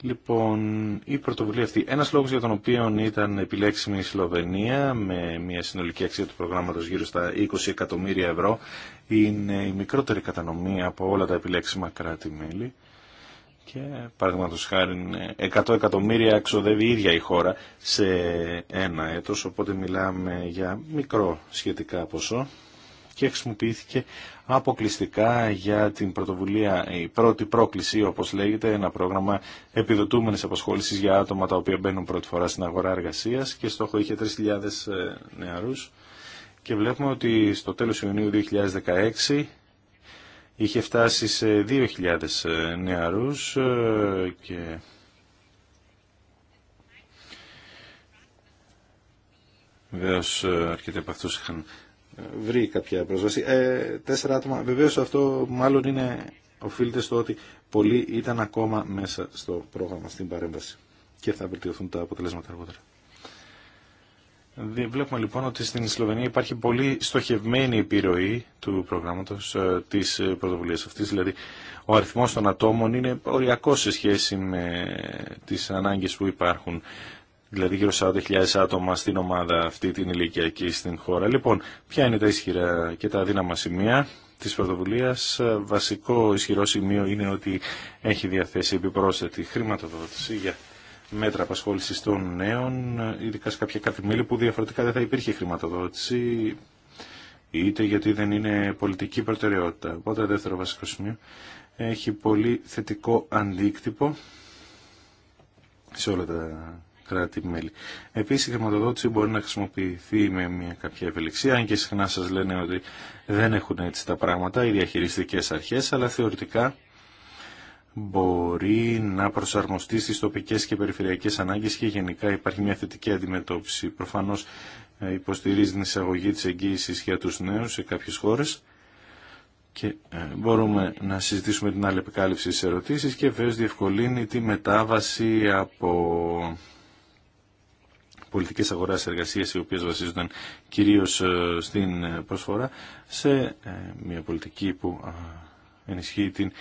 Λοιπόν, η πρωτοβουλία αυτή. Ένα λόγο για τον οποίο ήταν επιλέξιμη η Σλοβενία με μια συνολική αξία του προγράμματο γύρω στα 20 εκατομμύρια ευρώ είναι η μικρότερη κατανομή από όλα τα επιλέξιμα κράτη-μέλη και παραδείγματο χάρη 100 εκατομμύρια εξοδεύει η ίδια η χώρα σε ένα έτος οπότε μιλάμε για μικρό σχετικά ποσό και χρησιμοποιήθηκε αποκλειστικά για την πρωτοβουλία, η πρώτη πρόκληση όπως λέγεται, ένα πρόγραμμα επιδοτούμενης απασχόλησης για άτομα τα οποία μπαίνουν πρώτη φορά στην αγορά εργασίας και στόχο είχε 3.000 ε, νεαρούς και βλέπουμε ότι στο τέλος Ιουνίου 2016 είχε φτάσει σε 2.000 ε, νεαρούς ε, και βεβαίω ε, αρκετοί από αυτούς είχαν βρει κάποια πρόσβαση. τέσσερα άτομα, Βεβαίω, αυτό μάλλον είναι, οφείλεται στο ότι πολλοί ήταν ακόμα μέσα στο πρόγραμμα, στην παρέμβαση και θα βελτιωθούν τα αποτελέσματα αργότερα. Βλέπουμε λοιπόν ότι στην Σλοβενία υπάρχει πολύ στοχευμένη επιρροή του προγράμματος ε, της ε, πρωτοβουλίας αυτής, δηλαδή ο αριθμός των ατόμων είναι οριακό σε σχέση με τις ανάγκες που υπάρχουν, δηλαδή γύρω 40.000 άτομα στην ομάδα αυτή την ηλικιακή στην χώρα. Λοιπόν, ποια είναι τα ισχυρά και τα δύναμα σημεία της πρωτοβουλίας. Ε, βασικό ισχυρό σημείο είναι ότι έχει διαθέσει επιπρόσθετη χρηματοδότηση για μέτρα απασχοληση των νέων, ειδικά σε κάποια που διαφορετικά δεν θα υπήρχε χρηματοδότηση, είτε γιατί δεν είναι πολιτική προτεραιότητα. Οπότε, δεύτερο βασικό σημείο, έχει πολύ θετικό αντίκτυπο σε όλα τα κράτη-μέλη. Επίση, η χρηματοδότηση μπορεί να χρησιμοποιηθεί με μια κάποια ευελιξία, αν και συχνά σα λένε ότι δεν έχουν έτσι τα πράγματα οι διαχειριστικέ αρχέ, αλλά θεωρητικά μπορεί να προσαρμοστεί στις τοπικές και περιφερειακές ανάγκες και γενικά υπάρχει μια θετική αντιμετώπιση. Προφανώς ε, υποστηρίζει την εισαγωγή της εγγύησης για τους νέους σε κάποιες χώρες και ε, μπορούμε να συζητήσουμε την άλλη επικάλυψη στις ερωτήσεις και βέβαια διευκολύνει τη μετάβαση από πολιτικές αγοράς εργασίας οι οποίες βασίζονταν κυρίως ε, στην προσφορά σε μια πολιτική που ενισχύει την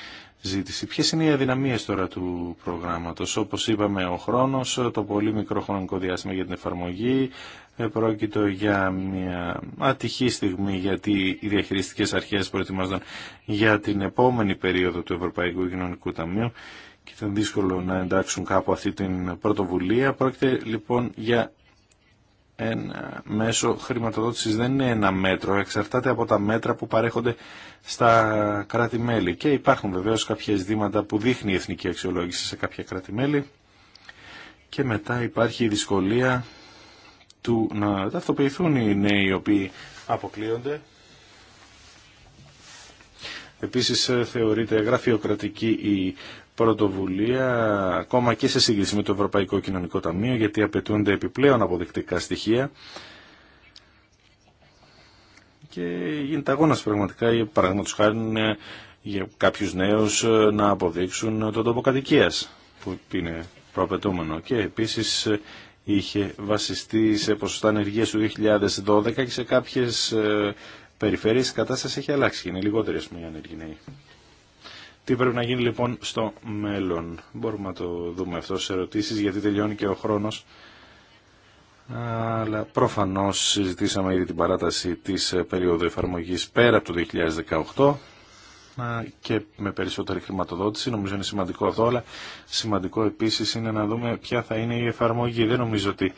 ζήτηση. Ποιες είναι οι αδυναμίες τώρα του προγράμματος. Όπως είπαμε, ο χρόνος, το πολύ μικρό χρονικό διάστημα για την εφαρμογή, ε, πρόκειται για μια ατυχή στιγμή γιατί οι διαχειριστικές αρχές προετοιμάζονταν για την επόμενη περίοδο του Ευρωπαϊκού Κοινωνικού Ταμείου και ήταν δύσκολο να εντάξουν κάπου αυτή την πρωτοβουλία. Πρόκειται λοιπόν για ένα μέσο χρηματοδότησης δεν είναι ένα μέτρο, εξαρτάται από τα μέτρα που παρέχονται στα κράτη-μέλη. Και υπάρχουν βεβαίως κάποια ζητήματα που δείχνει η εθνική αξιολόγηση σε κάποια κράτη-μέλη και μετά υπάρχει η δυσκολία του να ταυτοποιηθούν οι νέοι οι οποίοι αποκλείονται. Επίσης ε, θεωρείται γραφειοκρατική η πρωτοβουλία ακόμα και σε σύγκριση με το Ευρωπαϊκό Κοινωνικό Ταμείο γιατί απαιτούνται επιπλέον αποδεικτικά στοιχεία και γίνεται αγώνας πραγματικά παραδείγματος χάρη ε, για κάποιους νέους ε, να αποδείξουν τον τόπο που είναι προαπαιτούμενο και επίσης ε, είχε βασιστεί σε ποσοστά ανεργίας του 2012 και σε κάποιες περιφέρειες η κατάσταση έχει αλλάξει. Είναι λιγότερη ας πούμε ναι. Τι πρέπει να γίνει λοιπόν στο μέλλον. Μπορούμε να το δούμε αυτό σε ερωτήσεις γιατί τελειώνει και ο χρόνος. Αλλά προφανώς συζητήσαμε ήδη την παράταση της ε, περίοδου εφαρμογής πέρα από το 2018 και με περισσότερη χρηματοδότηση. Νομίζω είναι σημαντικό αυτό, αλλά σημαντικό επίσης είναι να δούμε ποια θα είναι η εφαρμογή. Δεν νομίζω ότι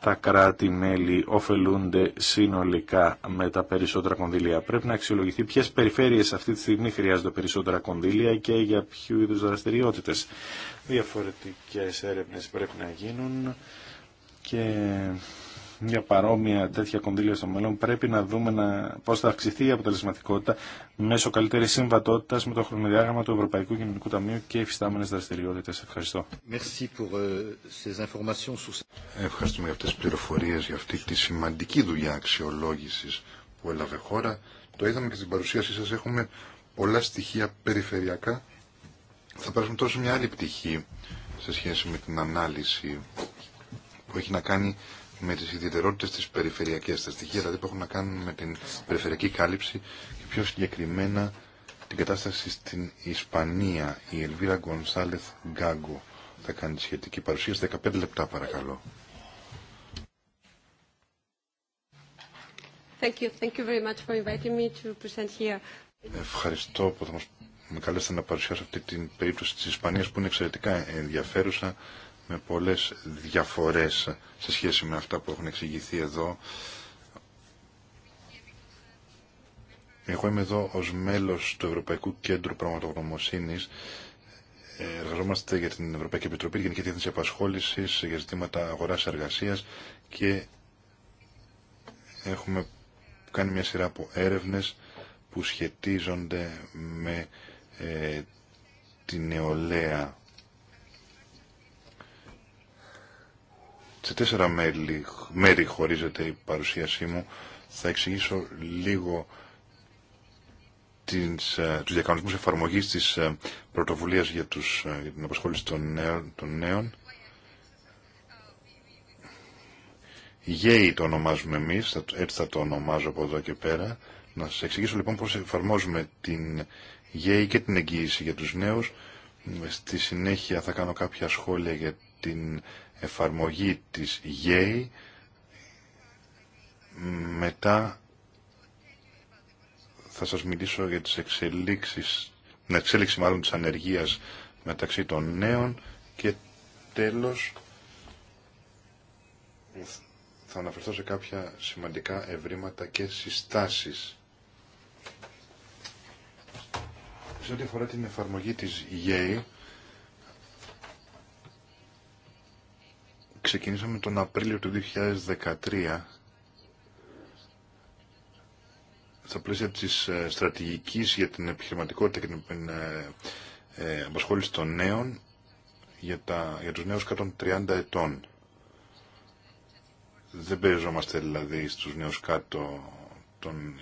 τα κράτη-μέλη ωφελούνται συνολικά με τα περισσότερα κονδύλια. Πρέπει να αξιολογηθεί ποιε περιφέρειες αυτή τη στιγμή χρειάζονται περισσότερα κονδύλια και για ποιου είδου δραστηριότητε. Διαφορετικές έρευνες πρέπει να γίνουν και μια παρόμοια τέτοια κονδύλια στο μέλλον, πρέπει να δούμε να, πώς θα αυξηθεί η αποτελεσματικότητα μέσω καλύτερης συμβατότητας με το χρονοδιάγραμμα του Ευρωπαϊκού Κοινωνικού Ταμείου και φυστάμενε δραστηριότητες. Ευχαριστώ. Ε, Ευχαριστούμε για αυτές τις πληροφορίες, για αυτή τη σημαντική δουλειά αξιολόγησης που έλαβε χώρα. Το είδαμε και στην παρουσίασή σας, έχουμε πολλά στοιχεία περιφερειακά. Θα περάσουμε τώρα μια άλλη πτυχή σε σχέση με την ανάλυση που έχει να κάνει με τις ιδιαιτερότητες της περιφερειακής, τα στοιχεία δηλαδή που έχουν να κάνουν με την περιφερειακή κάλυψη και πιο συγκεκριμένα την κατάσταση στην Ισπανία. Η Ελβίρα Γκονσάλεθ Γκάγκο θα κάνει τη σχετική παρουσίαση. 15 λεπτά παρακαλώ. Thank you. Thank you very much for me to here. Ευχαριστώ που θα μας με καλέσατε να παρουσιάσω αυτή την περίπτωση της Ισπανίας που είναι εξαιρετικά ενδιαφέρουσα με πολλές διαφορές σε σχέση με αυτά που έχουν εξηγηθεί εδώ. Εγώ είμαι εδώ ως μέλος του Ευρωπαϊκού Κέντρου Πραγματογνωμοσύνης. Εργαζόμαστε για την Ευρωπαϊκή Επιτροπή, Γενική Διεθνής Απασχόλησης, για ζητήματα αγοράς εργασίας και έχουμε κάνει μια σειρά από έρευνες που σχετίζονται με ε, την νεολαία Σε τέσσερα μέρη χωρίζεται η παρουσίασή μου. Θα εξηγήσω λίγο τις, ε, τους διακανονισμούς εφαρμογής της ε, πρωτοβουλίας για, τους, ε, για την απασχόληση των νέων. Των Γέι το ονομάζουμε εμείς, έτσι θα το ονομάζω από εδώ και πέρα. Να σας εξηγήσω λοιπόν πώς εφαρμόζουμε την ΓΕΙ και την εγγύηση για τους νέους. Στη συνέχεια θα κάνω κάποια σχόλια για την εφαρμογή της ΓΕΙ μετά θα σας μιλήσω για τις εξελίξεις την εξέλιξη μάλλον της ανεργίας μεταξύ των νέων και τέλος θα αναφερθώ σε κάποια σημαντικά ευρήματα και συστάσεις. Σε ό,τι αφορά την εφαρμογή της ΓΕΙ ξεκινήσαμε τον Απρίλιο του 2013 στα πλαίσια της ε, στρατηγικής για την επιχειρηματικότητα και την ε, ε, απασχόληση των νέων για, τα, για τους νέους 130 ετών. Δεν περιζόμαστε δηλαδή στους νέους κάτω των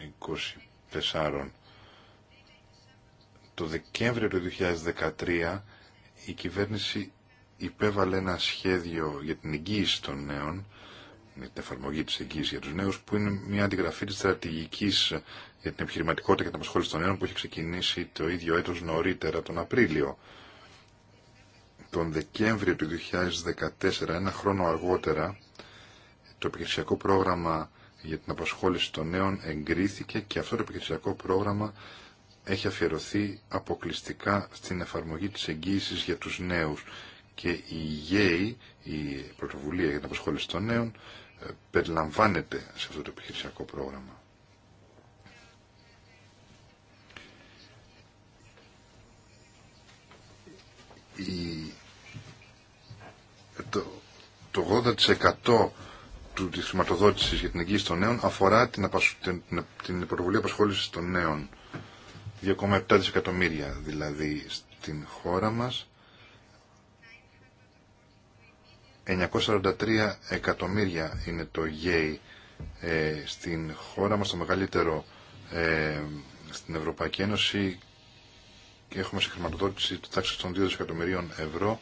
24. Το Δεκέμβριο του 2013 η κυβέρνηση υπέβαλε ένα σχέδιο για την εγγύηση των νέων, για την εφαρμογή τη εγγύηση για του νέου, που είναι μια αντιγραφή τη στρατηγική για την επιχειρηματικότητα και την απασχόληση των νέων που έχει ξεκινήσει το ίδιο έτο νωρίτερα τον Απρίλιο. Τον Δεκέμβριο του 2014, ένα χρόνο αργότερα, το επιχειρησιακό πρόγραμμα για την απασχόληση των νέων εγκρίθηκε και αυτό το επιχειρησιακό πρόγραμμα έχει αφιερωθεί αποκλειστικά στην εφαρμογή της εγγύησης για τους νέους και η ΓΕΗ, η Πρωτοβουλία για την Απασχόληση των Νέων, ε, περιλαμβάνεται σε αυτό το επιχειρησιακό πρόγραμμα. Η... Ε, το, 80% του, της χρηματοδότησης για την εγγύηση των νέων αφορά την, απασ... την, την πρωτοβουλία απασχόλησης των νέων. 2,7 δισεκατομμύρια δηλαδή στην χώρα μας 943 εκατομμύρια είναι το ΓΕΙ ε, στην χώρα μας, το μεγαλύτερο ε, στην Ευρωπαϊκή Ένωση και έχουμε χρηματοδότηση του τάξη των 2 εκατομμυρίων ευρώ.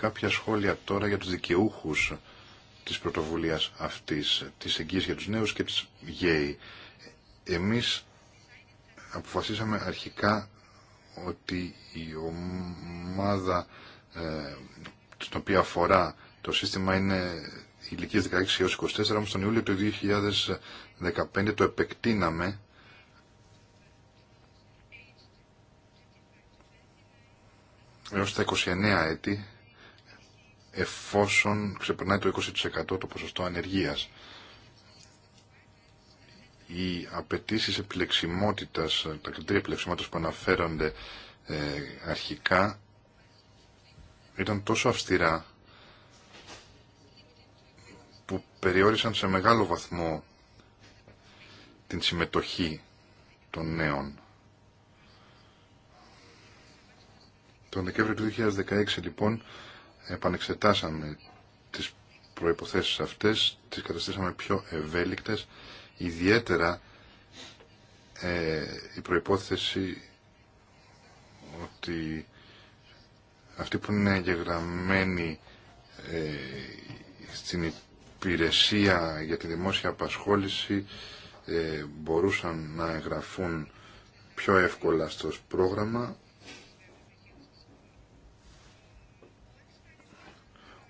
Κάποια σχόλια τώρα για τους δικαιούχους της πρωτοβουλίας αυτής, της εγγύης για τους νέους και της ΓΕΙ. Εμείς αποφασίσαμε αρχικά ότι η ομάδα ε, στην οποία αφορά το σύστημα είναι ηλικίας 16 έως 24, όμως τον Ιούλιο του 2015 το επεκτείναμε έως τα 29 έτη εφόσον ξεπερνάει το 20% το ποσοστό ανεργίας. Οι απαιτήσει επιλεξιμότητας, τα κριτήρια επιλεξιμότητας που αναφέρονται ε, αρχικά ήταν τόσο αυστηρά περιόρισαν σε μεγάλο βαθμό την συμμετοχή των νέων. Τον Δεκέμβριο του 2016 λοιπόν επανεξετάσαμε τις προϋποθέσεις αυτές, τις καταστήσαμε πιο ευέλικτες, ιδιαίτερα ε, η προϋπόθεση ότι αυτοί που είναι εγγεγραμμένοι ε, στην υπηρεσία για τη δημόσια απασχόληση ε, μπορούσαν να εγγραφούν πιο εύκολα στο πρόγραμμα.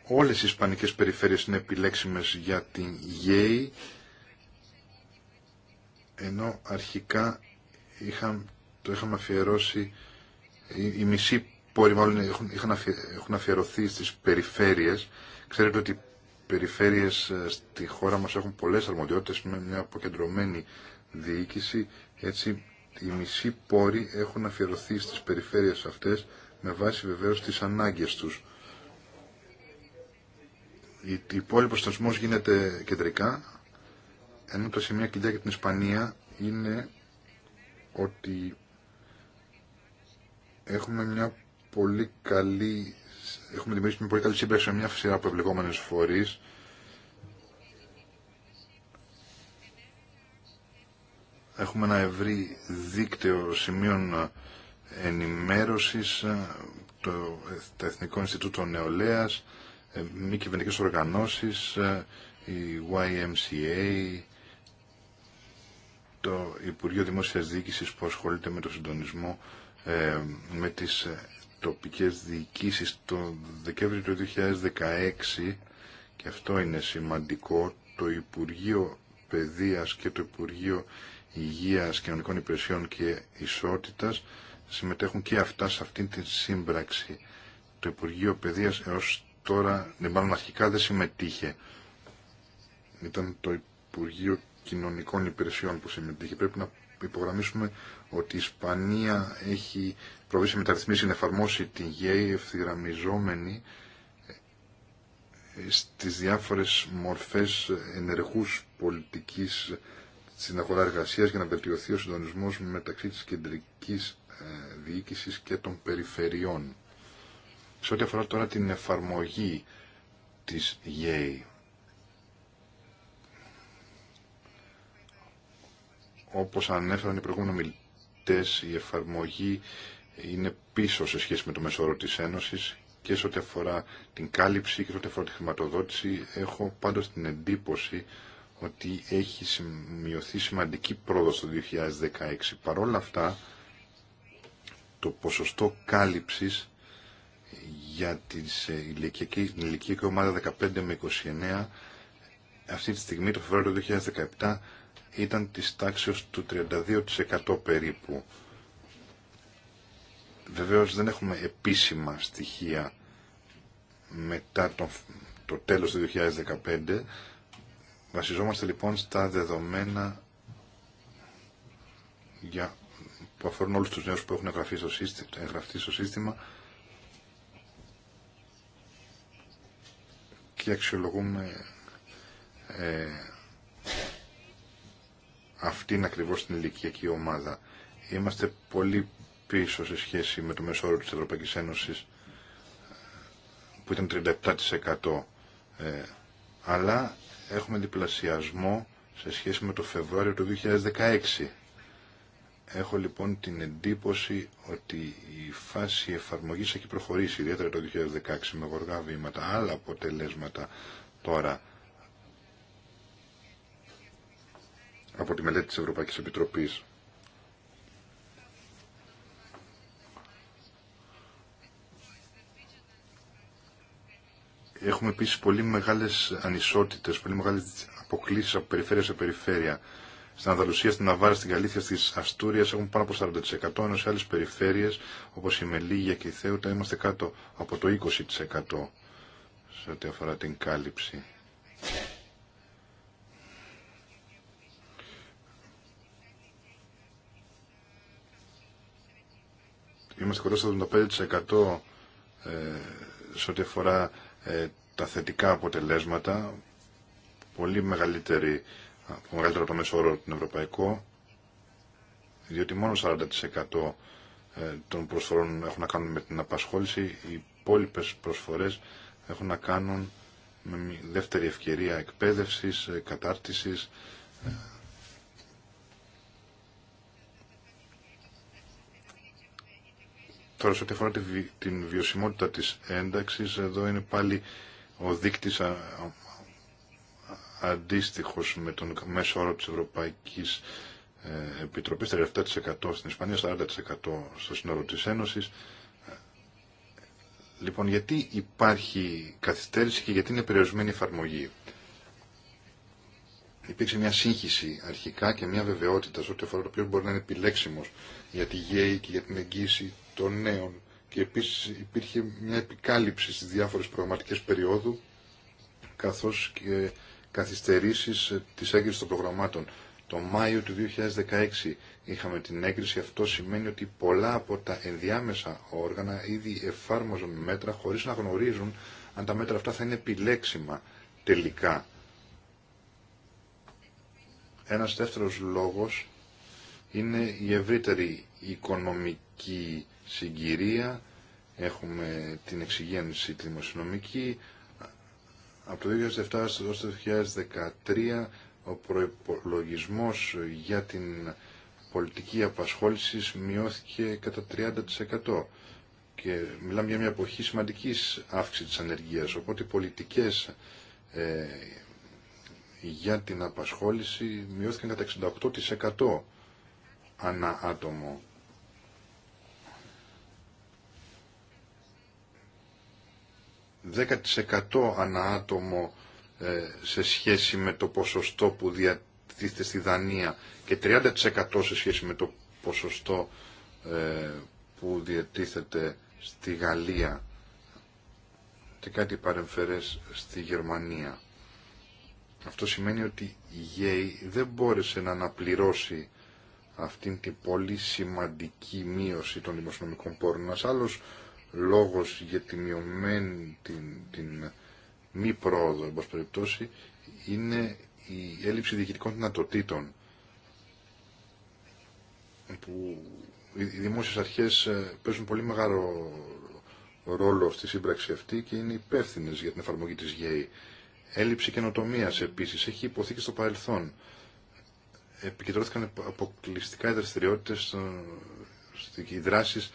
Όλες οι ισπανικές περιφέρειες είναι επιλέξιμες για την ΓΕΗ, ενώ αρχικά είχαν, το είχαμε αφιερώσει, οι, μισοί πόροι μάλλον έχουν, αφιερωθεί στις περιφέρειες. Ξέρετε ότι περιφέρειες ε, στη χώρα μας έχουν πολλές αρμοδιότητες με μια αποκεντρωμένη διοίκηση έτσι οι μισοί πόροι έχουν αφιερωθεί στις περιφέρειες αυτές με βάση βεβαίως τις ανάγκες τους. Η υπόλοιπο στασμός γίνεται κεντρικά, ενώ τα σημεία κλειδιά για την Ισπανία είναι ότι έχουμε μια πολύ καλή έχουμε δημιουργήσει μια πολύ καλή σύμπραξη με μια σειρά από ευλεγόμενε φορεί. Έχουμε ένα ευρύ δίκτυο σημείων ενημέρωσης, το, Εθνικό Ινστιτούτο Νεολαίας, ε, μη κυβερνητικέ οργανώσεις, ε, η YMCA, το Υπουργείο Δημόσιας Διοίκησης που ασχολείται με το συντονισμό ε, με τις τοπικές διοικήσεις το Δεκέμβριο του 2016 και αυτό είναι σημαντικό το Υπουργείο Παιδείας και το Υπουργείο Υγείας Κοινωνικών Υπηρεσιών και Ισότητας συμμετέχουν και αυτά σε αυτήν την σύμπραξη. Το Υπουργείο Παιδείας έως τώρα, ναι, μάλλον αρχικά δεν συμμετείχε. Ήταν το Υπουργείο Κοινωνικών Υπηρεσιών που συμμετείχε. Πρέπει να υπογραμμίσουμε ότι η Ισπανία έχει προβεί και μεταρρυθμίσει να εφαρμόσει την ΓΕΗ ευθυγραμμιζόμενη ε, στις διάφορες μορφές ενεργούς πολιτικής στην εργασία για να βελτιωθεί ο συντονισμός μεταξύ της κεντρικής ε, διοίκησης και των περιφερειών. Σε ό,τι αφορά τώρα την εφαρμογή της ΓΕΗ, όπως ανέφεραν οι προηγούμενοι μιλητές, η εφαρμογή είναι πίσω σε σχέση με το μεσόρο της Ένωσης και σε ό,τι αφορά την κάλυψη και σε ό,τι αφορά τη χρηματοδότηση έχω πάντως την εντύπωση ότι έχει σημειωθεί σημαντική πρόοδος το 2016. Παρ' όλα αυτά το ποσοστό κάλυψης για ε, την και ομάδα 15 με 29 αυτή τη στιγμή το Φεβρουάριο του 2017 ήταν της τάξης του 32% περίπου. Βεβαίως δεν έχουμε επίσημα στοιχεία μετά το, το τέλος του 2015. Βασιζόμαστε λοιπόν στα δεδομένα για, που αφορούν όλους τους νέους που έχουν εγγραφεί στο σύστημα, στο σύστημα και αξιολογούμε ε, αυτήν ακριβώς την ηλικιακή ομάδα. Είμαστε πολύ πίσω σε σχέση με το μέσο όρο της Ευρωπαϊκής Ένωσης που ήταν 37% ε, αλλά έχουμε διπλασιασμό σε σχέση με το Φεβρουάριο του 2016. Έχω λοιπόν την εντύπωση ότι η φάση εφαρμογής έχει προχωρήσει, ιδιαίτερα το 2016 με γοργά βήματα, άλλα αποτελέσματα τώρα από τη μελέτη της Ευρωπαϊκής Επιτροπής Έχουμε επίση πολύ μεγάλε ανισότητε, πολύ μεγάλε αποκλήσει από περιφέρεια σε περιφέρεια. Στην Ανδαλουσία, στην Ναβάρα, στην Καλήθεια, στι Αστούρια έχουμε πάνω από 40%, ενώ σε άλλε περιφέρειε όπω η Μελίγια και η Θέουτα είμαστε κάτω από το 20% σε ό,τι αφορά την κάλυψη. Είμαστε κοντά στο 75% ε, σε ό,τι αφορά ε, τα θετικά αποτελέσματα, πολύ μεγαλύτερη, μεγαλύτερο από το μέσο όρο τον ευρωπαϊκό, διότι μόνο 40% ε, των προσφορών έχουν να κάνουν με την απασχόληση, οι υπόλοιπε προσφορές έχουν να κάνουν με δεύτερη ευκαιρία εκπαίδευσης, ε, κατάρτισης, Τώρα σε ό,τι αφορά την βιωσιμότητα της ένταξης, εδώ είναι πάλι ο δείκτης αντίστοιχος με τον μέσο όρο της Ευρωπαϊκής ε, Επιτροπής, 37% στην Ισπανία, 40% στο σύνολο της Ένωσης. Λοιπόν, γιατί υπάρχει καθυστέρηση και γιατί είναι περιορισμένη εφαρμογή. Υπήρξε μια σύγχυση αρχικά και μια βεβαιότητα σε ό,τι αφορά το οποίο μπορεί να είναι επιλέξιμος για τη γέη και για την εγγύηση των νέων και επίσης υπήρχε μια επικάλυψη στις διάφορες προγραμματικές περιόδου καθώς και καθυστερήσεις της έγκρισης των προγραμμάτων. Το Μάιο του 2016 είχαμε την έγκριση, αυτό σημαίνει ότι πολλά από τα ενδιάμεσα όργανα ήδη εφάρμοζαν μέτρα χωρίς να γνωρίζουν αν τα μέτρα αυτά θα είναι επιλέξιμα τελικά. Ένας δεύτερος λόγος είναι η ευρύτερη οικονομική συγκυρία, έχουμε την εξυγέννηση δημοσιονομική. Από το 2007 έως το 2013 ο προϋπολογισμός για την πολιτική απασχόληση μειώθηκε κατά 30% και μιλάμε για μια εποχή σημαντικής αύξησης της ανεργίας. Οπότε οι πολιτικές ε, για την απασχόληση μειώθηκαν κατά 68% ανά άτομο. 10% ανά άτομο ε, σε σχέση με το ποσοστό που διατίθεται στη Δανία και 30% σε σχέση με το ποσοστό ε, που διατίθεται στη Γαλλία και κάτι παρεμφερές στη Γερμανία. Αυτό σημαίνει ότι η ΓΕΙ δεν μπόρεσε να αναπληρώσει αυτήν την πολύ σημαντική μείωση των δημοσιονομικών πόρων. Ένας άλλος λόγος για τη μειωμένη, την, την μη πρόοδο, εν περιπτώσει, είναι η έλλειψη διοικητικών δυνατοτήτων που οι δημόσιες αρχές ε, παίζουν πολύ μεγάλο ρόλο στη σύμπραξη αυτή και είναι υπεύθυνε για την εφαρμογή της ΓΕΗ. Έλλειψη καινοτομία επίσης έχει υποθεί και στο παρελθόν. Επικεντρώθηκαν αποκλειστικά οι δραστηριότητε οι δράσεις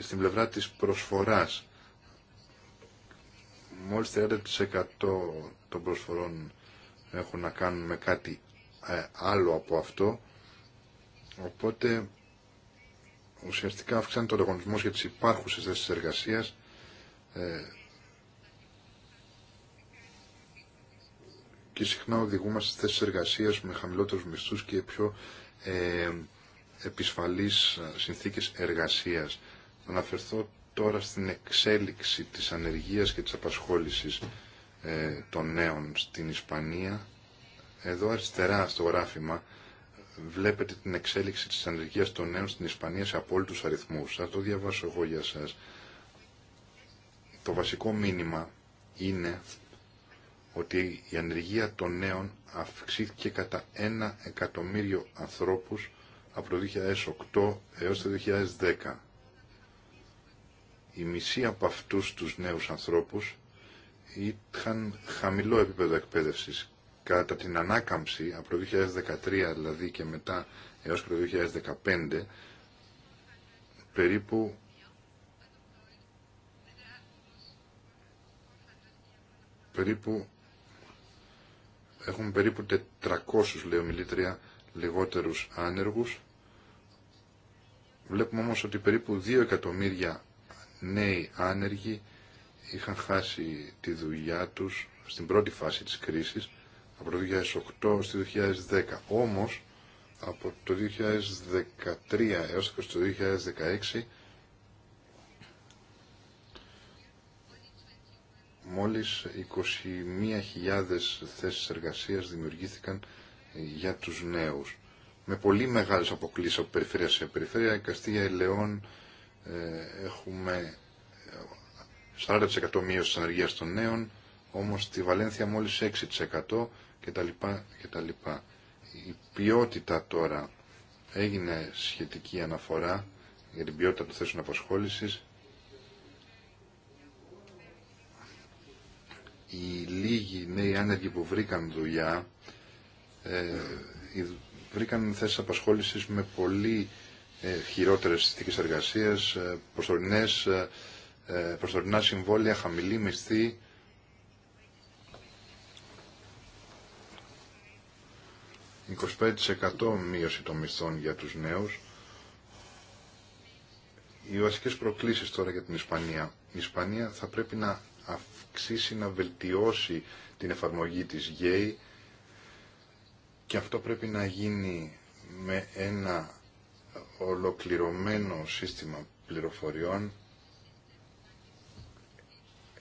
στην πλευρά της προσφοράς. Μόλις 30% των προσφορών έχουν να κάνουν με κάτι ε, άλλο από αυτό, οπότε ουσιαστικά αυξάνεται ο ανταγωνισμό για τις υπάρχουσες θέσεις εργασίας, ε, και συχνά οδηγούμαστε στι θέσει εργασία με χαμηλότερου μισθού και πιο ε, επισφαλεί συνθήκε εργασία αναφερθώ τώρα στην εξέλιξη της ανεργίας και της απασχόλησης ε, των νέων στην Ισπανία. Εδώ αριστερά στο γράφημα βλέπετε την εξέλιξη της ανεργίας των νέων στην Ισπανία σε απόλυτους αριθμούς. Θα το διαβάσω εγώ για σας. Το βασικό μήνυμα είναι ότι η ανεργία των νέων αυξήθηκε κατά ένα εκατομμύριο ανθρώπους από το 2008 έως το 2010 η μισή από αυτούς τους νέους ανθρώπους είχαν χαμηλό επίπεδο εκπαίδευσης. Κατά την ανάκαμψη, από το 2013 δηλαδή και μετά έως το 2015, περίπου περίπου έχουμε περίπου 400 λέει μιλήτρια λιγότερους άνεργους βλέπουμε όμως ότι περίπου 2 εκατομμύρια νέοι άνεργοι είχαν χάσει τη δουλειά τους στην πρώτη φάση της κρίσης από το 2008 στο 2010. Όμως, από το 2013 έως το 2016 μόλις 21.000 θέσεις εργασίας δημιουργήθηκαν για τους νέους. Με πολύ μεγάλες αποκλήσεις από περιφέρεια σε περιφέρεια, η Καστία, Ελαιών ε, έχουμε 40% ε, μείωση της ανεργίας των νέων, όμως στη Βαλένθια μόλις 6% κτλ. λοιπά. Η ποιότητα τώρα έγινε σχετική αναφορά για την ποιότητα των θέσεων απασχόλησης. Οι λίγοι νέοι άνεργοι που βρήκαν δουλειά ε, βρήκαν θέσεις απασχόλησης με πολύ ε, χειρότερες συνθήκε εργασία, ε, ε, προσωρινά συμβόλαια, χαμηλή μισθή. ...25% μείωση των μισθών για τους νέους. Οι βασικές προκλήσεις τώρα για την Ισπανία. Η Ισπανία θα πρέπει να αυξήσει, να βελτιώσει την εφαρμογή της ΓΕΙ... ...και αυτό πρέπει να γίνει με ένα ολοκληρωμένο σύστημα πληροφοριών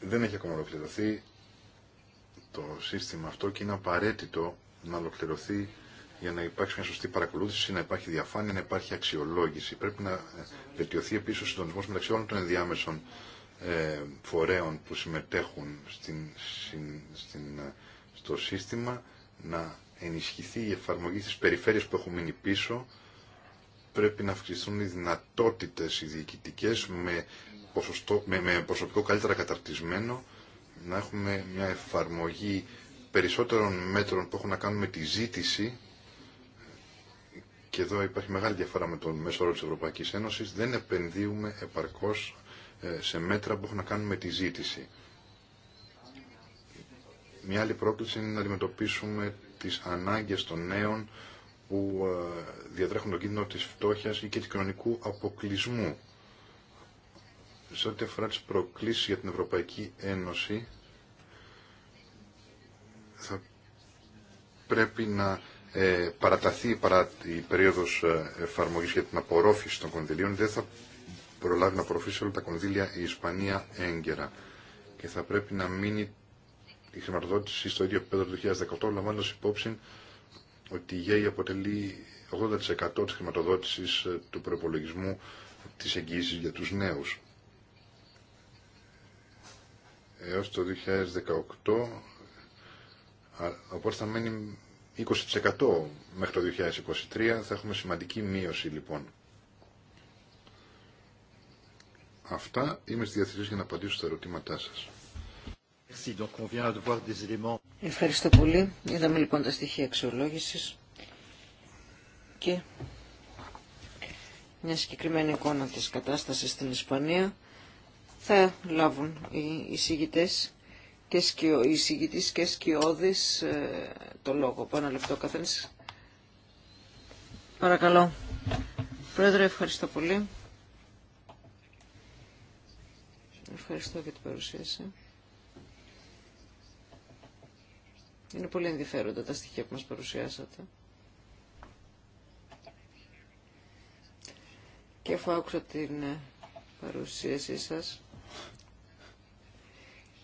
δεν έχει ακόμα ολοκληρωθεί το σύστημα αυτό και είναι απαραίτητο να ολοκληρωθεί για να υπάρξει μια σωστή παρακολούθηση, να υπάρχει διαφάνεια, να υπάρχει αξιολόγηση. Πρέπει να ε, βελτιωθεί επίση ο συντονισμό μεταξύ όλων των ενδιάμεσων ε, φορέων που συμμετέχουν στην, στην, ε, στο σύστημα, να ενισχυθεί η εφαρμογή στι περιφέρειες που έχουν μείνει πίσω, πρέπει να αυξηθούν οι δυνατότητες οι διοικητικές με, ποσοστό, με, με προσωπικό καλύτερα καταρτισμένο, να έχουμε μια εφαρμογή περισσότερων μέτρων που έχουν να κάνουν με τη ζήτηση και εδώ υπάρχει μεγάλη διαφορά με τον μέσο όρο της Ευρωπαϊκής Ένωσης, δεν επενδύουμε επαρκώς ε, σε μέτρα που έχουν να κάνουν με τη ζήτηση. Μια άλλη πρόκληση είναι να αντιμετωπίσουμε τις ανάγκες των νέων που ε, διατρέχουν τον κίνδυνο της φτώχειας ή και του κοινωνικού αποκλεισμού. Σε ό,τι αφορά τις προκλήσεις για την Ευρωπαϊκή Ένωση, θα πρέπει να ε, παραταθεί παρά η περίοδος ε, εφαρμογής για την απορρόφηση των κονδυλίων. Δεν θα προλάβει να απορροφήσει όλα τα κονδύλια η Ισπανία έγκαιρα και θα πρέπει να μείνει η χρηματοδότηση στο ίδιο επίπεδο του 2018, λαμβάνοντα υπόψη ότι η ΓΕΙ αποτελεί 80% της χρηματοδότησης ε, του προπολογισμού της εγγύησης για τους νέους. Έως το 2018, οπότε θα μένει 20% μέχρι το 2023, θα έχουμε σημαντική μείωση λοιπόν. Αυτά είμαι στη διαθεσία για να απαντήσω στα ερωτήματά σας. Donc on vient de voir des éléments Ευχαριστώ πολύ. Είδαμε λοιπόν τα στοιχεία αξιολόγησης και μια συγκεκριμένη εικόνα της κατάστασης στην Ισπανία θα λάβουν οι εισηγητές και οι εισηγητής και σκιώδης ε, το λόγο. Πάνω λεπτό καθένας. Παρακαλώ. Πρόεδρε, ευχαριστώ πολύ. Ευχαριστώ για την παρουσίαση. Είναι πολύ ενδιαφέροντα τα στοιχεία που μας παρουσιάσατε. Και αφού άκουσα την ε, παρουσίασή σας,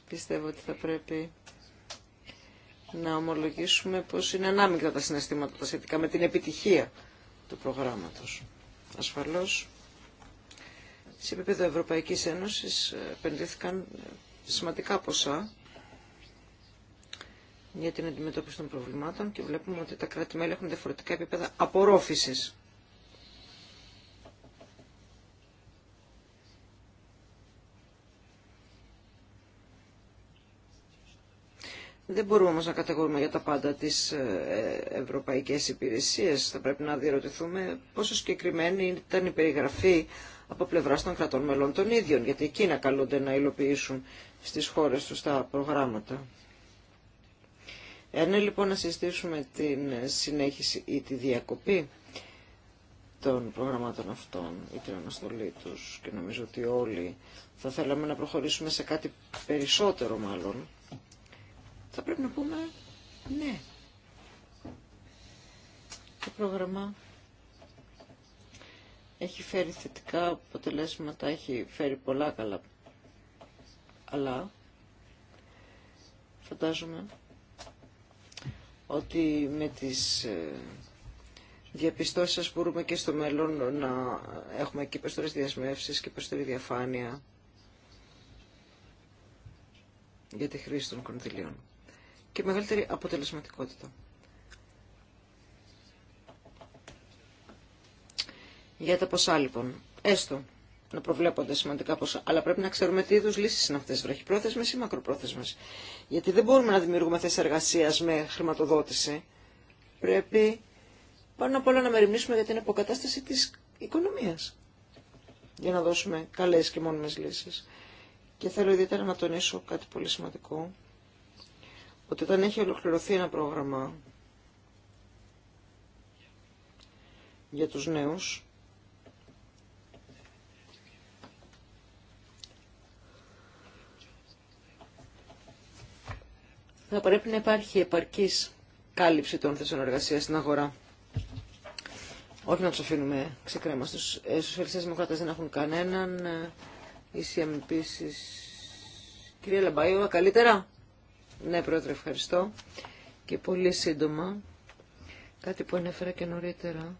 πιστεύω ότι θα πρέπει να ομολογήσουμε πως είναι ανάμεικτα τα συναισθήματα τα σχετικά με την επιτυχία του προγράμματος. Ασφαλώς, σε επίπεδο Ευρωπαϊκής Ένωσης ε, επενδύθηκαν ε, σημαντικά ποσά για την αντιμετώπιση των προβλημάτων και βλέπουμε ότι τα κράτη-μέλη έχουν διαφορετικά επίπεδα απορρόφησης. Δεν μπορούμε όμως να κατηγορούμε για τα πάντα τις ε, ευρωπαϊκές υπηρεσίες. Θα πρέπει να διερωτηθούμε πόσο συγκεκριμένη ήταν η περιγραφή από πλευρά των κρατών μελών των ίδιων, γιατί εκείνα καλούνται να υλοποιήσουν στις χώρες τους τα προγράμματα. Εάν λοιπόν να συζητήσουμε την συνέχιση ή τη διακοπή των προγραμμάτων αυτών ή την αναστολή τους και νομίζω ότι όλοι θα θέλαμε να προχωρήσουμε σε κάτι περισσότερο μάλλον, θα πρέπει να πούμε ναι. Το πρόγραμμα έχει φέρει θετικά αποτελέσματα, έχει φέρει πολλά καλά. Αλλά φαντάζομαι ότι με τις ε, διαπιστώσεις σας μπορούμε και στο μέλλον να έχουμε και περισσότερες διασμεύσεις και περισσότερη διαφάνεια για τη χρήση των κονδυλίων και μεγαλύτερη αποτελεσματικότητα. Για τα ποσά λοιπόν, έστω να προβλέπονται σημαντικά ποσά. Αλλά πρέπει να ξέρουμε τι είδου λύσει είναι αυτέ, βραχυπρόθεσμε ή μακροπρόθεσμε. Γιατί δεν μπορούμε να δημιουργούμε θέσει εργασία με χρηματοδότηση. Πρέπει πάνω απ' όλα να μεριμνήσουμε για την αποκατάσταση τη οικονομία. Για να δώσουμε καλέ και μόνιμε λύσει. Και θέλω ιδιαίτερα να τονίσω κάτι πολύ σημαντικό. Ότι όταν έχει ολοκληρωθεί ένα πρόγραμμα για τους νέους, θα πρέπει να υπάρχει επαρκή κάλυψη των θέσεων εργασία στην αγορά. Όχι να του αφήνουμε ξεκρέμα. Στου ε, σοσιαλιστέ δημοκράτε δεν έχουν κανέναν. Ε, η CM επίση. Κυρία Λαμπάιωα, καλύτερα. Ναι, πρόεδρε, ευχαριστώ. Και πολύ σύντομα, κάτι που ανέφερα και νωρίτερα,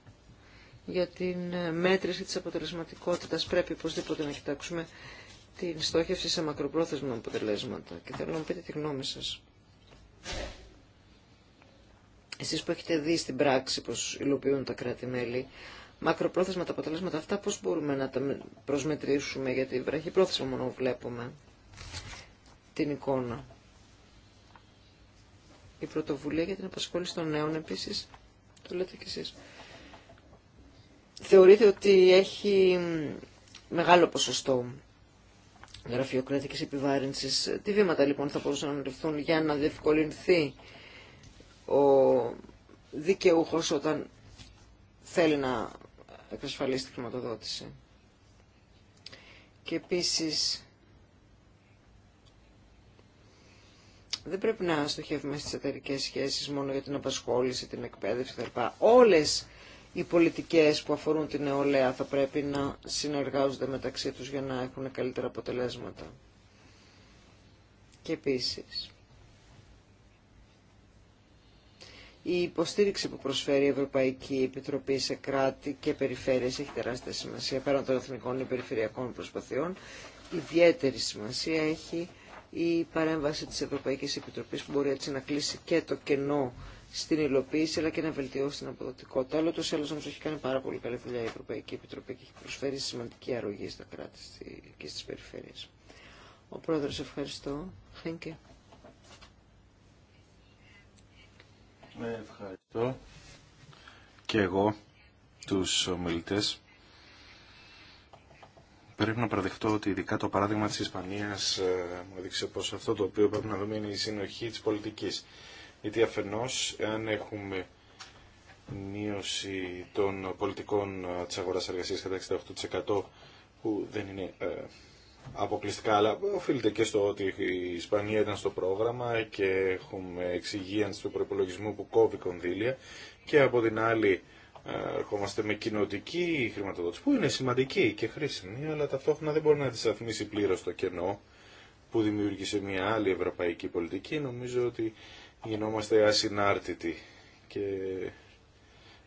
για την ε, μέτρηση της αποτελεσματικότητας πρέπει οπωσδήποτε να κοιτάξουμε την στόχευση σε μακροπρόθεσμα αποτελέσματα. Και θέλω να μου πείτε τη γνώμη σας. Εσείς που έχετε δει στην πράξη πώς υλοποιούν τα κράτη-μέλη, μακροπρόθεσμα τα αποτελέσματα αυτά πώς μπορούμε να τα προσμετρήσουμε, γιατί βραχυπρόθεσμα μόνο βλέπουμε την εικόνα. Η πρωτοβουλία για την απασχόληση των νέων επίσης, το λέτε κι εσείς. Θεωρείτε ότι έχει μεγάλο ποσοστό γραφειοκρατικής επιβάρυνσης. Τι βήματα λοιπόν θα μπορούσαν να ληφθούν για να διευκολυνθεί ο δικαιούχος όταν θέλει να εξασφαλίσει τη χρηματοδότηση. Και επίσης δεν πρέπει να στοχεύουμε στις εταιρικέ σχέσεις μόνο για την απασχόληση, την εκπαίδευση κλπ. Όλες οι πολιτικές που αφορούν την νεολαία θα πρέπει να συνεργάζονται μεταξύ τους για να έχουν καλύτερα αποτελέσματα. Και επίσης, η υποστήριξη που προσφέρει η Ευρωπαϊκή Επιτροπή σε κράτη και περιφέρειες έχει τεράστια σημασία πέραν των εθνικών ή περιφερειακών προσπαθειών. Ιδιαίτερη σημασία έχει η παρέμβαση της Ευρωπαϊκής Επιτροπής που μπορεί έτσι να κλείσει και το κενό στην υλοποίηση αλλά και να βελτιώσει την αποδοτικότητα. Άλλο τόσο άλλως όμως έχει κάνει πάρα πολύ καλή δουλειά η Ευρωπαϊκή Επιτροπή και έχει προσφέρει σημαντική αρρωγή στα κράτη και στις περιφέρειες. Ο Πρόεδρος ευχαριστώ. Χένκε. Ε, ευχαριστώ και εγώ τους ομιλητές. Πρέπει να παραδεχτώ ότι ειδικά το παράδειγμα της Ισπανίας ε, μου έδειξε πως αυτό το οποίο πρέπει να δούμε είναι η συνοχή της πολιτικής. Γιατί αφενός, αν έχουμε μείωση των πολιτικών ε, της αγοράς εργασίας κατά 68% που δεν είναι ε, αποκλειστικά, αλλά οφείλεται και στο ότι η Ισπανία ήταν στο πρόγραμμα και έχουμε εξυγίανση του προπολογισμού που κόβει κονδύλια και από την άλλη ε, ερχόμαστε με κοινοτική χρηματοδότηση που είναι σημαντική και χρήσιμη, αλλά ταυτόχρονα δεν μπορεί να αντισταθμίσει πλήρως το κενό που δημιούργησε μια άλλη ευρωπαϊκή πολιτική. Νομίζω ότι γινόμαστε ασυνάρτητοι και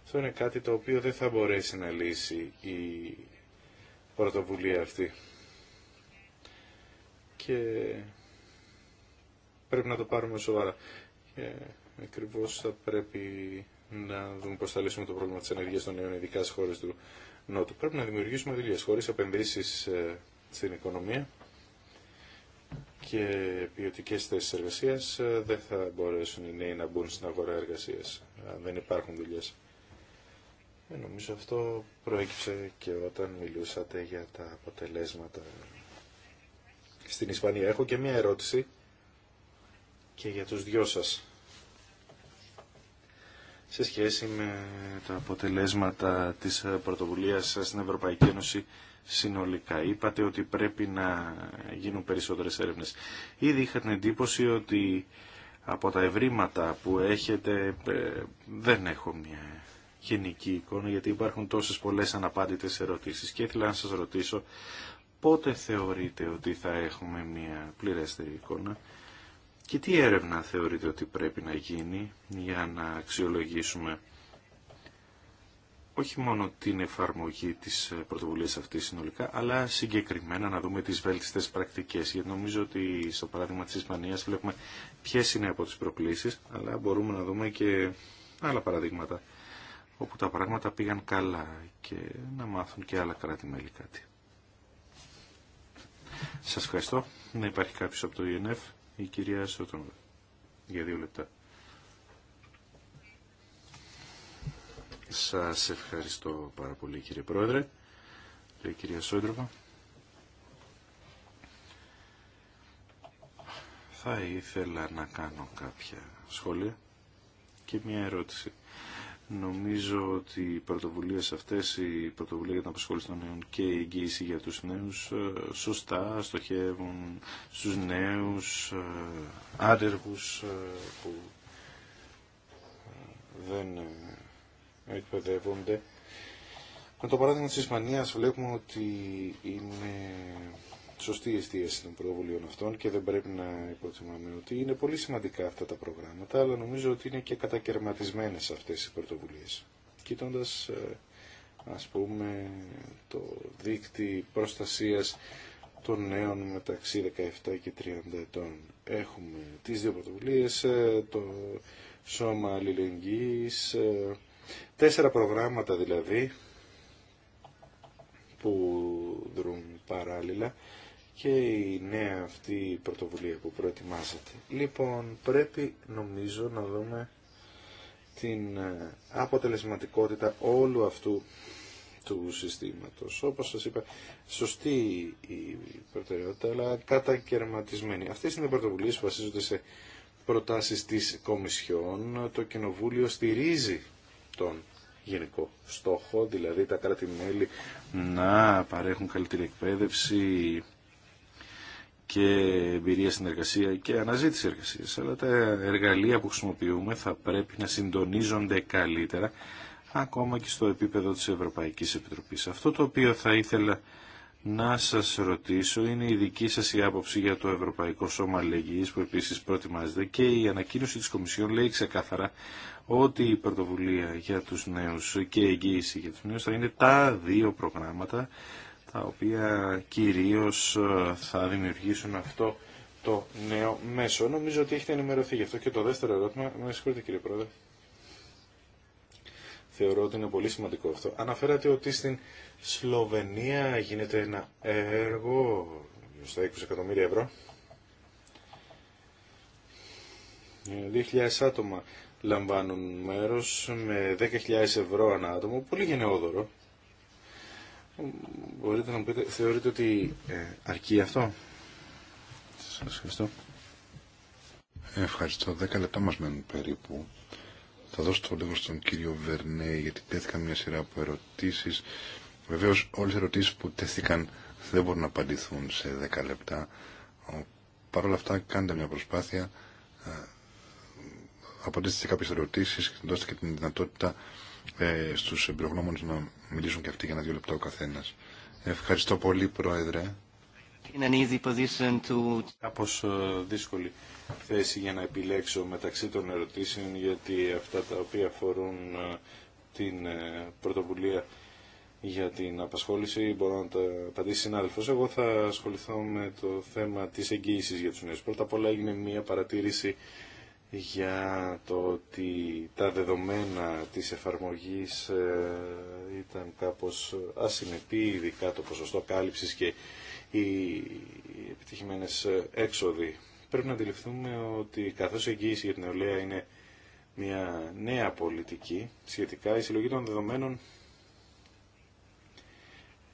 αυτό είναι κάτι το οποίο δεν θα μπορέσει να λύσει η πρωτοβουλία αυτή. Και πρέπει να το πάρουμε σοβαρά. Και ακριβώς θα πρέπει να δούμε πώς θα λύσουμε το πρόβλημα της ενεργείας των νέων, ειδικά στις χώρες του Νότου. Πρέπει να δημιουργήσουμε δουλειές χωρίς επενδύσεις ε, στην οικονομία και ποιοτικέ θέσει εργασία ε, δεν θα μπορέσουν οι νέοι να μπουν στην αγορά εργασίας, αν ε, δεν υπάρχουν δουλειέ. Ε, νομίζω αυτό προέκυψε και όταν μιλούσατε για τα αποτελέσματα στην Ισπανία. Έχω και μία ερώτηση και για τους δυο σας. Σε σχέση με τα αποτελέσματα της πρωτοβουλίας στην Ευρωπαϊκή Ένωση συνολικά. Είπατε ότι πρέπει να γίνουν περισσότερες έρευνες. Ήδη είχα την εντύπωση ότι από τα ευρήματα που έχετε ε, δεν έχω μια γενική εικόνα γιατί υπάρχουν τόσες πολλές αναπάντητες ερωτήσεις και ήθελα να σας ρωτήσω πότε θεωρείτε ότι θα έχουμε μια πληρέστερη εικόνα και τι έρευνα θεωρείτε ότι πρέπει να γίνει για να αξιολογήσουμε όχι μόνο την εφαρμογή της ε, πρωτοβουλίας αυτής συνολικά, αλλά συγκεκριμένα να δούμε τις βέλτιστες πρακτικές. Γιατί νομίζω ότι στο παράδειγμα της Ισπανίας βλέπουμε ποιες είναι από τις προκλήσεις, αλλά μπορούμε να δούμε και άλλα παραδείγματα όπου τα πράγματα πήγαν καλά και να μάθουν και άλλα κράτη-μέλη κάτι. Σας ευχαριστώ. Να υπάρχει κάποιος από το ΙΕΝΕΦ, η κυρία Σωτονβέ, για δύο λεπτά. Σας ευχαριστώ πάρα πολύ κύριε Πρόεδρε, λέει κυρία Σόντροβα. Θα ήθελα να κάνω κάποια σχόλια και μια ερώτηση. Νομίζω ότι οι πρωτοβουλίε αυτέ, η πρωτοβουλία για την απασχόληση των νέων και η εγγύηση για του νέου, ε, σωστά στοχεύουν στου νέου ε, άνεργου ε, που δεν εκπαιδεύονται. Με το παράδειγμα της Ισπανίας βλέπουμε ότι είναι σωστή η αισθίαση των πρωτοβουλίων αυτών και δεν πρέπει να υποτιμάμε ότι είναι πολύ σημαντικά αυτά τα προγράμματα, αλλά νομίζω ότι είναι και κατακαιρματισμένες αυτές οι πρωτοβουλίες. Κοιτώντας ε, ας πούμε, το δίκτυ προστασίας των νέων μεταξύ 17 και 30 ετών. Έχουμε τις δύο πρωτοβουλίες, ε, το Σώμα Αλληλεγγύης, ε, Τέσσερα προγράμματα δηλαδή που δρούν παράλληλα και η νέα αυτή πρωτοβουλία που προετοιμάζεται. Λοιπόν, πρέπει νομίζω να δούμε την ε, αποτελεσματικότητα όλου αυτού του συστήματος. Όπως σας είπα, σωστή η προτεραιότητα, αλλά κατακαιρματισμένη. Αυτές είναι οι πρωτοβουλίες που βασίζονται σε προτάσεις της Κομισιόν. Το Κοινοβούλιο στηρίζει τον γενικό στόχο, δηλαδή τα κράτη-μέλη να παρέχουν καλύτερη εκπαίδευση και εμπειρία στην εργασία και αναζήτηση εργασίας. Αλλά τα εργαλεία που χρησιμοποιούμε θα πρέπει να συντονίζονται καλύτερα ακόμα και στο επίπεδο της Ευρωπαϊκής Επιτροπής. Αυτό το οποίο θα ήθελα να σας ρωτήσω είναι η δική σας η άποψη για το Ευρωπαϊκό Σώμα Αλληλεγγύης που επίσης προετοιμάζεται και η ανακοίνωση της Κομισιόν λέει ξεκάθαρα ότι η πρωτοβουλία για τους νέους και η εγγύηση για τους νέους θα είναι τα δύο προγράμματα τα οποία κυρίως ε, θα δημιουργήσουν αυτό το νέο μέσο. Νομίζω ότι έχετε ενημερωθεί γι' αυτό και το δεύτερο ερώτημα, με συγχωρείτε κύριε Πρόεδρε, θεωρώ ότι είναι πολύ σημαντικό αυτό. Αναφέρατε ότι στην Σλοβενία γίνεται ένα έργο στα 20 εκατομμύρια ευρώ. 2.000 ε, άτομα λαμβάνουν μέρος με 10.000 ευρώ ανά άτομο, πολύ γενναιόδωρο. Μπορείτε να μου πείτε, θεωρείτε ότι ε, αρκεί αυτό. Σας ευχαριστώ. Ευχαριστώ. 10 λεπτά μας μένουν περίπου. Θα δώσω το λόγο στον κύριο Βερνέ γιατί τέθηκαν μια σειρά από ερωτήσεις. Βεβαίως όλες οι ερωτήσεις που τέθηκαν δεν μπορούν να απαντηθούν σε 10 λεπτά. Παρ' όλα αυτά κάντε μια προσπάθεια απαντήσετε σε κάποιες ερωτήσεις και δώσετε και την δυνατότητα ε, στους εμπειρογνώμονε να μιλήσουν και αυτοί για ένα-δύο λεπτά ο καθένας. Ευχαριστώ πολύ, Πρόεδρε. Κάπω ε, δύσκολη θέση για να επιλέξω μεταξύ των ερωτήσεων γιατί αυτά τα οποία αφορούν ε, την ε, πρωτοβουλία για την απασχόληση μπορώ να τα απαντήσει συνάδελφο. Εγώ θα ασχοληθώ με το θέμα τη εγγύηση για του. νέου. Πρώτα απ' όλα έγινε μια παρατήρηση για το ότι τα δεδομένα της εφαρμογής ε, ήταν κάπως ασυνεπή, ειδικά το ποσοστό κάλυψης και οι επιτυχημένες ε, έξοδοι. Πρέπει να αντιληφθούμε ότι καθώς η εγγύηση για την νεολαία είναι μια νέα πολιτική, σχετικά η συλλογή των δεδομένων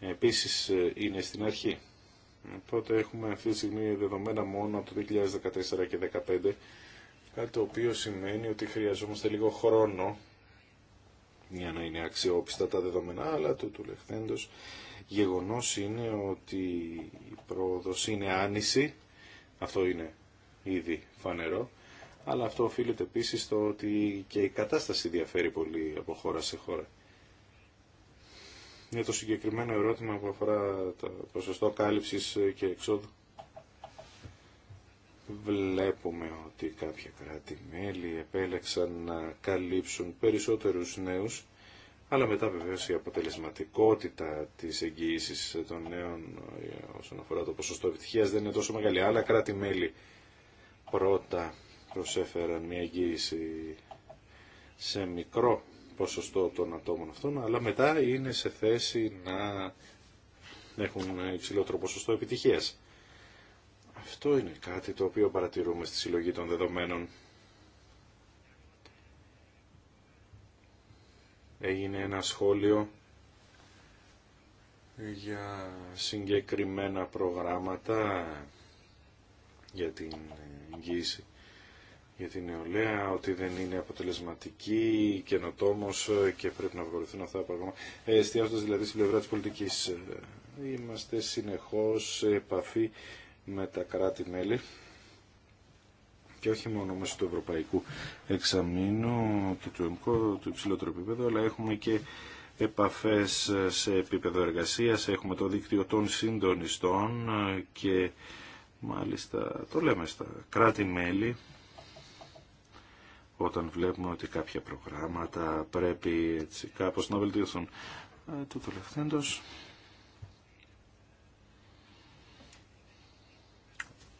ε, επίσης είναι στην αρχή. Οπότε έχουμε αυτή τη στιγμή δεδομένα μόνο από το 2014 και 2015 Κάτι το οποίο σημαίνει ότι χρειαζόμαστε λίγο χρόνο για να είναι αξιόπιστα τα δεδομένα, αλλά του λεχθέντος γεγονός είναι ότι η πρόοδος είναι άνηση, αυτό είναι ήδη φανερό, αλλά αυτό οφείλεται επίσης στο ότι και η κατάσταση διαφέρει πολύ από χώρα σε χώρα. Για το συγκεκριμένο ερώτημα που αφορά το ποσοστό κάλυψης και εξόδου, βλέπουμε ότι κάποια κράτη-μέλη επέλεξαν να καλύψουν περισσότερους νέους, αλλά μετά βεβαίως η αποτελεσματικότητα της εγγύησης των νέων ε, όσον αφορά το ποσοστό επιτυχίας δεν είναι τόσο μεγάλη. Άλλα κράτη-μέλη πρώτα προσέφεραν μια εγγύηση σε μικρό ποσοστό των ατόμων αυτών, αλλά μετά είναι σε θέση να έχουν υψηλότερο ποσοστό επιτυχίας. Αυτό είναι κάτι το οποίο παρατηρούμε στη συλλογή των δεδομένων. Έγινε ένα σχόλιο για συγκεκριμένα προγράμματα για την εγγύηση για την νεολαία, ότι δεν είναι αποτελεσματική, καινοτόμο και πρέπει να βοηθούν αυτά τα πράγματα. Ε, Εστιάζοντα δηλαδή στην πλευρά τη πολιτική, ε, είμαστε συνεχώ σε επαφή με τα κράτη-μέλη και όχι μόνο μέσω του Ευρωπαϊκού Εξαμήνου και του ΕΜΚΟ του υψηλότερου επίπεδου, αλλά έχουμε και επαφές σε επίπεδο εργασίας, έχουμε το δίκτυο των συντονιστών και μάλιστα το λέμε στα κράτη-μέλη όταν βλέπουμε ότι κάποια προγράμματα πρέπει έτσι, κάπως να βελτιωθούν. Ε, το τελευταίο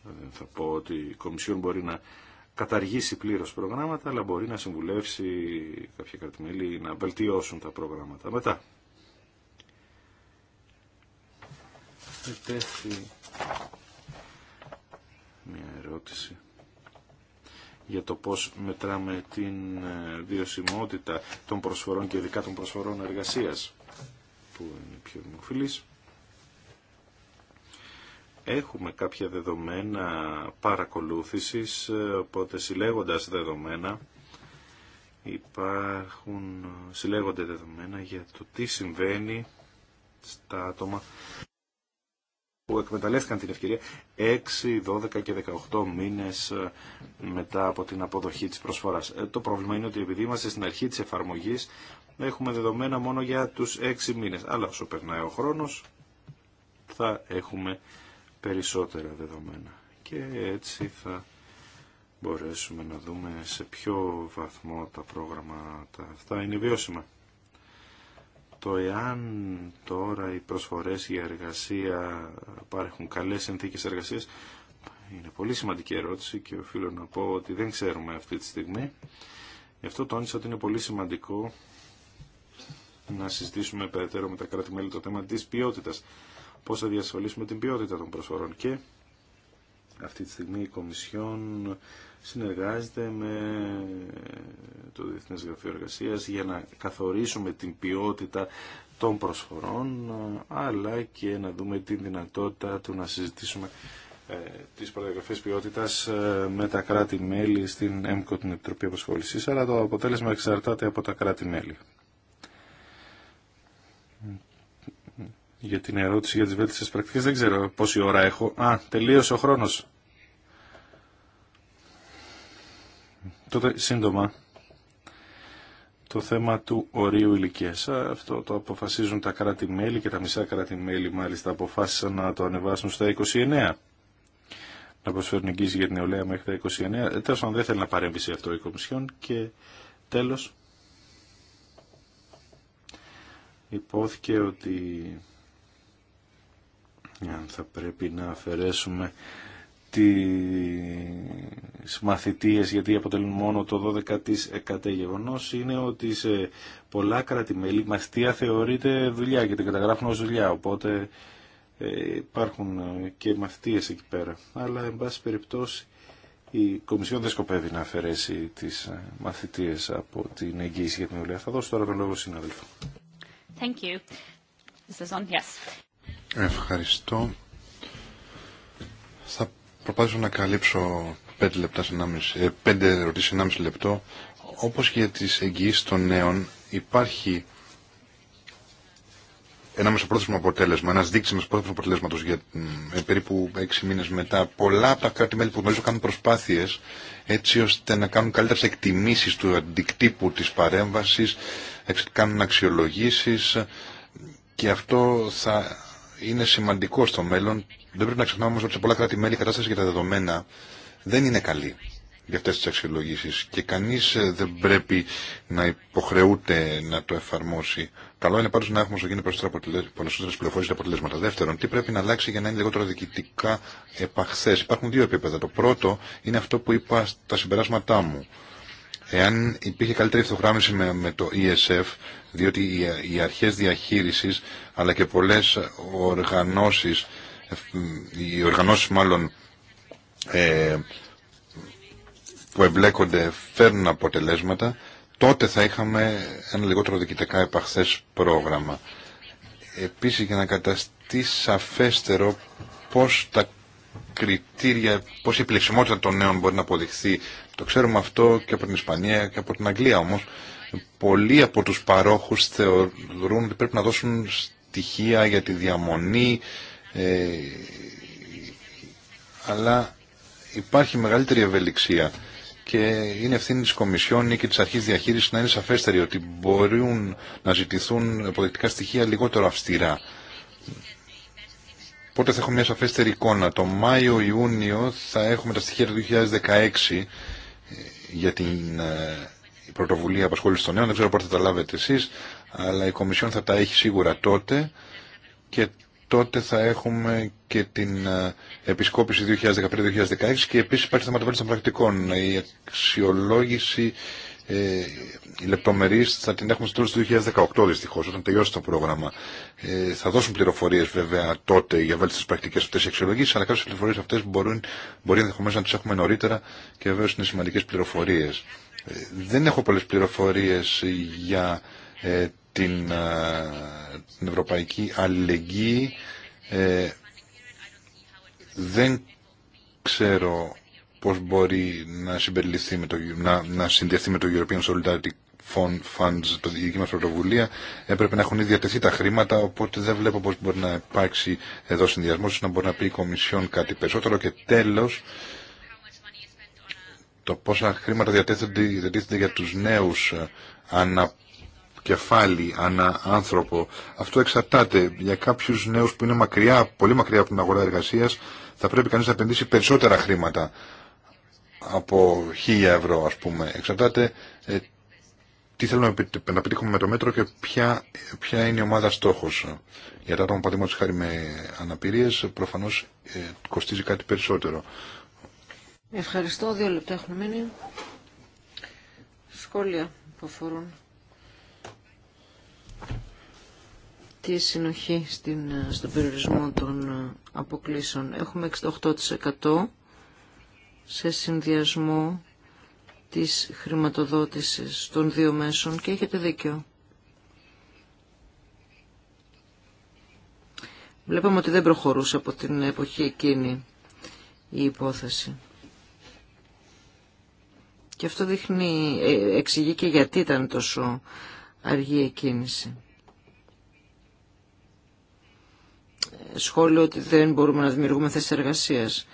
Ε, θα πω ότι η Κομισιόν μπορεί να καταργήσει πλήρως προγράμματα, αλλά μπορεί να συμβουλεύσει κάποια κρατημέλη να βελτιώσουν τα προγράμματα. Μετά. μια ερώτηση για το πώς μετράμε την ε, βιωσιμότητα των προσφορών και ειδικά των προσφορών εργασίας που είναι πιο δημοφιλής έχουμε κάποια δεδομένα παρακολούθησης, οπότε συλλέγοντας δεδομένα υπάρχουν, συλλέγονται δεδομένα για το τι συμβαίνει στα άτομα που εκμεταλλεύτηκαν την ευκαιρία 6, 12 και 18 μήνες μετά από την αποδοχή της προσφοράς. Ε, το πρόβλημα είναι ότι επειδή είμαστε στην αρχή της εφαρμογής έχουμε δεδομένα μόνο για τους 6 μήνες. Αλλά όσο περνάει ο χρόνος θα έχουμε περισσότερα δεδομένα. Και έτσι θα μπορέσουμε να δούμε σε ποιο βαθμό τα πρόγραμματα αυτά είναι βιώσιμα. Το εάν τώρα οι προσφορές για εργασία υπάρχουν καλές συνθήκες εργασίας, είναι πολύ σημαντική ερώτηση και οφείλω να πω ότι δεν ξέρουμε αυτή τη στιγμή. Γι' αυτό τόνισα ότι είναι πολύ σημαντικό να συζητήσουμε περαιτέρω με τα κράτη-μέλη το θέμα της ποιότητας πώς θα διασφαλίσουμε την ποιότητα των προσφορών και αυτή τη στιγμή η Κομισιόν συνεργάζεται με το Διεθνές Γραφείο Εργασίας για να καθορίσουμε την ποιότητα των προσφορών αλλά και να δούμε την δυνατότητα του να συζητήσουμε ε, τις προδιαγραφές ποιότητας ε, με τα κράτη-μέλη στην ΕΜΚΟ την Επιτροπή Αποσχόλησης αλλά το αποτέλεσμα εξαρτάται από τα κράτη-μέλη. για την ερώτηση για τις βέλτιστες πρακτικές. Δεν ξέρω πόση ώρα έχω. Α, τελείωσε ο χρόνος. Τότε σύντομα το θέμα του ορίου ηλικία. Αυτό το αποφασίζουν τα κράτη-μέλη και τα μισά κράτη-μέλη μάλιστα αποφάσισαν να το ανεβάσουν στα 29. Να προσφέρουν εγγύηση για την νεολαία μέχρι τα 29. Ε, τέλος, αν δεν θέλει να παρέμβει σε αυτό η Κομισιόν. Και τέλος υπόθηκε ότι αν θα πρέπει να αφαιρέσουμε τις μαθητείες γιατί αποτελούν μόνο το 12% γεγονός είναι ότι σε πολλά κράτη-μέλη μαθητεία θεωρείται δουλειά και την καταγράφουν ως δουλειά οπότε ε, υπάρχουν ε, και μαθητείες εκεί πέρα αλλά εν πάση περιπτώσει η Κομισιόν δεν σκοπεύει να αφαιρέσει τις ε, μαθητείες από την εγγύηση για την δουλειά. Θα δώσω τώρα τον λόγο συνάδελφο. Thank you. This on. Yes. Ευχαριστώ. Θα προσπαθήσω να καλύψω 5 λεπτά σε 1,5, 5 ε, λεπτό. Όπως και για τις εγγυήσεις των νέων υπάρχει ένα μεσοπρόθεσμο αποτέλεσμα, ένας δείξης μεσοπρόθεσμα αποτέλεσματος για ε, περίπου 6 μήνες μετά. Πολλά από τα κράτη-μέλη που γνωρίζουν κάνουν προσπάθειες έτσι ώστε να κάνουν καλύτερε εκτιμήσεις του αντικτύπου τη παρέμβαση, κάνουν αξιολογήσεις και αυτό θα είναι σημαντικό στο μέλλον. Δεν πρέπει να ξεχνάμε όμω ότι σε πολλά κράτη-μέλη η κατάσταση για τα δεδομένα δεν είναι καλή για αυτές τις αξιολογήσεις και κανείς ε, δεν πρέπει να υποχρεούται να το εφαρμόσει. Καλό είναι πάντως να έχουμε όσο γίνει περισσότερες πληροφορίες και αποτελέσματα. Δεύτερον, τι πρέπει να αλλάξει για να είναι λιγότερο διοικητικά επαχθές. Υπάρχουν δύο επίπεδα. Το πρώτο είναι αυτό που είπα στα συμπεράσματά μου εάν υπήρχε καλύτερη ευθογράμμιση με, το ESF, διότι οι, αρχές διαχείρισης αλλά και πολλές οργανώσεις, οι οργανώσεις μάλλον ε, που εμπλέκονται φέρνουν αποτελέσματα, τότε θα είχαμε ένα λιγότερο διοικητικά επαχθές πρόγραμμα. Επίσης για να καταστεί σαφέστερο πώς τα κριτήρια, πώς η πλησιμότητα των νέων μπορεί να αποδειχθεί. Το ξέρουμε αυτό και από την Ισπανία και από την Αγγλία όμως. Πολλοί από τους παρόχους θεωρούν ότι πρέπει να δώσουν στοιχεία για τη διαμονή, ε, αλλά υπάρχει μεγαλύτερη ευελιξία και είναι ευθύνη της Κομισιόν ή και της Αρχής Διαχείρισης να είναι σαφέστερη ότι μπορούν να ζητηθούν αποδεικτικά στοιχεία λιγότερο αυστηρά. Πότε θα έχουμε μια σαφέστερη εικόνα. Το Μάιο-Ιούνιο θα έχουμε τα στοιχεία του 2016 ε, για την ε, πρωτοβουλία απασχόληση των νέων. Δεν ξέρω πότε θα τα λάβετε εσεί, αλλά η Κομισιόν θα τα έχει σίγουρα τότε και τότε θα έχουμε και την ε, επισκόπηση 2015-2016 και επίσης υπάρχει θεματοβέλη των πρακτικών. Η αξιολόγηση ε, οι θα την έχουμε στο τέλος του 2018 δυστυχώς, όταν τελειώσει το πρόγραμμα. Ε, θα δώσουν πληροφορίες βέβαια τότε για βέλτιστες πρακτικές αυτές οι αξιολογήσεις, αλλά κάποιες πληροφορίες αυτές μπορούν, μπορεί ενδεχομένω να τις έχουμε νωρίτερα και βέβαια είναι σημαντικές πληροφορίες. Ε, δεν έχω πολλές πληροφορίες για ε, την, ε, την ευρωπαϊκή αλληλεγγύη. Ε, δεν ξέρω πώς μπορεί να συμπεριληφθεί, με το, να, να συνδυαστεί με το European Solidarity Fund Funds, το δική μας πρωτοβουλία, έπρεπε να έχουν ήδη διατεθεί τα χρήματα, οπότε δεν βλέπω πώς μπορεί να υπάρξει εδώ συνδυασμό, να μπορεί να πει η Κομισιόν κάτι περισσότερο και τέλος, το πόσα χρήματα διατέθονται, για τους νέους ε, ανα κεφάλι, ανα άνθρωπο. Αυτό εξαρτάται. Για κάποιους νέους που είναι μακριά, πολύ μακριά από την αγορά εργασίας, θα πρέπει κανείς να επενδύσει περισσότερα χρήματα από 1000 ευρώ ας πούμε. Εξαρτάται ε, τι θέλουμε να πετύχουμε με το μέτρο και ποια, ποια είναι η ομάδα στόχος. Για τα άτομα παραδείγματος χάρη με αναπηρίες προφανώς ε, κοστίζει κάτι περισσότερο. Ευχαριστώ. Δύο λεπτά έχουν μείνει. Σχόλια που αφορούν τη συνοχή στην, ε, στον περιορισμό των αποκλήσεων. Έχουμε 68% σε συνδυασμό της χρηματοδότησης των δύο μέσων και έχετε δίκιο. Βλέπαμε ότι δεν προχωρούσε από την εποχή εκείνη η υπόθεση. Και αυτό δείχνει, ε, εξηγεί και γιατί ήταν τόσο αργή η κίνηση. Ε, σχόλιο ότι δεν μπορούμε να δημιουργούμε θέσεις εργασίας.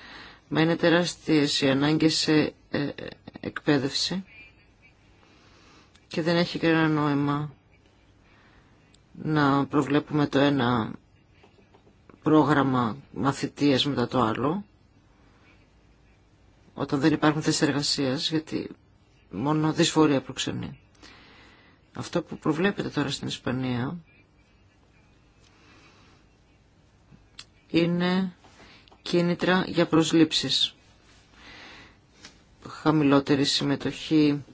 Μα είναι τεράστιες οι ανάγκες σε ε, εκπαίδευση και δεν έχει κανένα νόημα να προβλέπουμε το ένα πρόγραμμα μαθητείας μετά το άλλο όταν δεν υπάρχουν θέσεις εργασίας γιατί μόνο δυσφορία προξενεί. Αυτό που προβλέπετε τώρα στην Ισπανία είναι κίνητρα για προσλήψεις. Χαμηλότερη συμμετοχή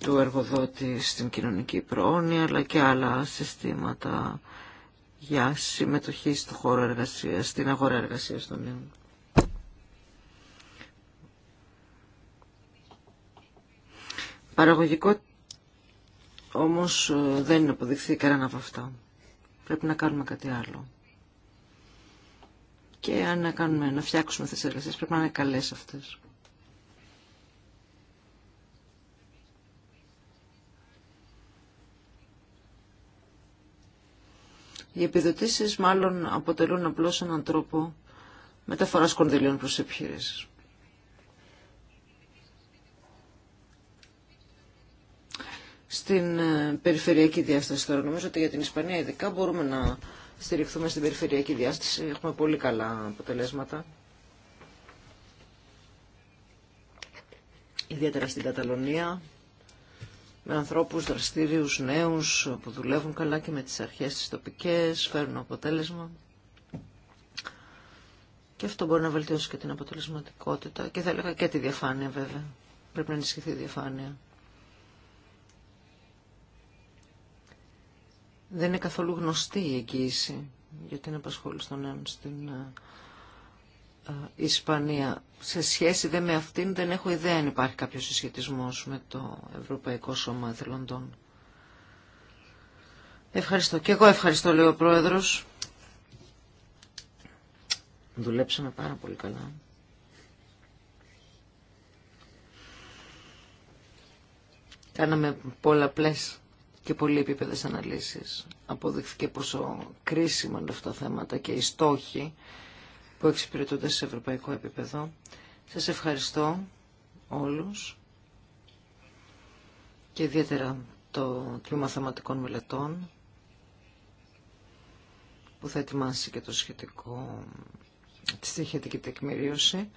του εργοδότη στην κοινωνική πρόνοια, αλλά και άλλα συστήματα για συμμετοχή στο χώρο εργασίας, στην αγορά εργασίας των νέων. Παραγωγικό όμως ε, δεν αποδειχθεί κανένα από αυτά. Πρέπει να κάνουμε κάτι άλλο και αν να, κάνουμε, να φτιάξουμε τις εργασίες, πρέπει να είναι καλές αυτές. Οι επιδοτήσεις μάλλον αποτελούν απλώς έναν τρόπο μεταφοράς κονδυλίων προς επιχειρήσεις. Στην ε, περιφερειακή διάσταση τώρα νομίζω ότι για την Ισπανία ειδικά μπορούμε να στηριχθούμε στην περιφερειακή διάστηση, Έχουμε πολύ καλά αποτελέσματα. Ιδιαίτερα στην Καταλωνία, με ανθρώπους δραστήριους, νέους, που δουλεύουν καλά και με τις αρχές τις τοπικές, φέρνουν αποτέλεσμα. Και αυτό μπορεί να βελτιώσει και την αποτελεσματικότητα και θα έλεγα και τη διαφάνεια βέβαια. Πρέπει να ενισχυθεί η διαφάνεια. Δεν είναι καθόλου γνωστή η εγγύηση για την απασχόληση των νέων στην ε, ε, Ισπανία. Σε σχέση δε με αυτήν δεν έχω ιδέα αν υπάρχει κάποιο συσχετισμός με το Ευρωπαϊκό Σώμα Εθελοντών. Ευχαριστώ. Και εγώ ευχαριστώ, λέει ο Πρόεδρος. Δουλέψαμε πάρα πολύ καλά. Κάναμε πολλαπλές και πολλοί επίπεδες αναλύσεις. Αποδείχθηκε πόσο κρίσιμα είναι αυτά τα θέματα και οι στόχοι που εξυπηρετούνται σε ευρωπαϊκό επίπεδο. Σας ευχαριστώ όλους και ιδιαίτερα το τμήμα θεματικών μελετών που θα ετοιμάσει και το σχετικό, τη σχετική τεκμηρίωση.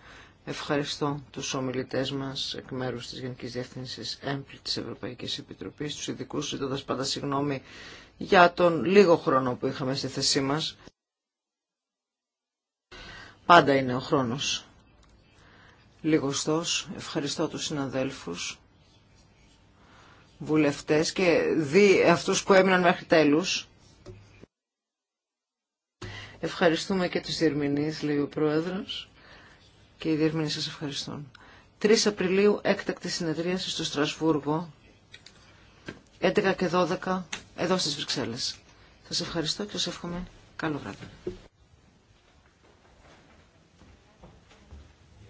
Ευχαριστώ τους ομιλητές μας εκ μέρους της Γενικής Διεύθυνσης Έμπλη της Ευρωπαϊκής Επιτροπής, τους ειδικούς, ζητώντας πάντα συγγνώμη για τον λίγο χρόνο που είχαμε στη θέσή μας. Πάντα είναι ο χρόνος λιγοστός. Ευχαριστώ τους συναδέλφους, βουλευτές και δι αυτούς που έμειναν μέχρι τέλους. Ευχαριστούμε και τους διερμηνείς, λέει ο Πρόεδρος και οι ευχαριστώ. σας ευχαριστούν. 3 Απριλίου έκτακτη συνεδρίαση στο Στρασβούργο, 11 και 12, εδώ στις Βρυξέλλες. Σας ευχαριστώ και σας εύχομαι καλό βράδυ.